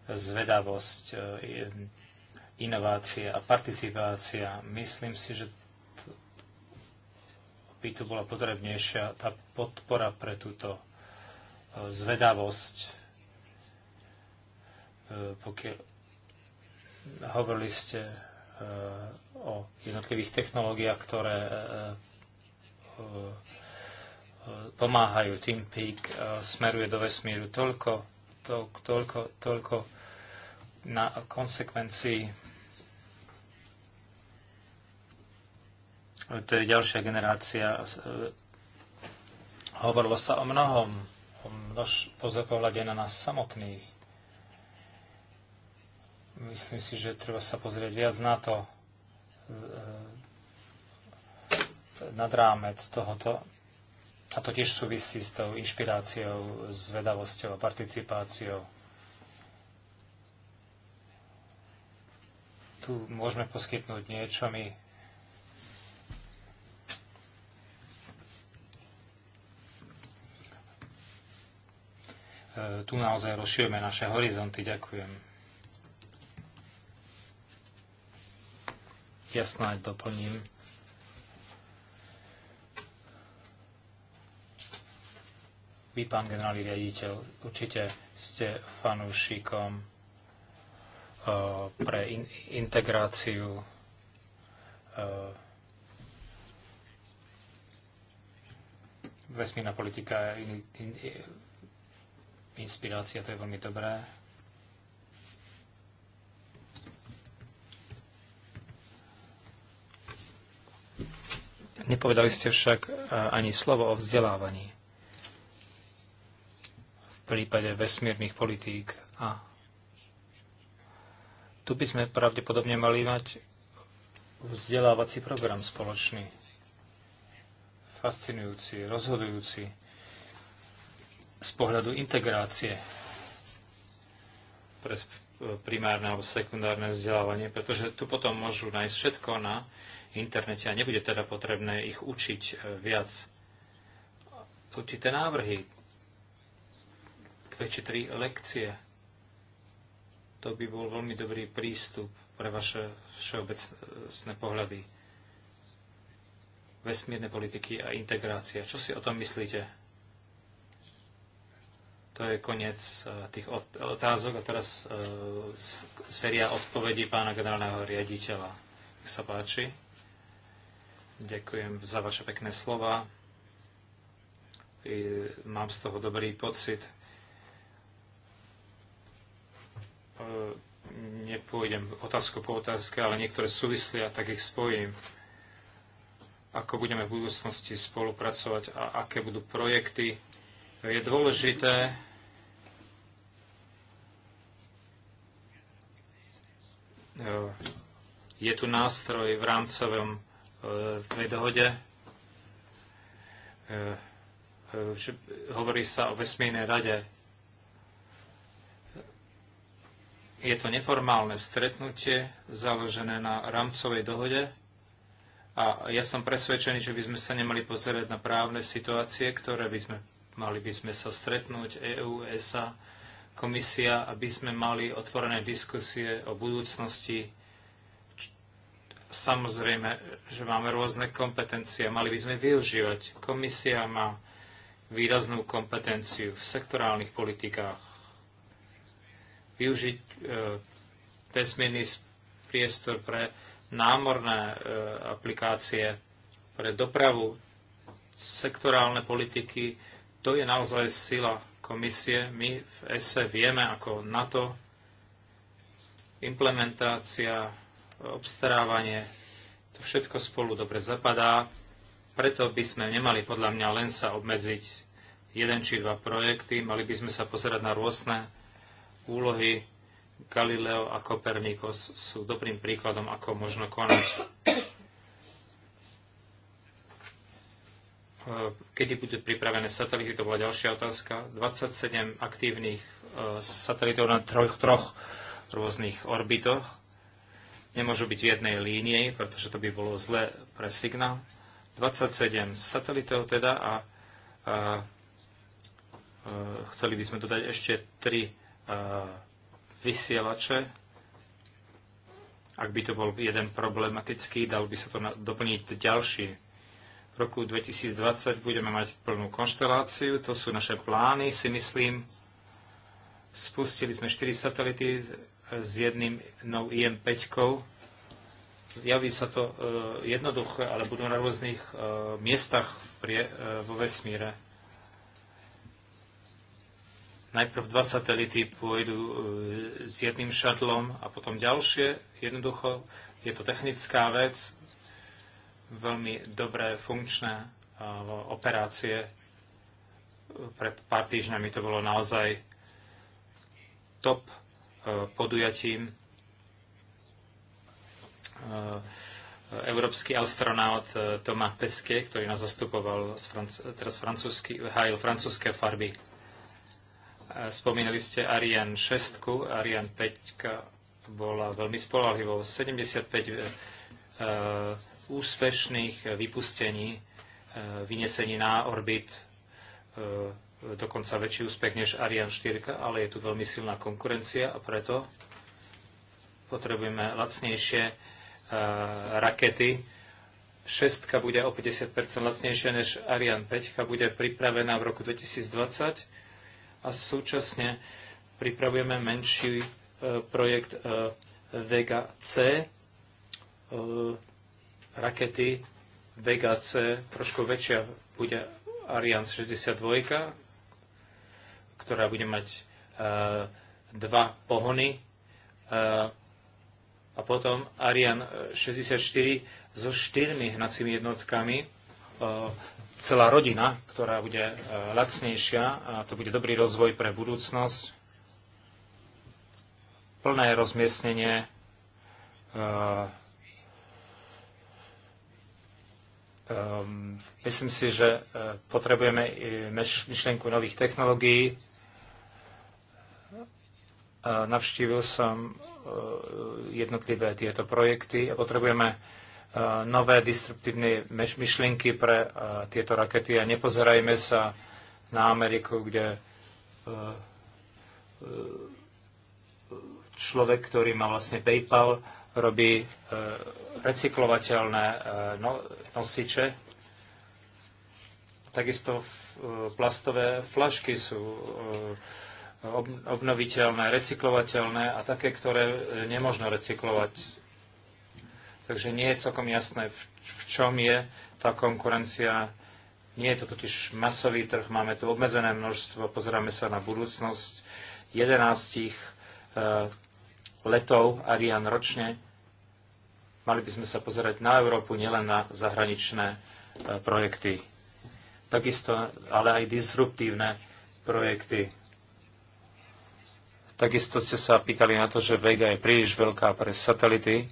zvedavosť, eh, inovácie a participácia. Myslím si, že by tu bola potrebnejšia tá podpora pre túto eh, zvedavosť. Eh, pokiaľ hovorili ste o jednotlivých technológiách, ktoré pomáhajú. Team Peak smeruje do vesmíru toľko, toľko, toľko, toľko na konsekvencii. To je ďalšia generácia. E, hovorilo sa o mnohom, o množ, pohľade na nás samotných. Myslím si, že treba sa pozrieť viac na to, e, nad rámec tohoto. A to tiež súvisí s tou inšpiráciou, zvedavosťou a participáciou tu môžeme poskytnúť niečo my. E, tu naozaj rozširujeme naše horizonty. Ďakujem. Ja snáď doplním. Vy, pán generálny riaditeľ, určite ste fanúšikom Eh, pre in, integráciu eh, vesmírna politika in, in, inspirácia, to je veľmi dobré. Nepovedali ste však eh, ani slovo o vzdelávaní v prípade vesmírnych politík a tu by sme pravdepodobne mali mať vzdelávací program spoločný. Fascinujúci, rozhodujúci z pohľadu integrácie pre primárne alebo sekundárne vzdelávanie, pretože tu potom môžu nájsť všetko na internete a nebude teda potrebné ich učiť e, viac. Určité návrhy, dve či tri lekcie to by bol veľmi dobrý prístup pre vaše všeobecné pohľady. Vesmírne politiky a integrácia. Čo si o tom myslíte? To je koniec e, tých otázok a teraz e, séria odpovedí pána generálneho riaditeľa. Nech sa páči. Ďakujem za vaše pekné slova. Mám z toho dobrý pocit. E, nepôjdem otázku po otázke, ale niektoré súvislia, tak ich spojím. Ako budeme v budúcnosti spolupracovať a aké budú projekty. Je dôležité, e, je tu nástroj v rámcovom e, tej dohode, že hovorí sa o vesmírnej rade Je to neformálne stretnutie založené na rámcovej dohode a ja som presvedčený, že by sme sa nemali pozerať na právne situácie, ktoré by sme mali by sme sa stretnúť EU, ESA, komisia, aby sme mali otvorené diskusie o budúcnosti. Samozrejme, že máme rôzne kompetencie, mali by sme využívať. Komisia má výraznú kompetenciu v sektorálnych politikách. Využiť E, vesmírny priestor pre námorné e, aplikácie, pre dopravu, sektorálne politiky. To je naozaj sila komisie. My v ESE vieme, ako NATO implementácia, obstarávanie, to všetko spolu dobre zapadá. Preto by sme nemali podľa mňa len sa obmedziť jeden či dva projekty, mali by sme sa pozerať na rôzne úlohy Galileo a Kopernikos sú dobrým príkladom, ako možno konať. Eh, kedy budú pripravené satelity, to bola ďalšia otázka. 27 aktívnych eh, satelitov na troch, troch rôznych orbitoch. Nemôžu byť v jednej línii, pretože to by bolo zle pre signál. 27 satelitov teda a, a, eh, a chceli by sme dodať ešte 3 a, vysielače. Ak by to bol jeden problematický, dal by sa to doplniť ďalší. V roku 2020 budeme mať plnú konšteláciu, to sú naše plány, si myslím. Spustili sme 4 satelity s jedným novým IM-5. Javí sa to e, jednoduché, ale budú na rôznych e, miestach prie, e, vo vesmíre Najprv dva satelity pôjdu e, s jedným šatlom a potom ďalšie. Jednoducho je to technická vec, veľmi dobré, funkčné e, operácie. Pred pár týždňami to bolo naozaj top e, podujatím. Európsky astronaut Thomas Pesquet, ktorý nás zastupoval, teraz francúzsky, hájil francúzské farby Spomínali ste Ariane 6, Ariane 5 bola veľmi spolahlivou. 75 eh, eh, úspešných vypustení, eh, vynesení na orbit, dokonca väčší úspech než Ariane 4, ale je tu veľmi silná konkurencia a preto potrebujeme lacnejšie rakety. 6 bude o 50% lacnejšia než Ariane 5, bude pripravená v roku 2020 a súčasne pripravujeme menší e, projekt e, Vega C, e, rakety Vega C, trošku väčšia bude Ariane 62, ktorá bude mať dva pohony a potom Ariane 64 so štyrmi hnacími jednotkami celá rodina, ktorá bude e, lacnejšia a to bude dobrý rozvoj pre budúcnosť. Plné rozmiestnenie Um, myslím si, že e, potrebujeme myšlenku nových technológií. Navštívil som jednotlivé tieto projekty a potrebujeme E, nové disruptívne myšlienky pre e, tieto rakety a nepozerajme sa na Ameriku, kde e, človek, ktorý má vlastne PayPal, robí recyklovateľné no, nosiče. Takisto plastové flašky sú obnoviteľné, recyklovateľné a také, ktoré nemôžno recyklovať Takže nie je celkom jasné, v, v čom je tá konkurencia. Nie je to totiž masový trh, máme tu obmedzené množstvo, pozeráme sa na budúcnosť 11 uh, e, letov Arian ročne. Mali by sme sa pozerať na Európu, nielen na zahraničné uh, projekty. Takisto, ale aj disruptívne projekty. Takisto ste sa pýtali na to, že Vega je príliš veľká pre satelity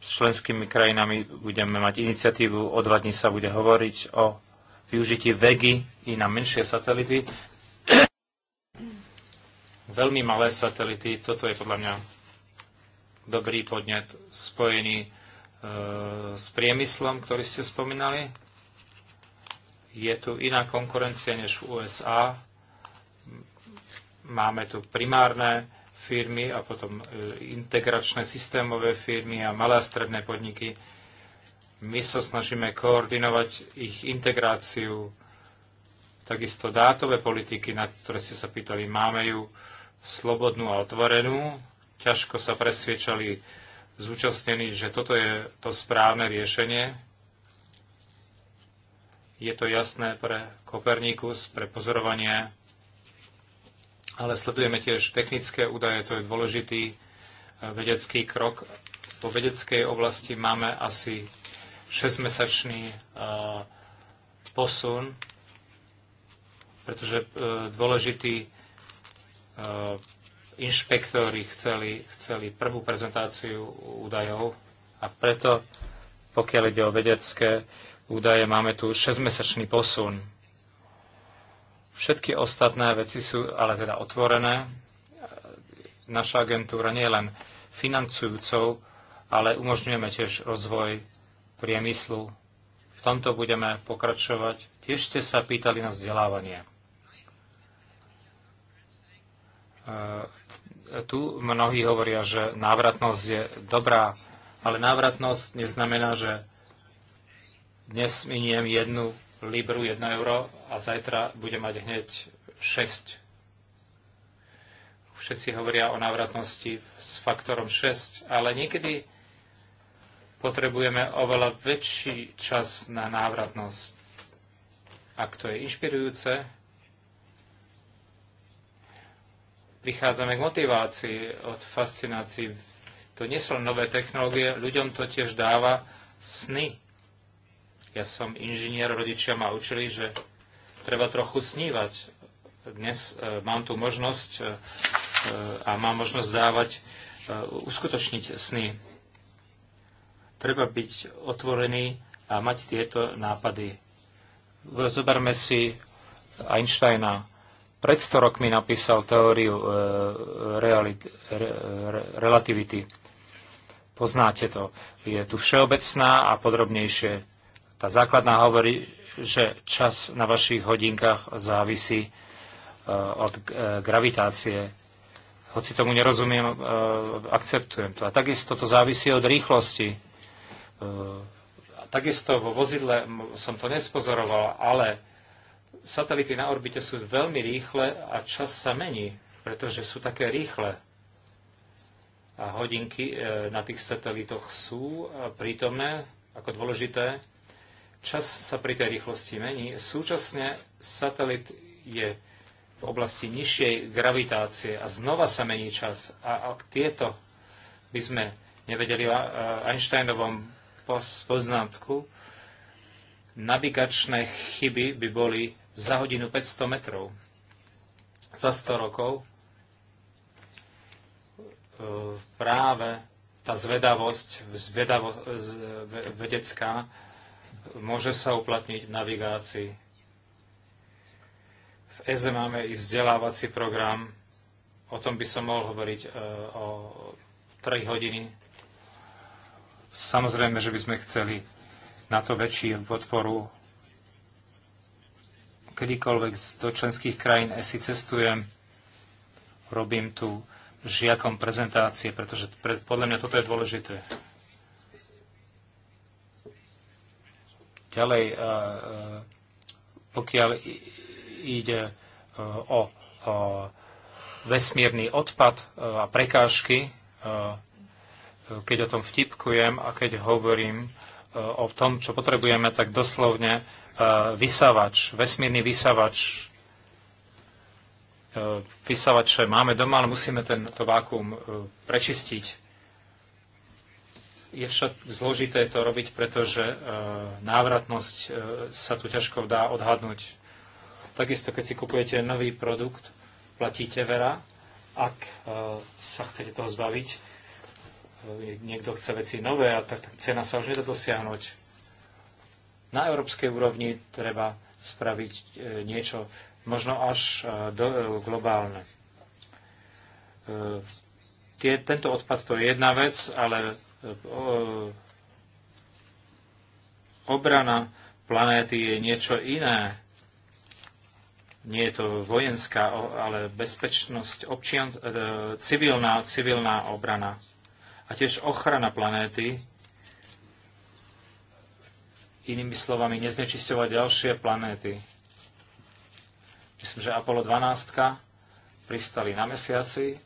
s členskými krajinami budeme mať iniciatívu, o dva dní sa bude hovoriť o využití VEGI i na menšie satelity. Veľmi malé satelity, toto je podľa mňa dobrý podnet spojený e, s priemyslom, ktorý ste spomínali. Je tu iná konkurencia než v USA. Máme tu primárne firmy a potom e, integračné systémové firmy a malé a stredné podniky. My sa snažíme koordinovať ich integráciu, takisto dátové politiky, na ktoré ste sa pýtali, máme ju slobodnú a otvorenú. Ťažko sa presviečali zúčastnení, že toto je to správne riešenie. Je to jasné pre Kopernikus, pre pozorovanie ale sledujeme tiež technické údaje, to je dôležitý e, vedecký krok. Po vedeckej oblasti máme asi 6-mesačný e, posun, pretože e, dôležití inšpektori chceli, chceli prvú prezentáciu údajov a preto, pokiaľ ide o vedecké údaje, máme tu 6-mesačný posun Všetky ostatné veci sú ale teda otvorené. Naša agentúra nie je len financujúcou, ale umožňujeme tiež rozvoj priemyslu. V tomto budeme pokračovať. Tiež ste sa pýtali na vzdelávanie. E, tu mnohí hovoria, že návratnosť je dobrá, ale návratnosť neznamená, že dnes miniem jednu libru, jedno euro a zajtra bude mať hneď 6. Všetci hovoria o návratnosti s faktorom 6, ale niekedy potrebujeme oveľa väčší čas na návratnosť. Ak to je inšpirujúce, prichádzame k motivácii od fascinácií. To nie sú nové technológie, ľuďom to tiež dáva sny. Ja som inžinier, rodičia ma učili, že treba trochu snívať. Dnes e, mám tu možnosť e, e, a mám možnosť dávať, uskutočniť sny. Treba byť otvorený a mať tieto nápady. Zoberme si Einsteina. Pred 100 rokmi napísal teóriu realit, re, relativity. Poznáte to. Je tu všeobecná a podrobnejšie. Tá základná hovorí, že čas na vašich hodinkách závisí e, od e, gravitácie. Hoci tomu nerozumiem, e, akceptujem to. A takisto to závisí od rýchlosti. A takisto vo vozidle som to nespozoroval, ale satelity na orbite sú veľmi rýchle a čas sa mení, pretože sú také rýchle. A hodinky na tých satelitoch sú prítomné ako dôležité Čas sa pri tej rýchlosti mení. Súčasne satelit je v oblasti nižšej gravitácie a znova sa mení čas. A ak tieto by sme nevedeli o Einsteinovom poznatku, navigačné chyby by boli za hodinu 500 metrov. Za 100 rokov e, práve tá zvedavosť, zvedavo, e, vedecká môže sa uplatniť v navigácii. V EZE e máme i vzdelávací program, o tom by som mohol hovoriť e, o 3 hodiny. Samozrejme, že by sme chceli na to väčšiu podporu. Kedykoľvek do členských krajín ESI cestujem, robím tu žiakom prezentácie, pretože podľa mňa toto je dôležité. Ďalej, e, e, pokiaľ ide e, o vesmírny odpad a prekážky, keď o tom vtipkujem a keď hovorím o tom, čo potrebujeme, tak doslovne vysavač, vesmírny vysavač. Vysavače máme doma, ale musíme tento vákuum prečistiť je však zložité to robiť, pretože e, návratnosť e, sa tu ťažko dá odhadnúť. Takisto, keď si kupujete nový produkt, platíte vera, ak e, sa chcete toho zbaviť, niekto chce veci nové a tak, tak cena sa už nedá dosiahnuť. Na európskej úrovni treba spraviť niečo možno až do, globálne tie, tento odpad to je jedna vec, ale obrana planéty je niečo iné. Nie je to vojenská, ale bezpečnosť občian, e, civilná, civilná obrana. A tiež ochrana planéty, inými slovami, neznečisťovať ďalšie planéty. Myslím, že Apollo 12 pristali na mesiaci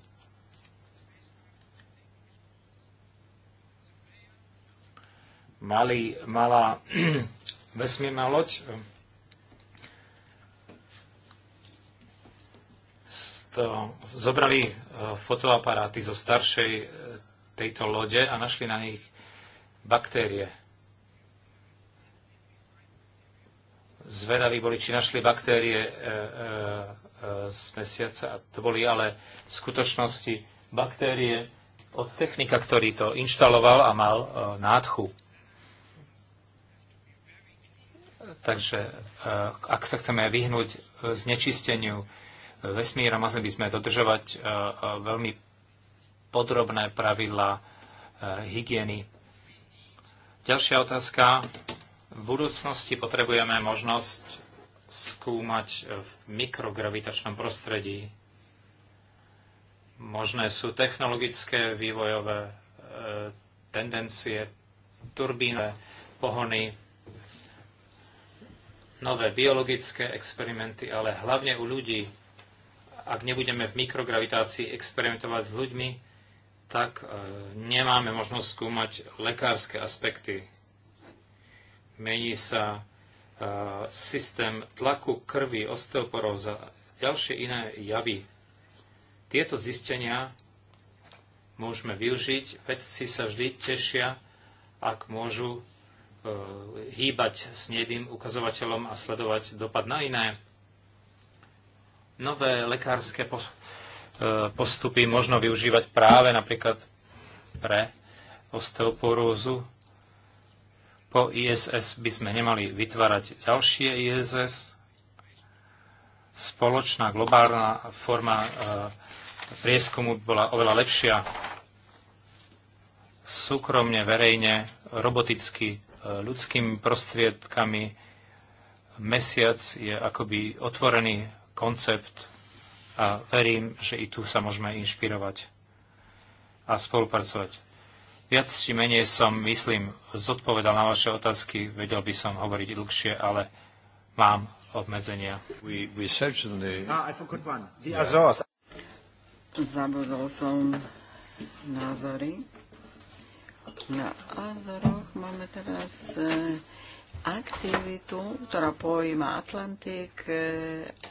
malý, malá vesmírna loď. To, zobrali e, fotoaparáty zo staršej e, tejto lode a našli na nich baktérie. Zvedaví boli, či našli baktérie e, e, e, z mesiaca. To boli ale v skutočnosti baktérie od technika, ktorý to inštaloval a mal e, nádchu. Takže eh, ak sa chceme vyhnúť znečisteniu vesmíra, mali by sme dodržovať eh, eh, veľmi podrobné pravidlá hygieny. Ďalšia otázka. V budúcnosti potrebujeme možnosť skúmať v mikrogravitačnom prostredí. Možné sú technologické vývojové tendencie, turbíne, pohony, nové biologické experimenty, ale hlavne u ľudí. Ak nebudeme v mikrogravitácii experimentovať s ľuďmi, tak e, nemáme možnosť skúmať lekárske aspekty. Mení sa e, systém tlaku krvi, osteoporóza, ďalšie iné javy. Tieto zistenia môžeme využiť. Vedci sa vždy tešia, ak môžu E, hýbať s jedným ukazovateľom a sledovať dopad na iné. Nové lekárske e, postupy možno využívať práve napríklad pre osteoporózu. Po ISS by sme nemali vytvárať ďalšie ISS. Spoločná globálna forma e, prieskumu bola oveľa lepšia súkromne, verejne, roboticky ľudskými prostriedkami. Mesiac je akoby otvorený koncept a verím, že i tu sa môžeme inšpirovať a spolupracovať. Viac či menej som, myslím, zodpovedal na vaše otázky, vedel by som hovoriť dlhšie, ale mám obmedzenia. We, we certainly... ah, Zabudol som názory na no Azoroch máme teraz e, aktivitu, ktorá pojíma Atlantik e,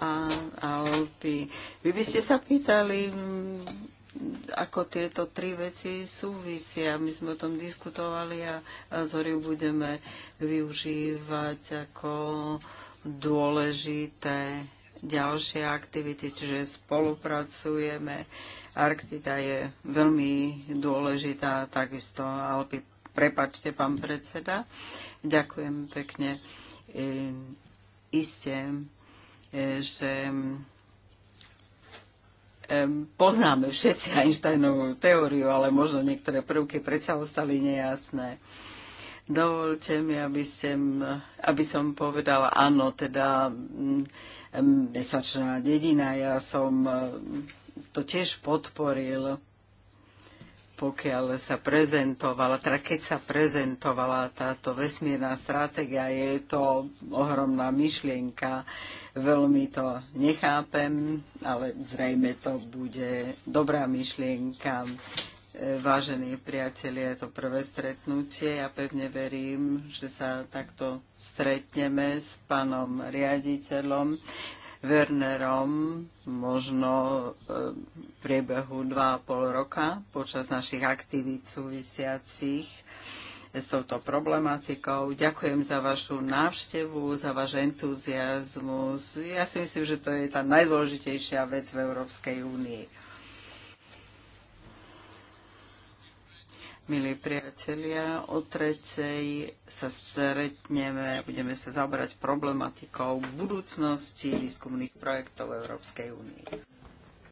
a Alpy. Vy by ste sa pýtali, ako tieto tri veci súvisia. My sme o tom diskutovali a Azory budeme využívať ako dôležité ďalšie aktivity, čiže spolupracujeme Arktida je veľmi dôležitá, takisto Alpy. Prepačte, pán predseda. Ďakujem pekne. E, isté, e, že e, poznáme všetci Einsteinovú teóriu, ale možno niektoré prvky predsa ostali nejasné. Dovolte mi, aby, ste, aby som povedala, áno, teda mesačná dedina, ja som to tiež podporil, pokiaľ sa prezentovala, teda keď sa prezentovala táto vesmírna stratégia, je to ohromná myšlienka, veľmi to nechápem, ale zrejme to bude dobrá myšlienka. Vážení priatelia, je to prvé stretnutie. Ja pevne verím, že sa takto stretneme s pánom riaditeľom. Wernerom možno e, v priebehu 2,5 roka počas našich aktivít súvisiacich s touto problematikou. Ďakujem za vašu návštevu, za váš entuziasmus. Ja si myslím, že to je tá najdôležitejšia vec v Európskej únii. Milí priatelia, o tretej sa stretneme a budeme sa zaoberať problematikou budúcnosti výskumných projektov Európskej únie.